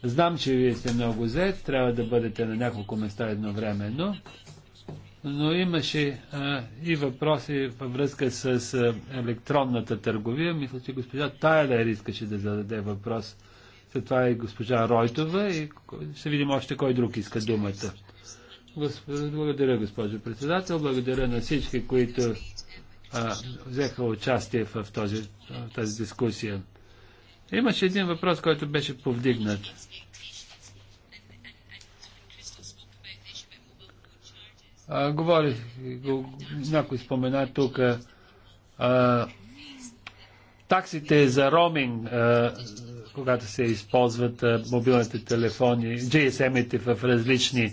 Знам, че вие сте много зет, трябва да бъдете на няколко места едновременно, но имаше а, и въпроси във връзка с а, електронната търговия. Мисля, че госпожа Тайлер искаше да зададе въпрос. След това и госпожа Ройтова и ще видим още кой друг иска думата. Господ... Благодаря, госпожо председател. Благодаря на всички, които а, взеха участие в този, в тази дискусия. Имаше един въпрос, който беше повдигнат. А, говори, го, някой спомена тук а, таксите за роуминг, а, когато се използват а, мобилните телефони, GSM-ите в различни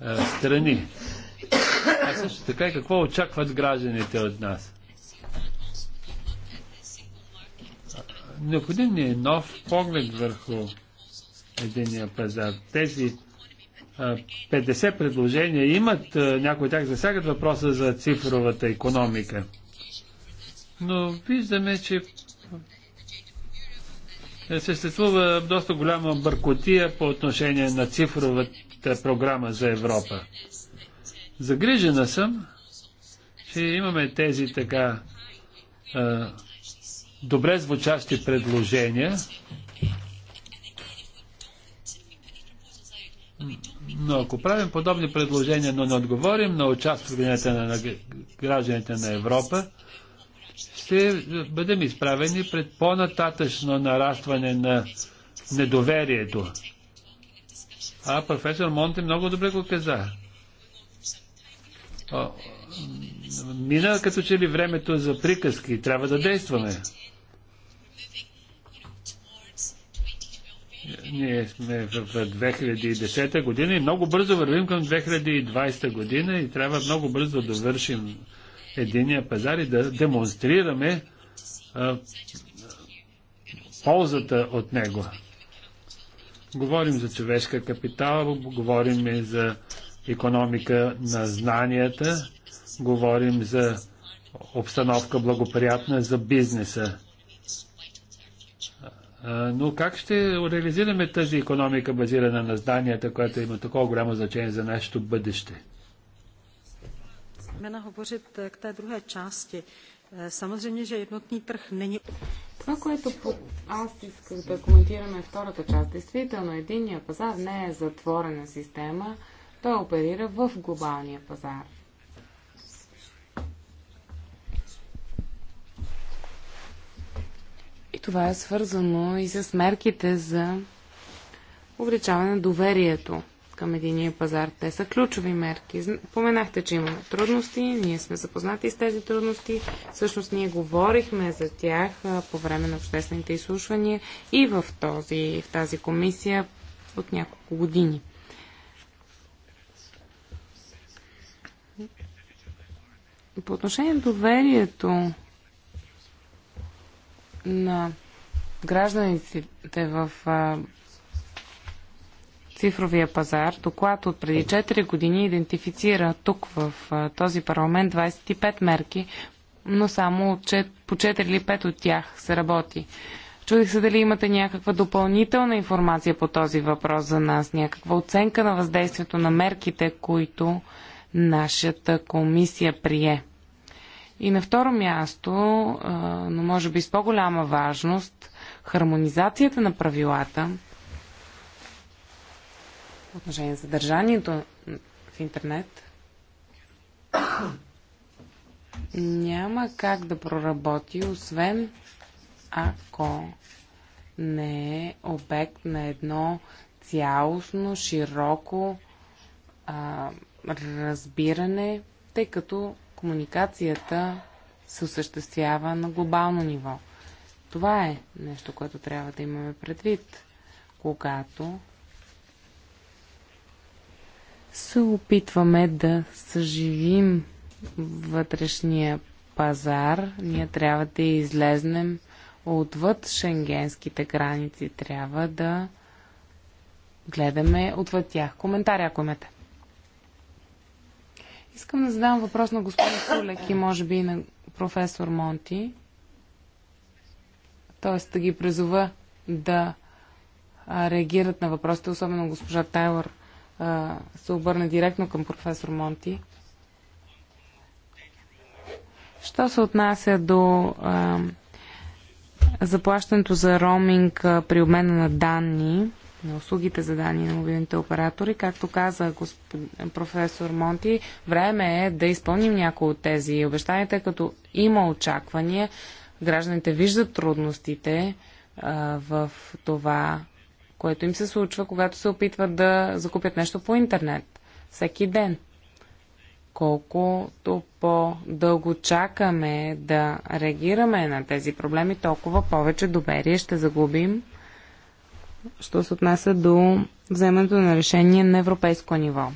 а, страни също така и какво очакват гражданите от нас. Необходим ни е нов поглед върху единия пазар. Тези 50 предложения имат, някои от тях засягат въпроса за цифровата економика. Но виждаме, че съществува доста голяма бъркотия по отношение на цифровата програма за Европа. Загрижена съм, че имаме тези така а, добре звучащи предложения, но ако правим подобни предложения, но не отговорим на участвените на, на гражданите на Европа, ще бъдем изправени пред по-нататъчно нарастване на недоверието. А професор Монте много добре го каза мина като че ли времето за приказки. Трябва да действаме. Ние сме в 2010 година и много бързо вървим към 2020 година и трябва много бързо да вършим единия пазар и да демонстрираме а, ползата от него. Говорим за човешка капитал, говорим и за економика на знанията, говорим за обстановка благоприятна за бизнеса. Но как ще реализираме тази економика, базирана на знанията, която има такова голямо значение за нашето бъдеще? Jména к тази друга druhé Самозрение, че еднотни jednotný не není... Това, което аз исках да коментираме е втората част. Действително, единния пазар не е затворена система, той оперира в глобалния пазар. И това е свързано и с мерките за увеличаване на доверието към единия пазар. Те са ключови мерки. Поменахте, че имаме трудности, ние сме запознати с тези трудности. Всъщност ние говорихме за тях по време на обществените изслушвания и в, този, в тази комисия от няколко години. По отношение на доверието на гражданите в цифровия пазар, доклад от преди 4 години идентифицира тук в този парламент 25 мерки, но само по 4 или 5 от тях се работи. Чудих се дали имате някаква допълнителна информация по този въпрос за нас, някаква оценка на въздействието на мерките, които нашата комисия прие. И на второ място, но може би с по-голяма важност, хармонизацията на правилата отношение на съдържанието в интернет няма как да проработи, освен ако не е обект на едно цялостно, широко а, разбиране, тъй като комуникацията се осъществява на глобално ниво. Това е нещо, което трябва да имаме предвид, когато се опитваме да съживим вътрешния пазар. Ние трябва да излезнем отвъд шенгенските граници. Трябва да гледаме отвъд тях. Коментари, ако имате. Искам да задам въпрос на господин Сулек и може би и на професор Монти. Тоест да ги призова да реагират на въпросите, особено госпожа Тайлър се обърна директно към професор Монти. Що се отнася до а, заплащането за роуминг а, при обмена на данни, на услугите за данни на мобилните оператори. Както каза госп... професор Монти, време е да изпълним някои от тези обещания, тъй като има очаквания, гражданите виждат трудностите а, в това, което им се случва, когато се опитват да закупят нещо по интернет. Всеки ден. Колкото по-дълго чакаме да реагираме на тези проблеми, толкова повече доверие ще загубим що се отнася до вземането на решение на европейско ниво.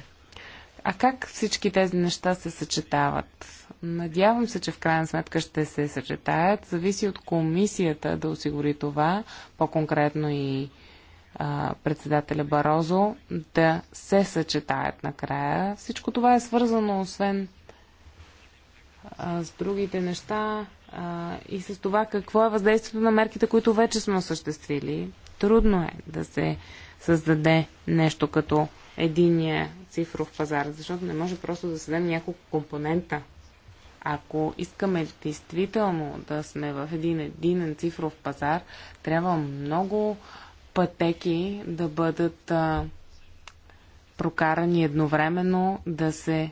А как всички тези неща се съчетават? Надявам се, че в крайна сметка ще се съчетаят. Зависи от комисията да осигури това, по-конкретно и а, председателя Барозо, да се съчетаят накрая. Всичко това е свързано, освен а, с другите неща а, и с това какво е въздействието на мерките, които вече сме осъществили. Трудно е да се създаде нещо като единия цифров пазар, защото не може просто да създадем няколко компонента. Ако искаме действително да сме в един единен цифров пазар, трябва много пътеки да бъдат а, прокарани едновременно, да се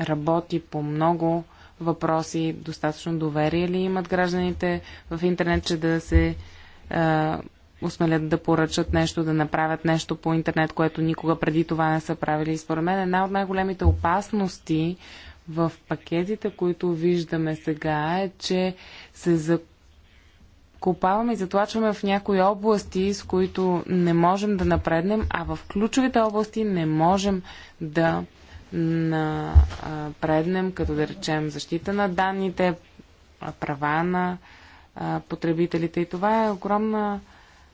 работи по много въпроси, достатъчно доверие ли имат гражданите в интернет, че да се а, осмелят да поръчат нещо, да направят нещо по интернет, което никога преди това не са правили. И според мен една от най-големите опасности в пакетите, които виждаме сега, е, че се закопаваме и затлачваме в някои области, с които не можем да напреднем, а в ключовите области не можем да напреднем, като да речем защита на данните, права на потребителите. И това е огромна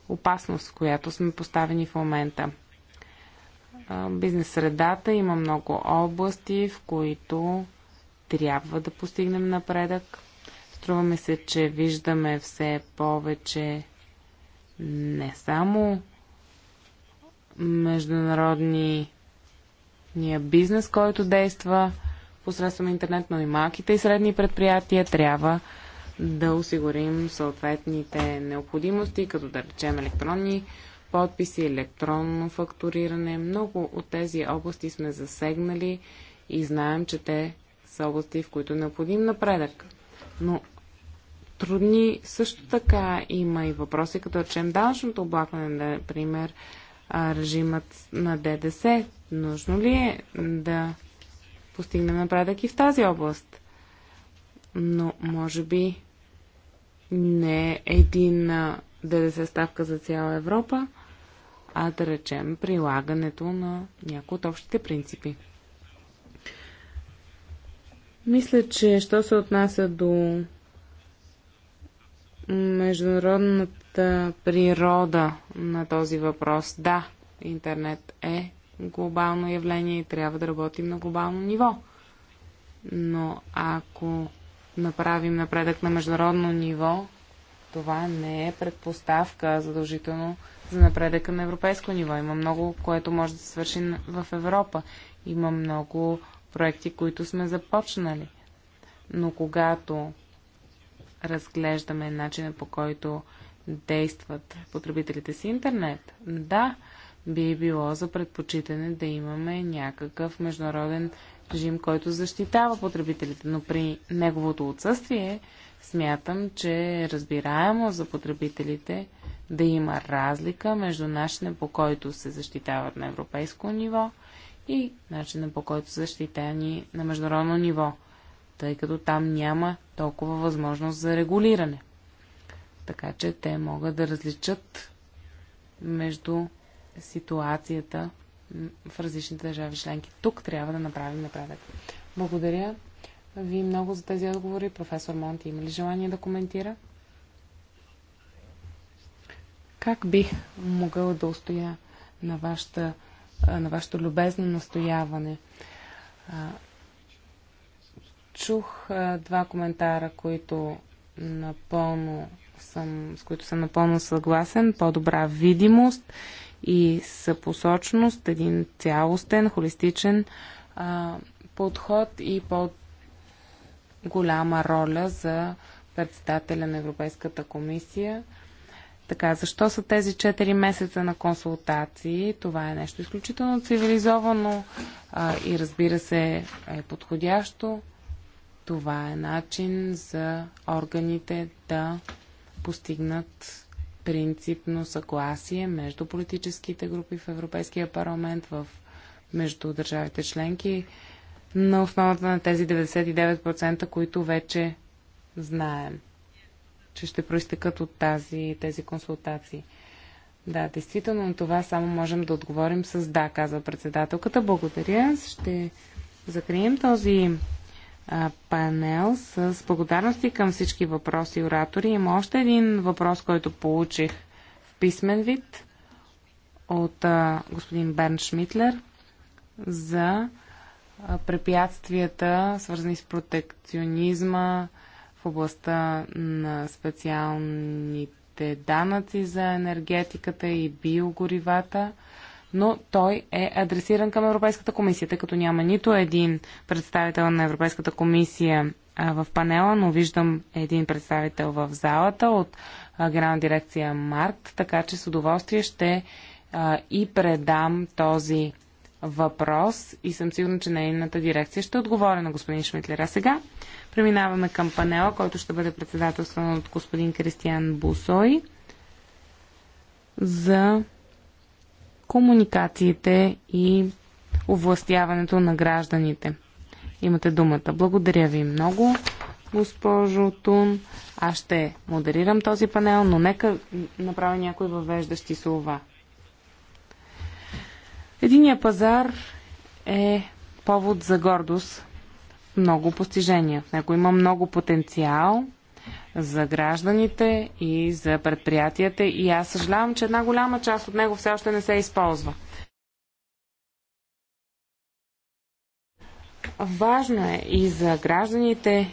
опасност, която сме поставени в момента. Бизнес средата има много области, в които трябва да постигнем напредък. Струваме се, че виждаме все повече не само международния бизнес, който действа посредством интернет, но и малките и средни предприятия трябва да осигурим съответните необходимости, като да речем електронни подписи, електронно фактуриране. Много от тези области сме засегнали и знаем, че те са области, в които е необходим напредък. Но трудни също така има и въпроси, като речем данъчното облакване, например, режимът на ДДС. Нужно ли е да постигнем напредък и в тази област? Но, може би, не е един ДДС ставка за цяла Европа, а да речем прилагането на някои от общите принципи. Мисля, че що се отнася до международната природа на този въпрос, да, интернет е глобално явление и трябва да работим на глобално ниво. Но ако направим напредък на международно ниво, това не е предпоставка задължително за напредъка на европейско ниво. Има много, което може да се свърши в Европа. Има много проекти, които сме започнали. Но когато разглеждаме начина по който действат потребителите си интернет, да, би било за предпочитане да имаме някакъв международен режим, който защитава потребителите, но при неговото отсъствие смятам, че е разбираемо за потребителите да има разлика между начина по който се защитават на европейско ниво и начина по който са защитени на международно ниво, тъй като там няма толкова възможност за регулиране. Така че те могат да различат между ситуацията в различните държави членки. Тук трябва да направим напредък. Благодаря ви много за тези отговори. Професор Монти, има ли желание да коментира? Как бих могъл да устоя на, вашата, на вашето любезно настояване? Чух два коментара, които напълно съм, с които съм напълно съгласен. По-добра видимост и съпосочност, един цялостен, холистичен а, подход и по-голяма роля за председателя на Европейската комисия. Така, защо са тези 4 месеца на консултации? Това е нещо изключително цивилизовано а, и разбира се е подходящо. Това е начин за органите да постигнат принципно съгласие между политическите групи в Европейския парламент, в, между държавите членки, на основата на тези 99%, които вече знаем, че ще проистекат от тази, тези консултации. Да, действително на това само можем да отговорим с да, казва председателката. Благодаря. Ще закрием този панел с благодарности към всички въпроси и оратори. Има още един въпрос, който получих в писмен вид от а, господин Берн Шмитлер за а, препятствията, свързани с протекционизма в областта на специалните данъци за енергетиката и биогоривата – но той е адресиран към Европейската комисия, тъй като няма нито един представител на Европейската комисия в панела, но виждам един представител в залата от Генерална дирекция Март, така че с удоволствие ще и предам този въпрос и съм сигурна, че нейната дирекция ще отговори на господин Шмитлер. А сега преминаваме към панела, който ще бъде председателстван от господин Кристиан Бусой за комуникациите и овластяването на гражданите. Имате думата. Благодаря ви много, госпожо Тун. Аз ще модерирам този панел, но нека направя някои въвеждащи слова. Единия пазар е повод за гордост, много постижения. В него има много потенциал за гражданите и за предприятията и аз съжалявам, че една голяма част от него все още не се използва. Важно е и за гражданите,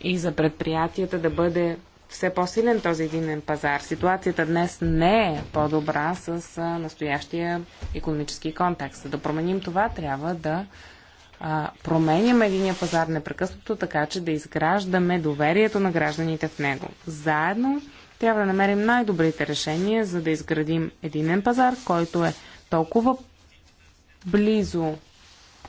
и за предприятията да бъде все по-силен този единен пазар. Ситуацията днес не е по-добра с настоящия економически контекст. За да променим това, трябва да а, променяме единия пазар непрекъснато, така че да изграждаме доверието на гражданите в него. Заедно трябва да намерим най-добрите решения, за да изградим единен пазар, който е толкова близо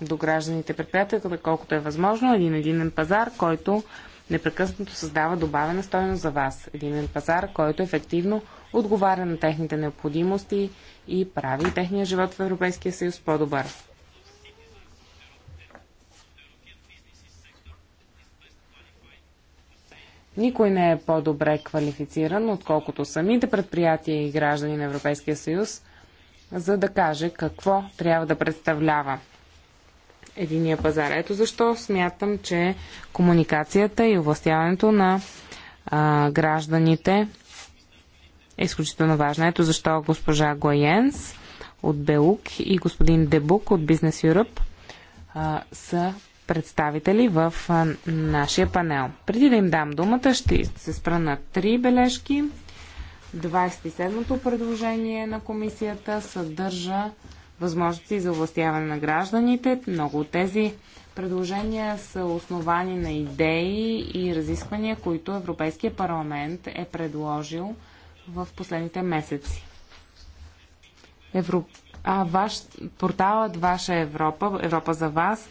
до гражданите предприятията, колкото е възможно, един единен пазар, който непрекъснато създава добавена стойност за вас. Единен пазар, който ефективно отговаря на техните необходимости и прави техния живот в Европейския съюз по-добър. Никой не е по-добре квалифициран, отколкото самите предприятия и граждани на Европейския съюз, за да каже какво трябва да представлява единия пазар. Ето защо смятам, че комуникацията и овластяването на а, гражданите е изключително важно. Ето защо госпожа Гоенс от Белук и господин Дебук от Бизнес Europe а, са представители в нашия панел. Преди да им дам думата, ще се спра на три бележки. 27-то предложение на комисията съдържа възможности за властяване на гражданите. Много от тези предложения са основани на идеи и разисквания, които Европейския парламент е предложил в последните месеци. Европ... А, ваш... Порталът Ваша Европа, Европа за вас,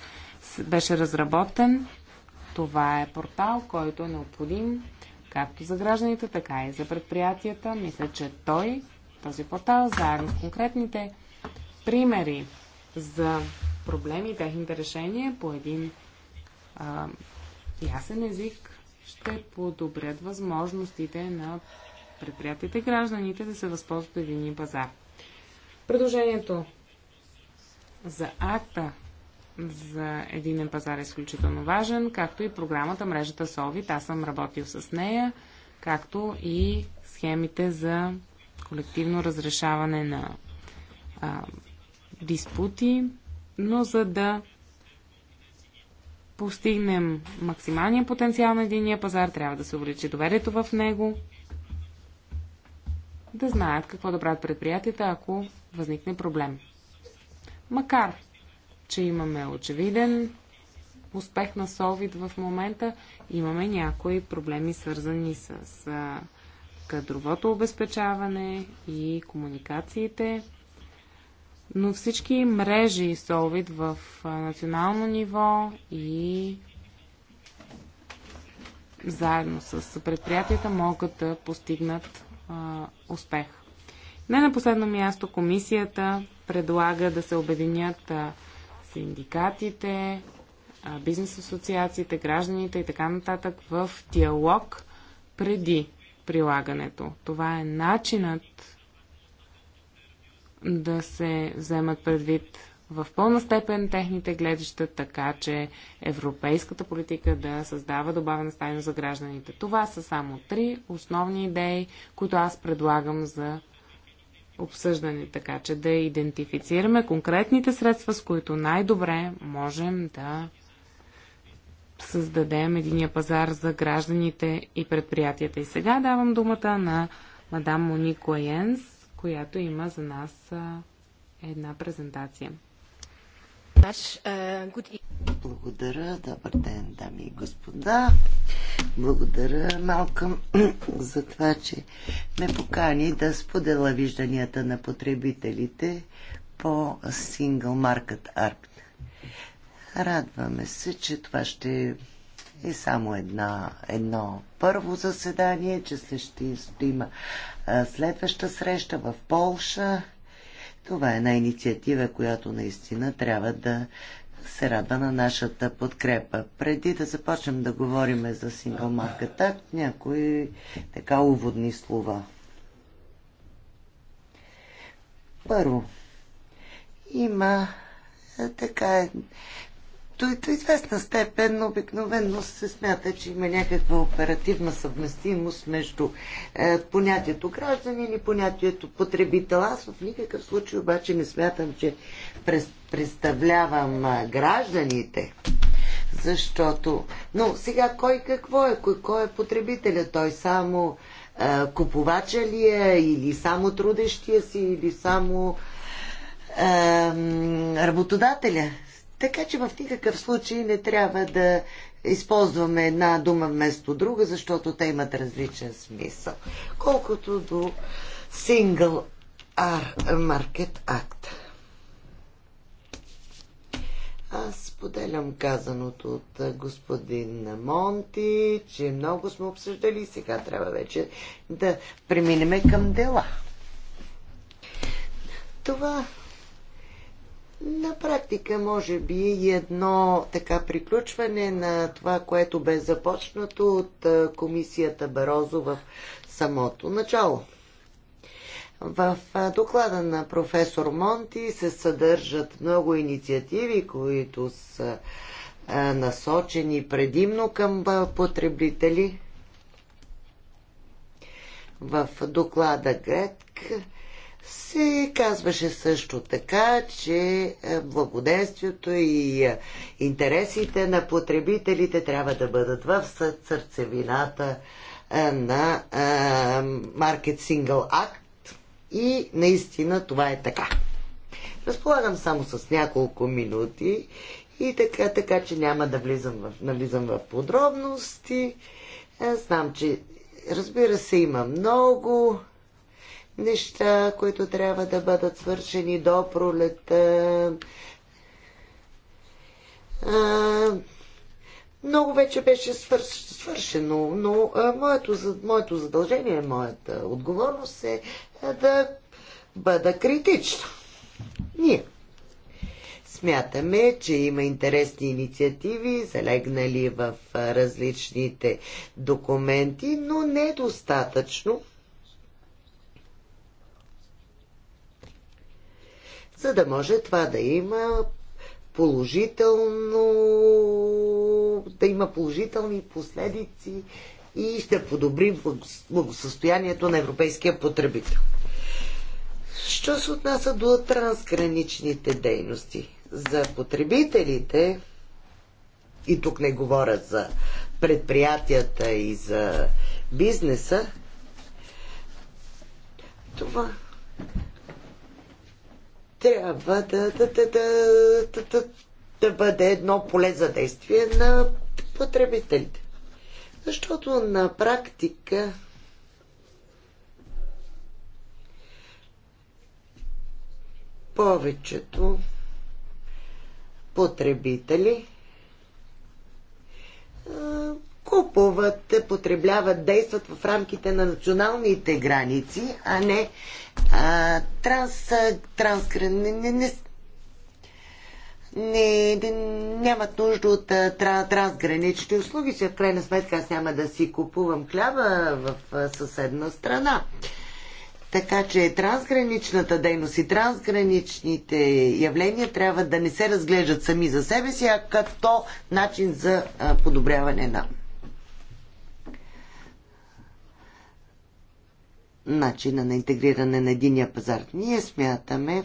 беше разработен. Това е портал, който е необходим както за гражданите, така и за предприятията. Мисля, че той, този портал, заедно с конкретните примери за проблеми и техните решения по един а, ясен език ще подобрят възможностите на предприятията и гражданите да се възползват от единния пазар. Предложението за акта за единен пазар е изключително важен, както и програмата мрежата Солвит. Аз съм работил с нея, както и схемите за колективно разрешаване на а, диспути, но за да постигнем максималния потенциал на единия пазар, трябва да се увеличи доверието в него, да знаят какво да правят предприятията, ако възникне проблем. Макар че имаме очевиден успех на СОВИД в момента. Имаме някои проблеми, свързани с кадровото обезпечаване и комуникациите. Но всички мрежи СОВИД в национално ниво и заедно с предприятията могат да постигнат а, успех. Не на последно място комисията предлага да се обединят а, синдикатите, бизнес асоциациите, гражданите и така нататък в диалог преди прилагането. Това е начинът да се вземат предвид в пълна степен техните гледаща, така че европейската политика да създава добавена стайност за гражданите. Това са само три основни идеи, които аз предлагам за обсъждани, така че да идентифицираме конкретните средства, с които най-добре можем да създадем единия пазар за гражданите и предприятията. И сега давам думата на мадам Моник Лайенс, която има за нас една презентация. Uh, Благодаря. Добър ден, дами и господа. Благодаря, Малкам, [clears throat] за това, че ме покани да споделя вижданията на потребителите по Single Market Art. Радваме се, че това ще е само една, едно първо заседание, че ще, ще има следваща среща в Полша това е една инициатива, която наистина трябва да се рада на нашата подкрепа. Преди да започнем да говорим за Single Market Act, някои така уводни слова. Първо, има е, така е, до, до известна степен обикновено се смята, че има някаква оперативна съвместимост между е, понятието гражданин и понятието потребител. Аз в никакъв случай обаче не смятам, че през, представлявам а, гражданите. Защото, но сега кой какво е, кой, кой е потребителя? Той само а, е, купувача ли е, или само трудещия си, или само е, работодателя? Така че в никакъв случай не трябва да използваме една дума вместо друга, защото те имат различен смисъл. Колкото до Single R Market Act. Аз поделям казаното от господин Монти, че много сме обсъждали и сега трябва вече да преминеме към дела. Това на практика, може би, и едно така приключване на това, което бе започнато от комисията Барозо в самото начало. В доклада на професор Монти се съдържат много инициативи, които са насочени предимно към потребители. В доклада Гретк се казваше също така, че е, благоденствието и е, интересите на потребителите трябва да бъдат в сърцевината е, на Market Single Act и наистина това е така. Разполагам само с няколко минути и така, така че няма да влизам в, навлизам в подробности. Знам, че разбира се има много неща, които трябва да бъдат свършени до пролета. Много вече беше свършено, но а, моето, моето задължение, моята отговорност е, е да бъда критична. Ние смятаме, че има интересни инициативи, залегнали в различните документи, но недостатъчно за да може това да има положително, да има положителни последици и ще подобри благосъстоянието на европейския потребител. Що се отнася до трансграничните дейности? За потребителите, и тук не говоря за предприятията и за бизнеса, това трябва да, да, да, да, да, да, да бъде едно поле за действие на потребителите. Защото на практика повечето потребители купуват, потребляват, действат в рамките на националните граници, а не а, транс, транс, не, не, не, не, нямат нужда от трансгранични услуги, че в крайна сметка аз няма да си купувам хляба в съседна страна. Така че трансграничната дейност и трансграничните явления трябва да не се разглеждат сами за себе си, а като начин за подобряване на начина на интегриране на единия пазар. Ние смятаме,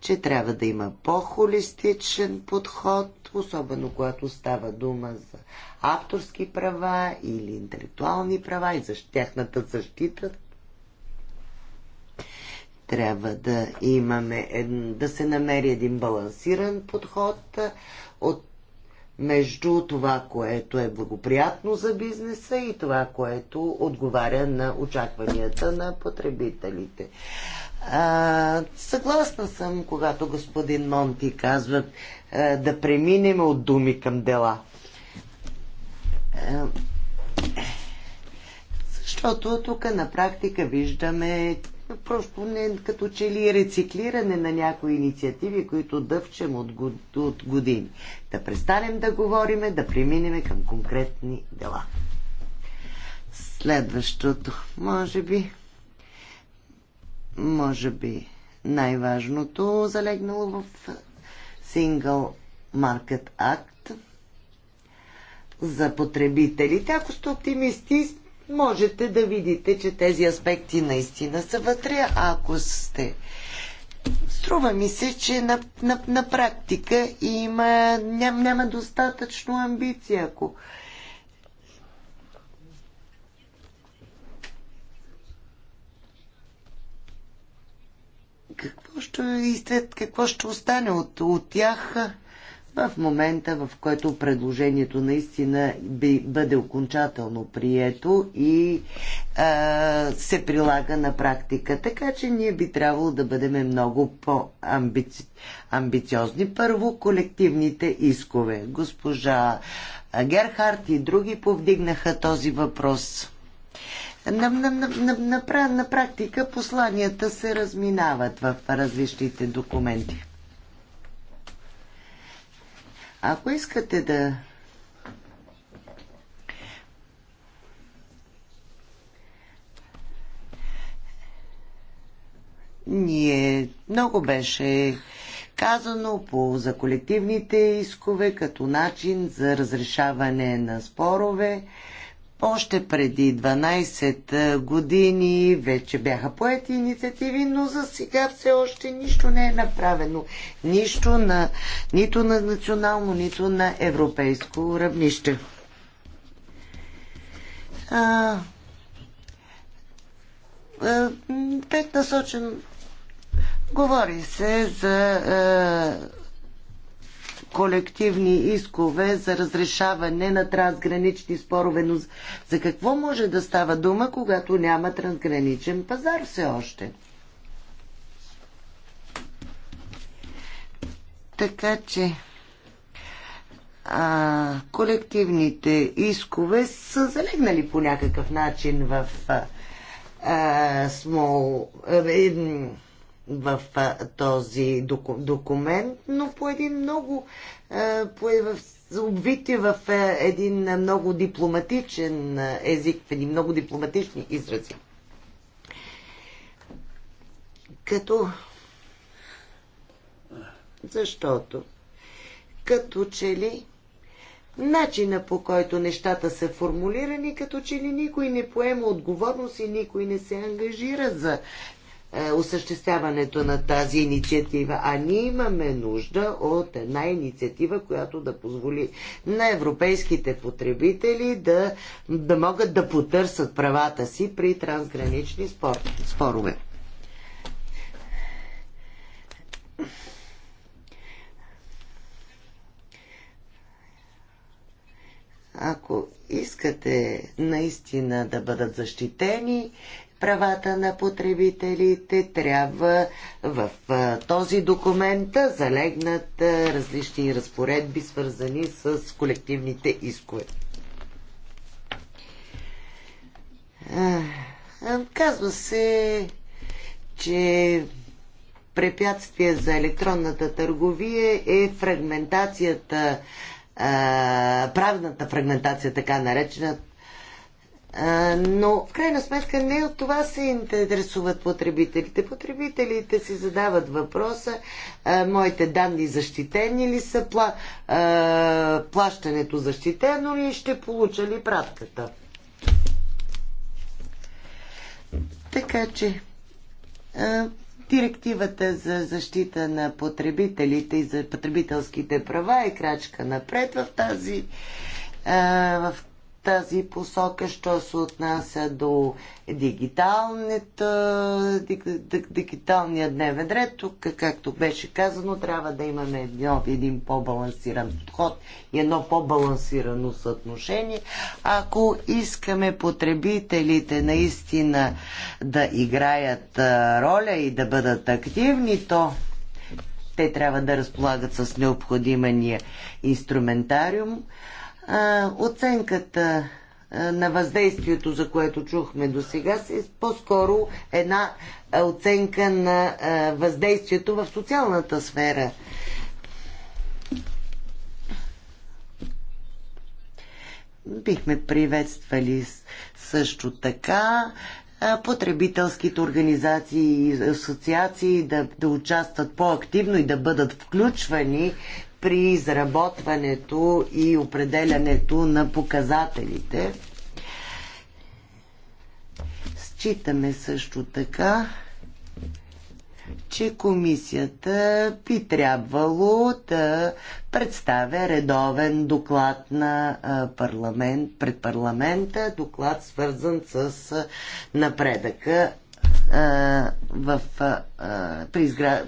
че трябва да има по-холистичен подход, особено когато става дума за авторски права или интелектуални права и за тяхната защита. Трябва да имаме, да се намери един балансиран подход, между това, което е благоприятно за бизнеса и това, което отговаря на очакванията на потребителите. А, съгласна съм, когато господин Монти казва а, да преминем от думи към дела. А, защото тук на практика виждаме просто не, като че ли е рециклиране на някои инициативи, които дъвчем от, от години. Да престанем да говориме, да преминем към конкретни дела. Следващото, може би, може би най-важното залегнало в Single Market Act за потребителите. Ако сте оптимисти, можете да видите, че тези аспекти наистина са вътре, ако сте. Струва ми се, че на, на, на практика има, ням, няма достатъчно амбиция, ако. Какво ще, какво ще остане от, от тях? в момента, в който предложението наистина би, бъде окончателно прието и а, се прилага на практика. Така че ние би трябвало да бъдем много по-амбициозни. Първо, колективните искове. Госпожа Герхард и други повдигнаха този въпрос. На, на, на, на, на, на практика посланията се разминават в различните документи. Ако искате да Ние много беше казано по, за колективните искове като начин за разрешаване на спорове. Още преди 12 години вече бяха поети инициативи, но за сега все още нищо не е направено. Нищо на, нито на национално, нито на европейско равнище. А, а, пет насочен Говори се за колективни искове за разрешаване на трансгранични спорове. Но за какво може да става дума, когато няма трансграничен пазар все още? Така че а, колективните искове са залегнали по някакъв начин в а, смол, а, в този документ, но по един много по, е, в, обвити в един много дипломатичен език, в един много дипломатични изрази. Като защото като че ли начина по който нещата са формулирани, като че ли никой не поема отговорност и никой не се ангажира за е, осъществяването на тази инициатива, а ние имаме нужда от една инициатива, която да позволи на европейските потребители да, да могат да потърсят правата си при трансгранични спор, спорове. Ако искате наистина да бъдат защитени правата на потребителите, трябва в този документ да залегнат различни разпоредби, свързани с колективните искове. Казва се, че препятствие за електронната търговия е фрагментацията, правната фрагментация, така наречена но в крайна сметка не от това се интересуват потребителите. Потребителите си задават въпроса, моите данни защитени ли са, пла, плащането защитено ли, ще получа ли пратката. Така че, директивата за защита на потребителите и за потребителските права е крачка напред в тази в тази посока, що се отнася до дигиталния дневен ред. Тук, както беше казано, трябва да имаме едно, един по-балансиран подход и едно по-балансирано съотношение. Ако искаме потребителите наистина да играят роля и да бъдат активни, то те трябва да разполагат с необходимия инструментариум оценката на въздействието, за което чухме до сега, е по-скоро една оценка на въздействието в социалната сфера. Бихме приветствали също така потребителските организации и асоциации да, да участват по-активно и да бъдат включвани при изработването и определянето на показателите. Считаме също така, че комисията би трябвало да представя редовен доклад на парламент, пред парламента, доклад свързан с напредъка в, при изгра...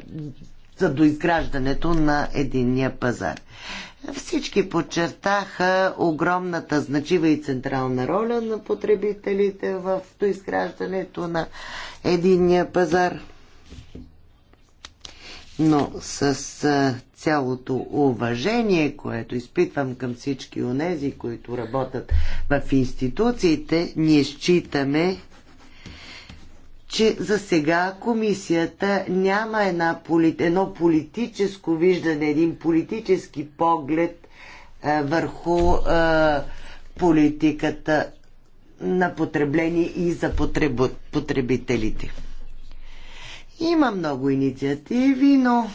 За доизграждането на единния пазар. Всички подчертаха огромната значива и централна роля на потребителите в доизграждането на единния пазар. Но с цялото уважение, което изпитвам към всички онези, които работят в институциите, ние считаме, че за сега комисията няма една, едно политическо виждане, един политически поглед е, върху е, политиката на потребление и за потреб... потребителите. Има много инициативи, но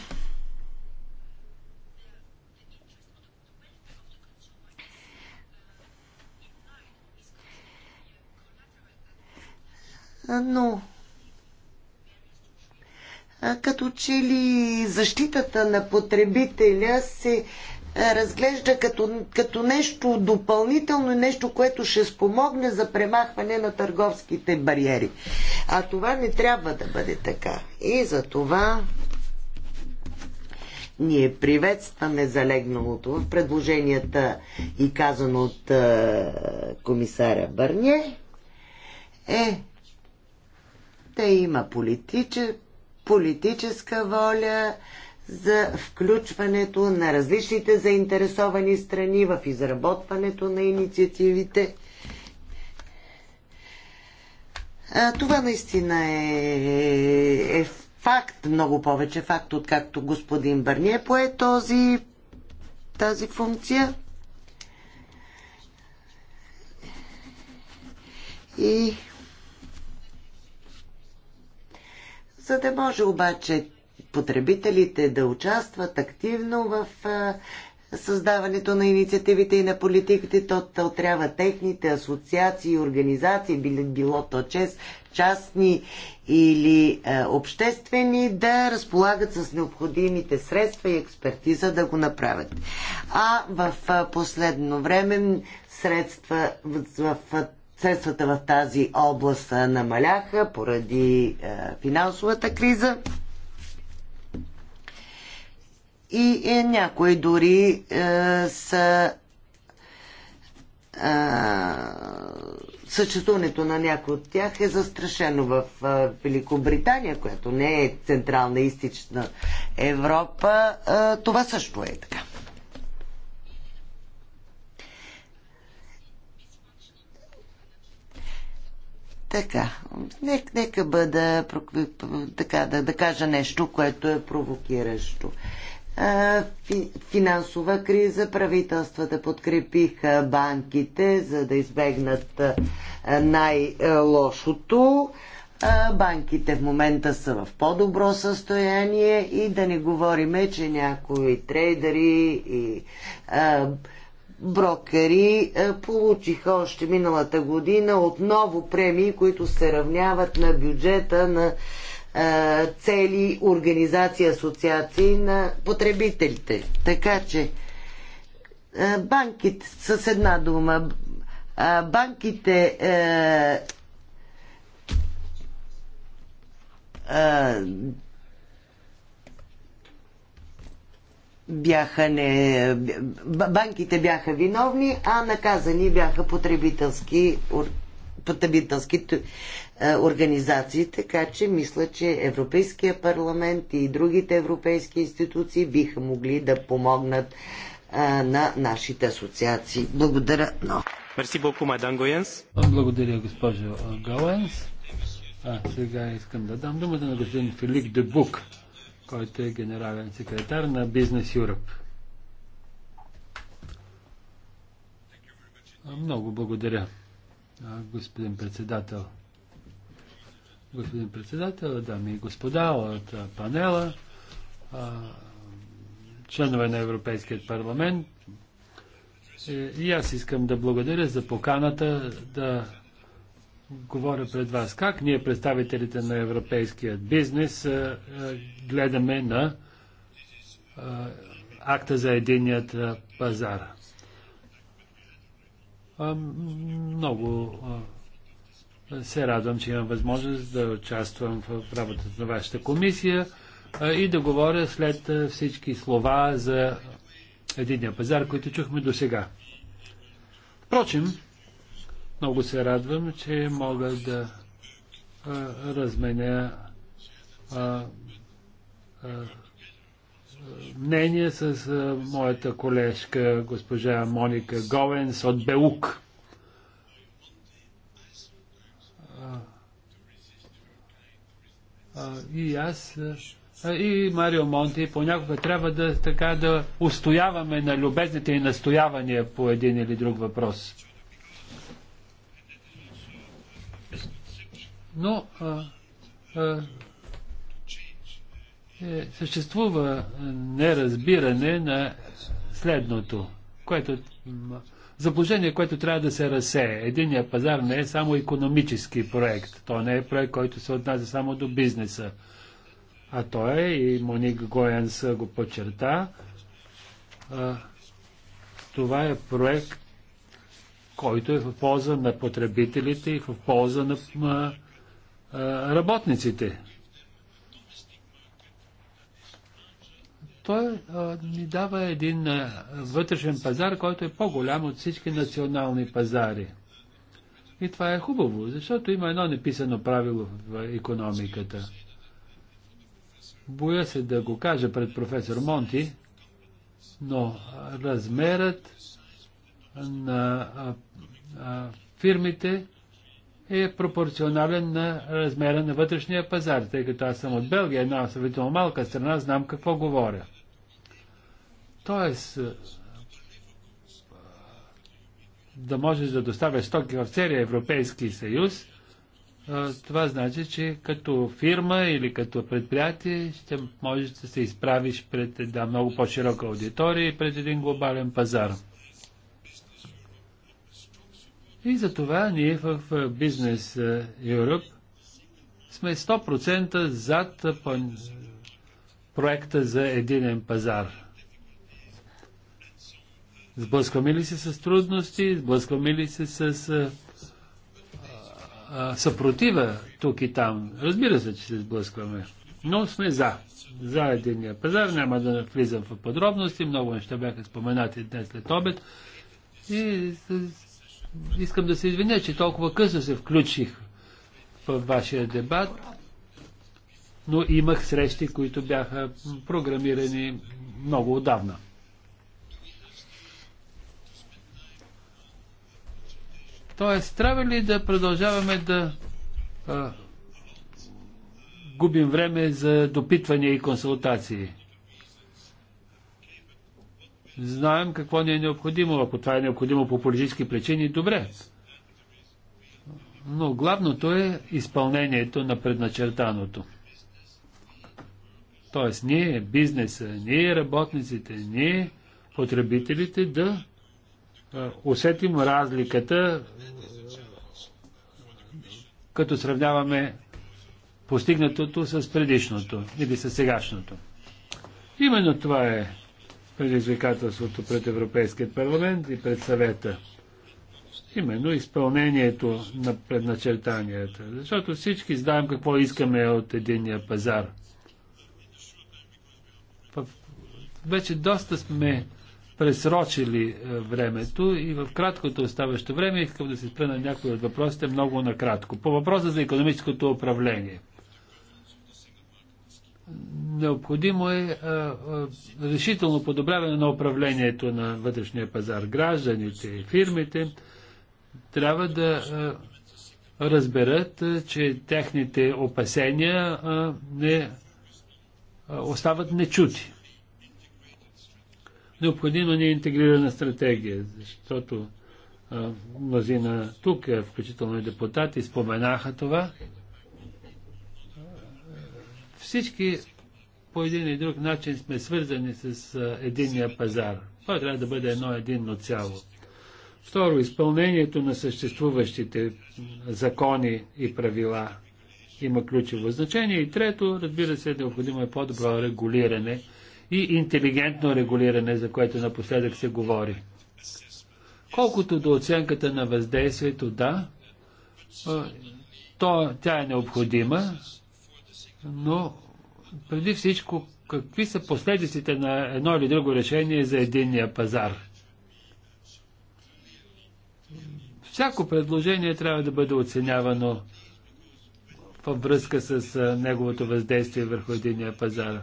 но като че ли защитата на потребителя се разглежда като, като нещо допълнително, и нещо, което ще спомогне за премахване на търговските бариери. А това не трябва да бъде така. И за това ние приветстваме залегналото в предложенията и казано от комисаря Бърне е те има политическа политическа воля за включването на различните заинтересовани страни в изработването на инициативите. Това наистина е, е факт, много повече факт, откакто господин Бърние пое този, тази функция. И За да може обаче потребителите да участват активно в създаването на инициативите и на политиките, то, то трябва техните асоциации, организации, било то чест, частни или е, обществени, да разполагат с необходимите средства и експертиза да го направят. А в последно време средства в, в, в средствата в тази област намаляха поради е, финансовата криза. И е, някои дори е, са съществуването на някои от тях е застрашено в Великобритания, която не е централна и Истична Европа. Това също е така. Така, нека, нека бъда, така, да, да кажа нещо, което е провокиращо. финансова криза, правителствата подкрепиха банките, за да избегнат най-лошото. Банките в момента са в по-добро състояние и да не говориме, че някои трейдери и а, брокери е, получиха още миналата година отново премии, които се равняват на бюджета на е, цели организации, асоциации на потребителите. Така че е, банките, с една дума, банките е, е, бяха не... банките бяха виновни, а наказани бяха потребителски, потребителски е, организации. Така че мисля, че Европейския парламент и другите европейски институции биха могли да помогнат е, на нашите асоциации. Благодаря много. Мерси боку, майдан Гоенс. Благодаря, госпожо Гоенс. А сега искам да дам думата на господин Филип Дебук който е генерален секретар на Business Europe. Много благодаря, господин председател. Господин председател, дами и господа от панела, членове на Европейският парламент, е, и аз искам да благодаря за поканата да говоря пред вас как ние, представителите на европейския бизнес, гледаме на акта за единият пазар. Много се радвам, че имам възможност да участвам в работата на вашата комисия и да говоря след всички слова за единия пазар, които чухме до сега. Впрочем, много се радвам, че мога да а, разменя а, а, мнение с а, моята колежка госпожа Моника Говенс от Белук. и аз а, и Марио Монти понякога трябва да така да устояваме на любезните и настоявания по един или друг въпрос. Но а, а, е, съществува неразбиране на следното, което, за положение, което трябва да се разсее. Единият пазар не е само економически проект. То не е проект, който се отнася само до бизнеса. А то е, и Моник Гоенс го подчерта, а, това е проект, който е в полза на потребителите и в полза на работниците. Той ни дава един вътрешен пазар, който е по-голям от всички национални пазари. И това е хубаво, защото има едно неписано правило в економиката. Боя се да го кажа пред професор Монти, но размерът на фирмите е пропорционален на размера на вътрешния пазар, тъй като аз съм от Белгия, една съвително малка страна, знам какво говоря. Тоест, да можеш да доставяш стоки в целия Европейски съюз, това значи, че като фирма или като предприятие ще можеш да се изправиш пред една много по-широка аудитория и пред един глобален пазар. И за това ние в Бизнес Europe сме 100% зад е, проекта за единен пазар. Сблъскваме ли се с трудности, сблъскваме ли се с е, е, съпротива тук и там? Разбира се, че се сблъскваме. Но сме за. За единния пазар. Няма да влизам в подробности. Много неща бяха споменати днес след обед. И с искам да се извиня, че толкова късно се включих в вашия дебат, но имах срещи, които бяха програмирани много отдавна. Тоест, трябва ли да продължаваме да а, губим време за допитвания и консултации? знаем какво ни е необходимо. Ако това е необходимо по политически причини, добре. Но главното е изпълнението на предначертаното. Тоест, ние, бизнеса, ние, работниците, ние, потребителите, да усетим разликата, като сравняваме постигнатото с предишното или с сегашното. Именно това е предизвикателството пред Европейския парламент и пред съвета. Именно изпълнението на предначертанията. Защото всички знаем какво искаме от единния пазар. Вече доста сме пресрочили е, времето и в краткото оставащо време искам да се спра на някои от въпросите много накратко. По въпроса за економическото управление – Необходимо е а, а, решително подобряване на управлението на вътрешния пазар. Гражданите и фирмите трябва да а, разберат, че техните опасения не остават нечути. Необходимо ни е интегрирана стратегия, защото мнозина тук, включително и депутати, споменаха това. Всички по един или друг начин сме свързани с единния пазар. Това трябва да бъде едно единно цяло. Второ, изпълнението на съществуващите закони и правила има ключово значение. И трето, разбира се, необходимо е по-добро регулиране и интелигентно регулиране, за което напоследък се говори. Колкото до оценката на въздействието, да, то, тя е необходима, но преди всичко, какви са последиците на едно или друго решение за единния пазар? Всяко предложение трябва да бъде оценявано във връзка с неговото въздействие върху единния пазар.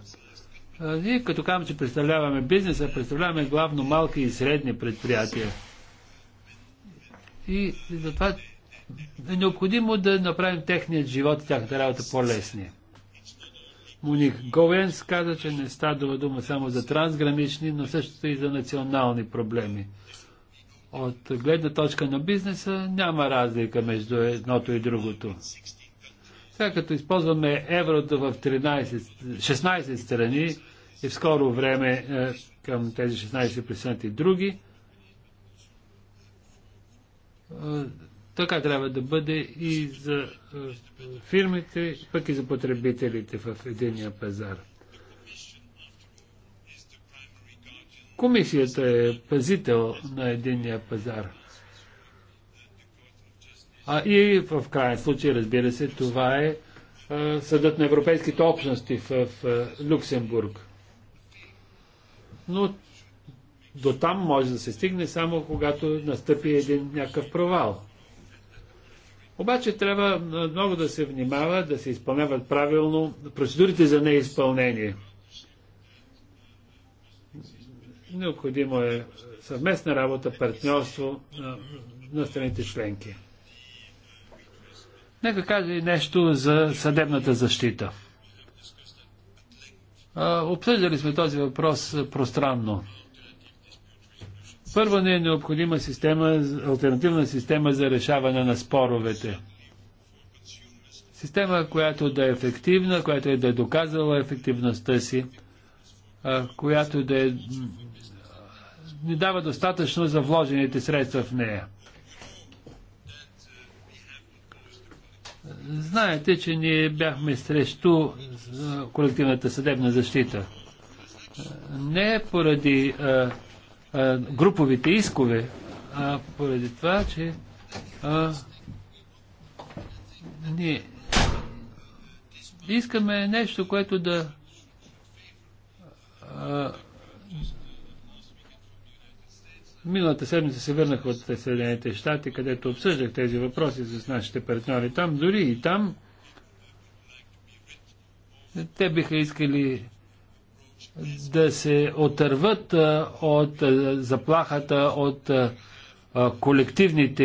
Ние като казвам, че представляваме бизнеса, представляваме главно малки и средни предприятия. И затова е необходимо да направим техният живот и тяхната работа по-лесния. Моник Говенс каза, че не става дума само за трансгранични, но също и за национални проблеми. От гледна точка на бизнеса няма разлика между едното и другото. Сега като използваме еврото в 13, 16 страни и в скоро време е, към тези 16% и други, е, така трябва да бъде и за фирмите, пък и за потребителите в единия пазар. Комисията е пазител на единния пазар. А и в крайен случай, разбира се, това е съдът на европейските общности в, в Люксембург. Но до там може да се стигне само когато настъпи един някакъв провал. Обаче трябва много да се внимава, да се изпълняват правилно процедурите за неизпълнение. Необходимо е съвместна работа, партньорство на, на страните членки. Нека кажа и нещо за съдебната защита. Обсъждали сме този въпрос пространно. Първо не е необходима система, альтернативна система за решаване на споровете. Система, която да е ефективна, която е да е доказала ефективността си, която да е, не дава достатъчно за вложените средства в нея. Знаете, че ние бяхме срещу колективната съдебна защита. Не е поради груповите искове, а поради това, че а, ние искаме нещо, което да а, Миналата седмица се върнах от Съединените щати, където обсъждах тези въпроси с нашите партньори там, дори и там. Те биха искали да се отърват от заплахата от колективните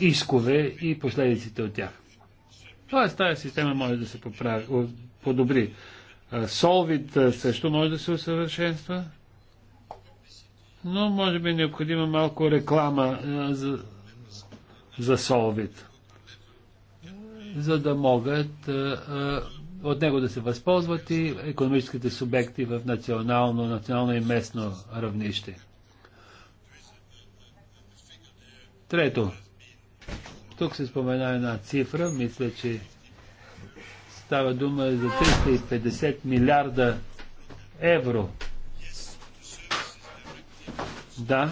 искове и последиците от тях. Тоест тази система може да се поправи, подобри. Солвит също може да се усъвършенства, но може би е необходима малко реклама за, за Солвит, за да могат от него да се възползват и економическите субекти в национално, национално и местно равнище. Трето, тук се спомена една цифра, мисля, че става дума за 350 милиарда евро. Да,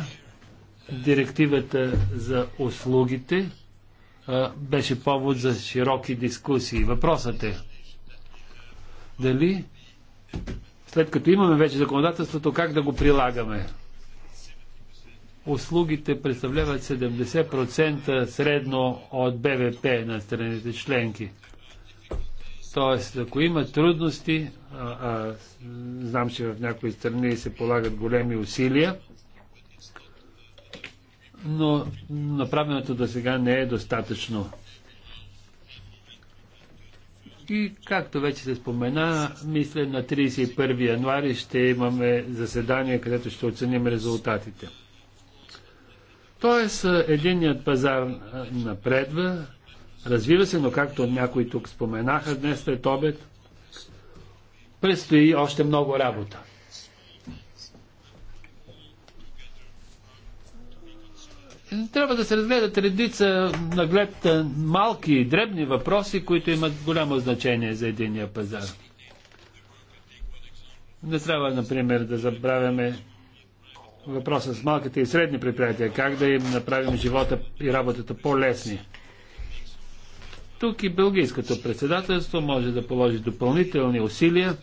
директивата за услугите а, беше повод за широки дискусии. Въпросът е, дали след като имаме вече законодателството, как да го прилагаме. Услугите представляват 70% средно от БВП на страните членки. Тоест, ако има трудности, а, а, знам, че в някои страни се полагат големи усилия, но направеното до сега не е достатъчно. И както вече се спомена, мисля на 31 януари ще имаме заседание, където ще оценим резултатите. Тоест, единният пазар напредва, развива се, но както някои тук споменаха днес след обед, предстои още много работа. трябва да се разгледат редица наглед малки и дребни въпроси, които имат голямо значение за единия пазар. Не трябва, например, да забравяме въпроса с малките и средни предприятия, как да им направим живота и работата по-лесни. Тук и белгийското председателство може да положи допълнителни усилия,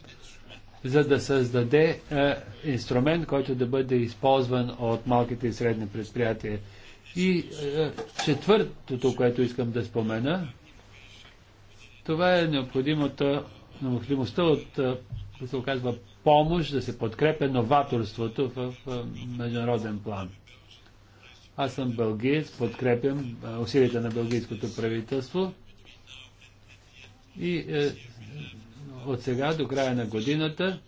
за да създаде е, инструмент, който да бъде използван от малките и средни предприятия и е, е, четвъртото, което искам да спомена, това е необходимата, необходимостта от, е, да се оказва, помощ да се подкрепя новаторството в, в международен план. Аз съм бългиец, подкрепям е, усилията на бългийското правителство и е, от сега до края на годината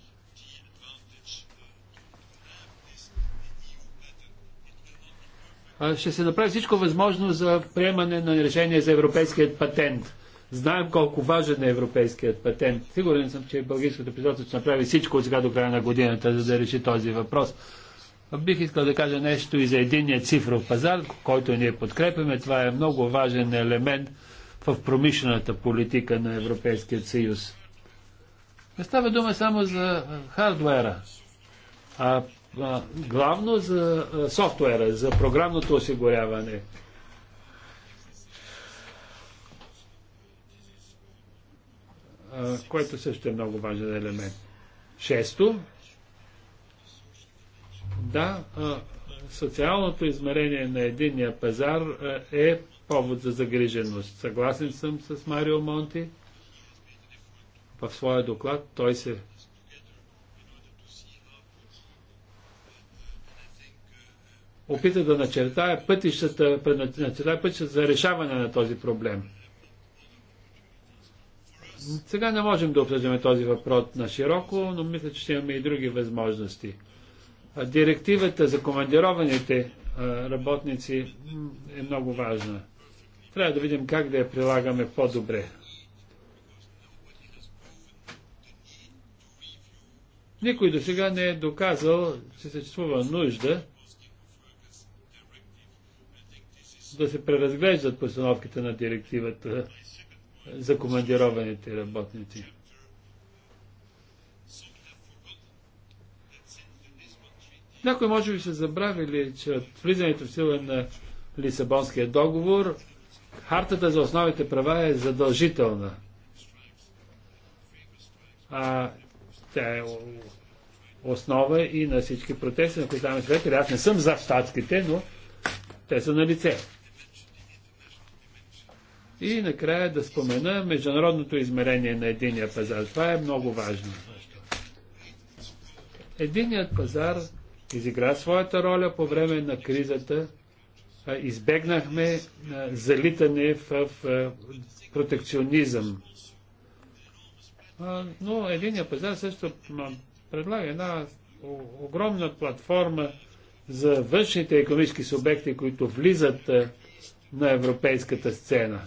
ще се направи всичко възможно за приемане на решение за европейският патент. Знаем колко важен е европейският патент. Сигурен съм, че Бългийското председателство ще направи всичко от сега до края на годината, за да реши този въпрос. Бих искал да кажа нещо и за единния цифров пазар, който ние подкрепяме. Това е много важен елемент в промишлената политика на Европейския съюз. Не става дума само за хардвера, а главно за софтуера, за програмното осигуряване. Което също е много важен елемент. Шесто, да, социалното измерение на единния пазар е повод за загриженост. Съгласен съм с Марио Монти. В своя доклад той се опита да начертая пътищата, начертая пътищата за решаване на този проблем. Сега не можем да обсъждаме този въпрос на широко, но мисля, че ще имаме и други възможности. Директивата за командированите работници е много важна. Трябва да видим как да я прилагаме по-добре. Никой до сега не е доказал, че съществува нужда да се преразглеждат постановките на директивата за командированите работници. Някой може би се забравили, че от влизането в сила на Лисабонския договор, хартата за основните права е задължителна. А тя е основа и на всички протести, на които там е Аз не съм за щатските, но те са на лице. И накрая да спомена международното измерение на единия пазар. Това е много важно. Единият пазар изигра своята роля по време на кризата. Избегнахме залитане в протекционизъм. Но единия пазар също предлага една огромна платформа за външните економически субекти, които влизат на европейската сцена.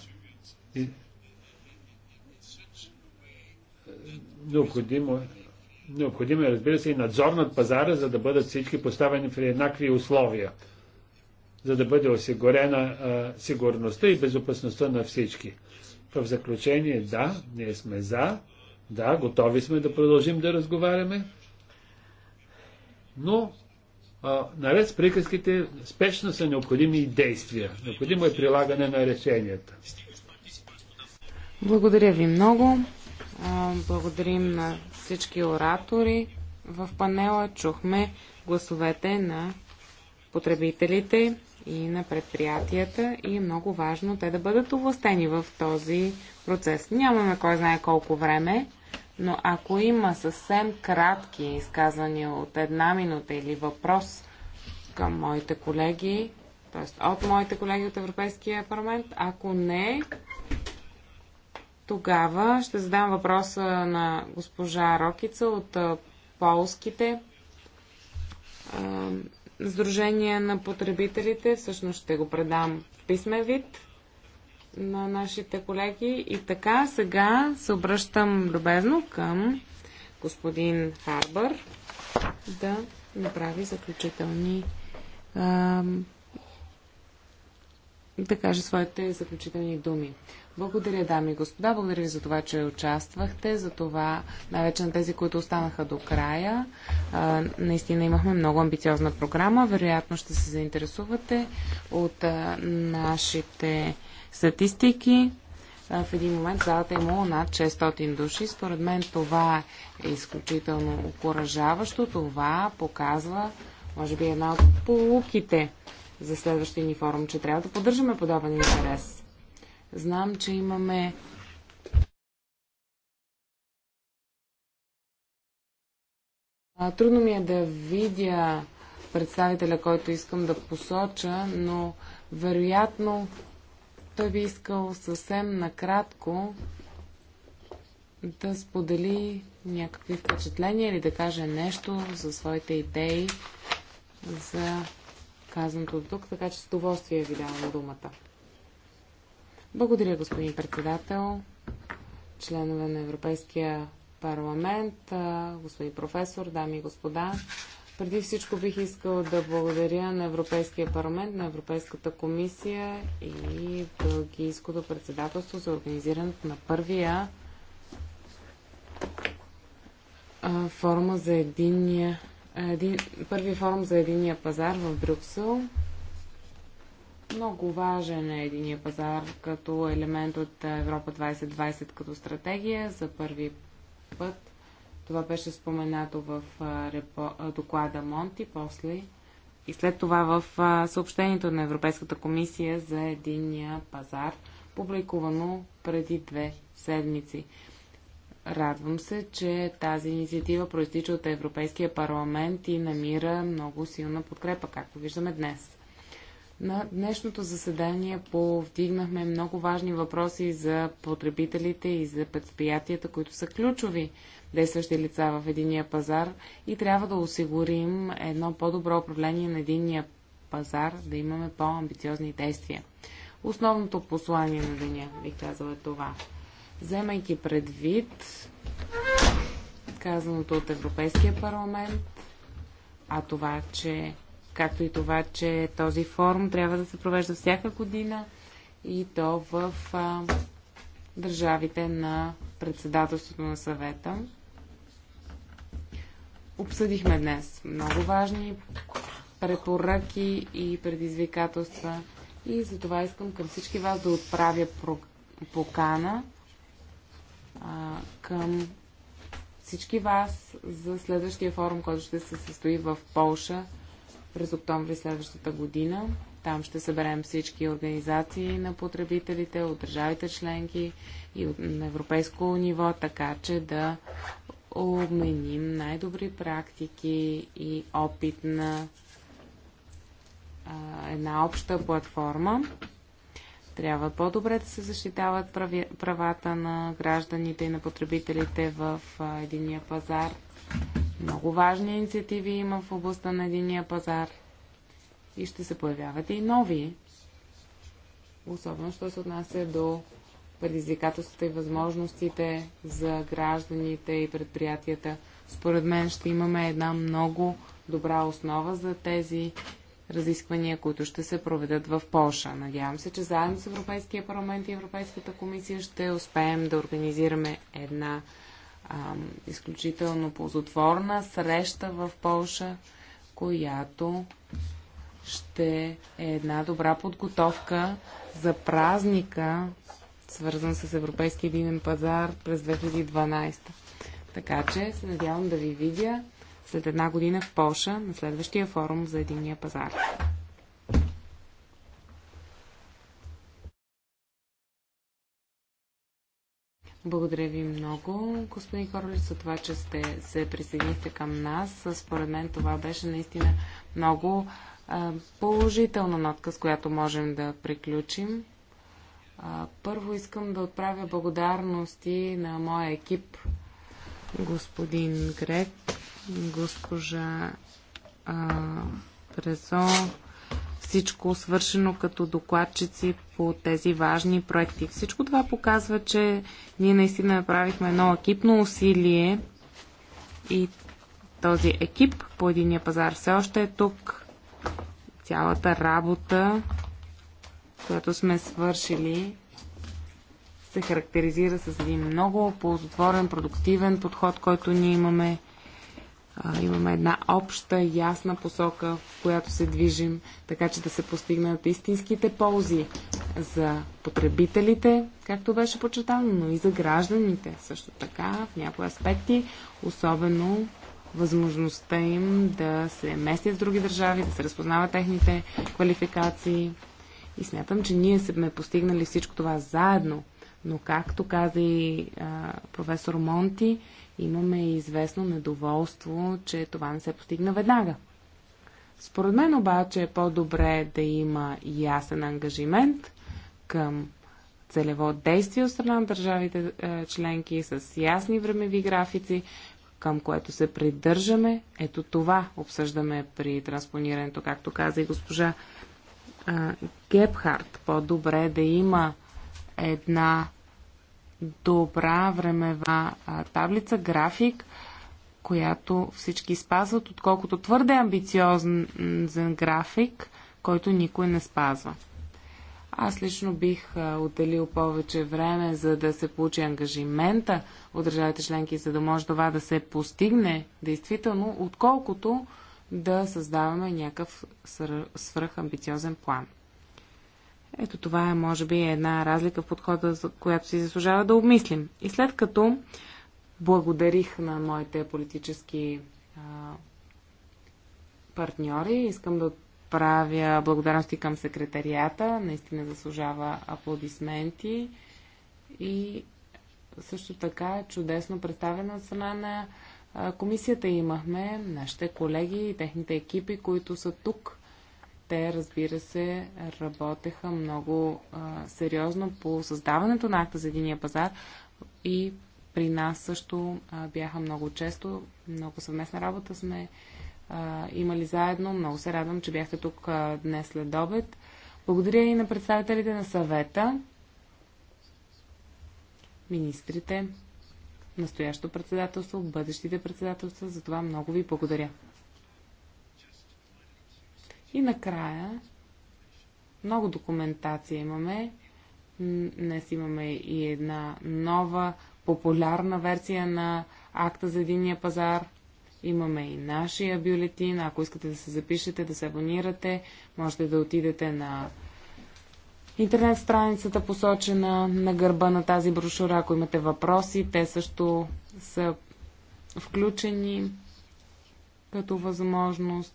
И... Е, необходимо е Необходим е, разбира се, и надзор над пазара, за да бъдат всички поставени при еднакви условия, за да бъде осигурена а, е, сигурността и безопасността на всички. В заключение, да, ние сме за, да, готови сме да продължим да разговаряме, но а, наред с приказките спешно са необходими и действия. Необходимо е прилагане на решенията. Благодаря ви много. Благодарим на всички оратори. В панела чухме гласовете на потребителите и на предприятията и е много важно те да бъдат овластени в този процес. Нямаме кой знае колко време, но ако има съвсем кратки изказвания от една минута или въпрос към моите колеги, т.е. от моите колеги от Европейския парламент, ако не, тогава ще задам въпроса на госпожа Рокица от полските Сдружение на потребителите. Всъщност ще го предам в писмен вид на нашите колеги. И така, сега се обръщам любезно към господин Харбър да направи заключителни да каже своите заключителни думи. Благодаря, дами и господа. Благодаря ви за това, че участвахте, за това, най-вече на тези, които останаха до края. А, наистина имахме много амбициозна програма. Вероятно ще се заинтересувате от а, нашите статистики. А, в един момент залата е имало над 600 души. Според мен това е изключително окоръжаващо. Това показва, може би, една от полуките за следващия ни форум, че трябва да поддържаме подобен интерес Знам, че имаме Трудно ми е да видя представителя, който искам да посоча, но вероятно той би искал съвсем накратко да сподели някакви впечатления или да каже нещо за своите идеи за казаното тук, така че с удоволствие ви давам думата. Благодаря, господин председател, членове на Европейския парламент, господин професор, дами и господа. Преди всичко бих искал да благодаря на Европейския парламент, на Европейската комисия и Бългийското председателство за организирането на първия форма за единия, един, първи форум за единия пазар в Брюксел. Много важен е единия пазар като елемент от Европа 2020 като стратегия. За първи път това беше споменато в доклада Монти, после и след това в съобщението на Европейската комисия за единния пазар, публикувано преди две седмици. Радвам се, че тази инициатива проистича от Европейския парламент и намира много силна подкрепа, както виждаме днес. На днешното заседание повдигнахме много важни въпроси за потребителите и за предприятията, които са ключови действащи лица в единия пазар и трябва да осигурим едно по-добро управление на единия пазар, да имаме по-амбициозни действия. Основното послание на деня, ви казва е това. Вземайки предвид казаното от Европейския парламент, а това, че както и това, че този форум трябва да се провежда всяка година и то в а, държавите на председателството на съвета. Обсъдихме днес много важни препоръки и предизвикателства и за това искам към всички вас да отправя покана а, към всички вас за следващия форум, който ще се състои в Полша през октомври следващата година. Там ще съберем всички организации на потребителите от държавите членки и от, на европейско ниво, така че да обменим най-добри практики и опит на а, една обща платформа. Трябва по-добре да се защитават прави, правата на гражданите и на потребителите в а, единия пазар много важни инициативи има в областта на единия пазар и ще се появяват и нови. Особено, що се отнася до предизвикателствата и възможностите за гражданите и предприятията. Според мен ще имаме една много добра основа за тези разисквания, които ще се проведат в Польша. Надявам се, че заедно с Европейския парламент и Европейската комисия ще успеем да организираме една а, изключително ползотворна среща в Полша, която ще е една добра подготовка за празника, свързан с Европейския единен пазар през 2012. Така че се надявам да ви видя след една година в Польша на следващия форум за единния пазар. Благодаря ви много, господин Хорлиц, за това, че сте се присъединихте към нас. Според мен това беше наистина много положителна нотка, с която можем да приключим. първо искам да отправя благодарности на моя екип, господин Грек, госпожа а, Презо, всичко свършено като докладчици по тези важни проекти. Всичко това показва, че ние наистина направихме едно екипно усилие и този екип по единия пазар все още е тук. Цялата работа, която сме свършили, се характеризира с един много ползотворен, продуктивен подход, който ние имаме а, имаме една обща, ясна посока, в която се движим, така че да се постигнат истинските ползи за потребителите, както беше почетано, но и за гражданите също така в някои аспекти, особено възможността им да се местят с други държави, да се разпознават техните квалификации. И смятам, че ние сме постигнали всичко това заедно. Но както каза и а, професор Монти, имаме известно недоволство, че това не се постигна веднага. Според мен обаче е по-добре да има ясен ангажимент към целево действие от страна на държавите е, членки с ясни времеви графици, към което се придържаме. Ето това обсъждаме при транспонирането, както каза и госпожа а, е, Гепхарт. По-добре е да има една добра времева таблица, график, която всички спазват, отколкото твърде амбициозен график, който никой не спазва. Аз лично бих отделил повече време, за да се получи ангажимента от държавите членки, за да може това да се постигне действително, отколкото да създаваме някакъв свръхамбициозен план. Ето това е, може би, една разлика в подхода, за която си заслужава да обмислим. И след като благодарих на моите политически а, партньори, искам да отправя благодарности към секретарията, наистина заслужава аплодисменти и също така чудесно представена от страна на комисията имахме нашите колеги и техните екипи, които са тук те, разбира се, работеха много а, сериозно по създаването на акта за единия пазар и при нас също а, бяха много често, много съвместна работа сме а, имали заедно. Много се радвам, че бяхте тук а, днес след обед. Благодаря и на представителите на съвета, министрите, настоящото председателство, бъдещите председателства. За това много ви благодаря. И накрая, много документация имаме. Днес имаме и една нова популярна версия на акта за единния пазар. Имаме и нашия бюлетин. Ако искате да се запишете, да се абонирате, можете да отидете на интернет страницата, посочена на гърба на тази брошура. Ако имате въпроси, те също са включени като възможност.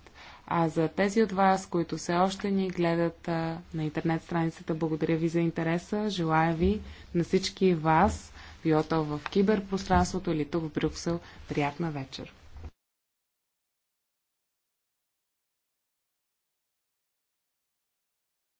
А за тези от вас, които все още ни гледат а, на интернет страницата, благодаря ви за интереса. Желая ви на всички вас, било то в киберпространството или тук в Брюксел, приятна вечер.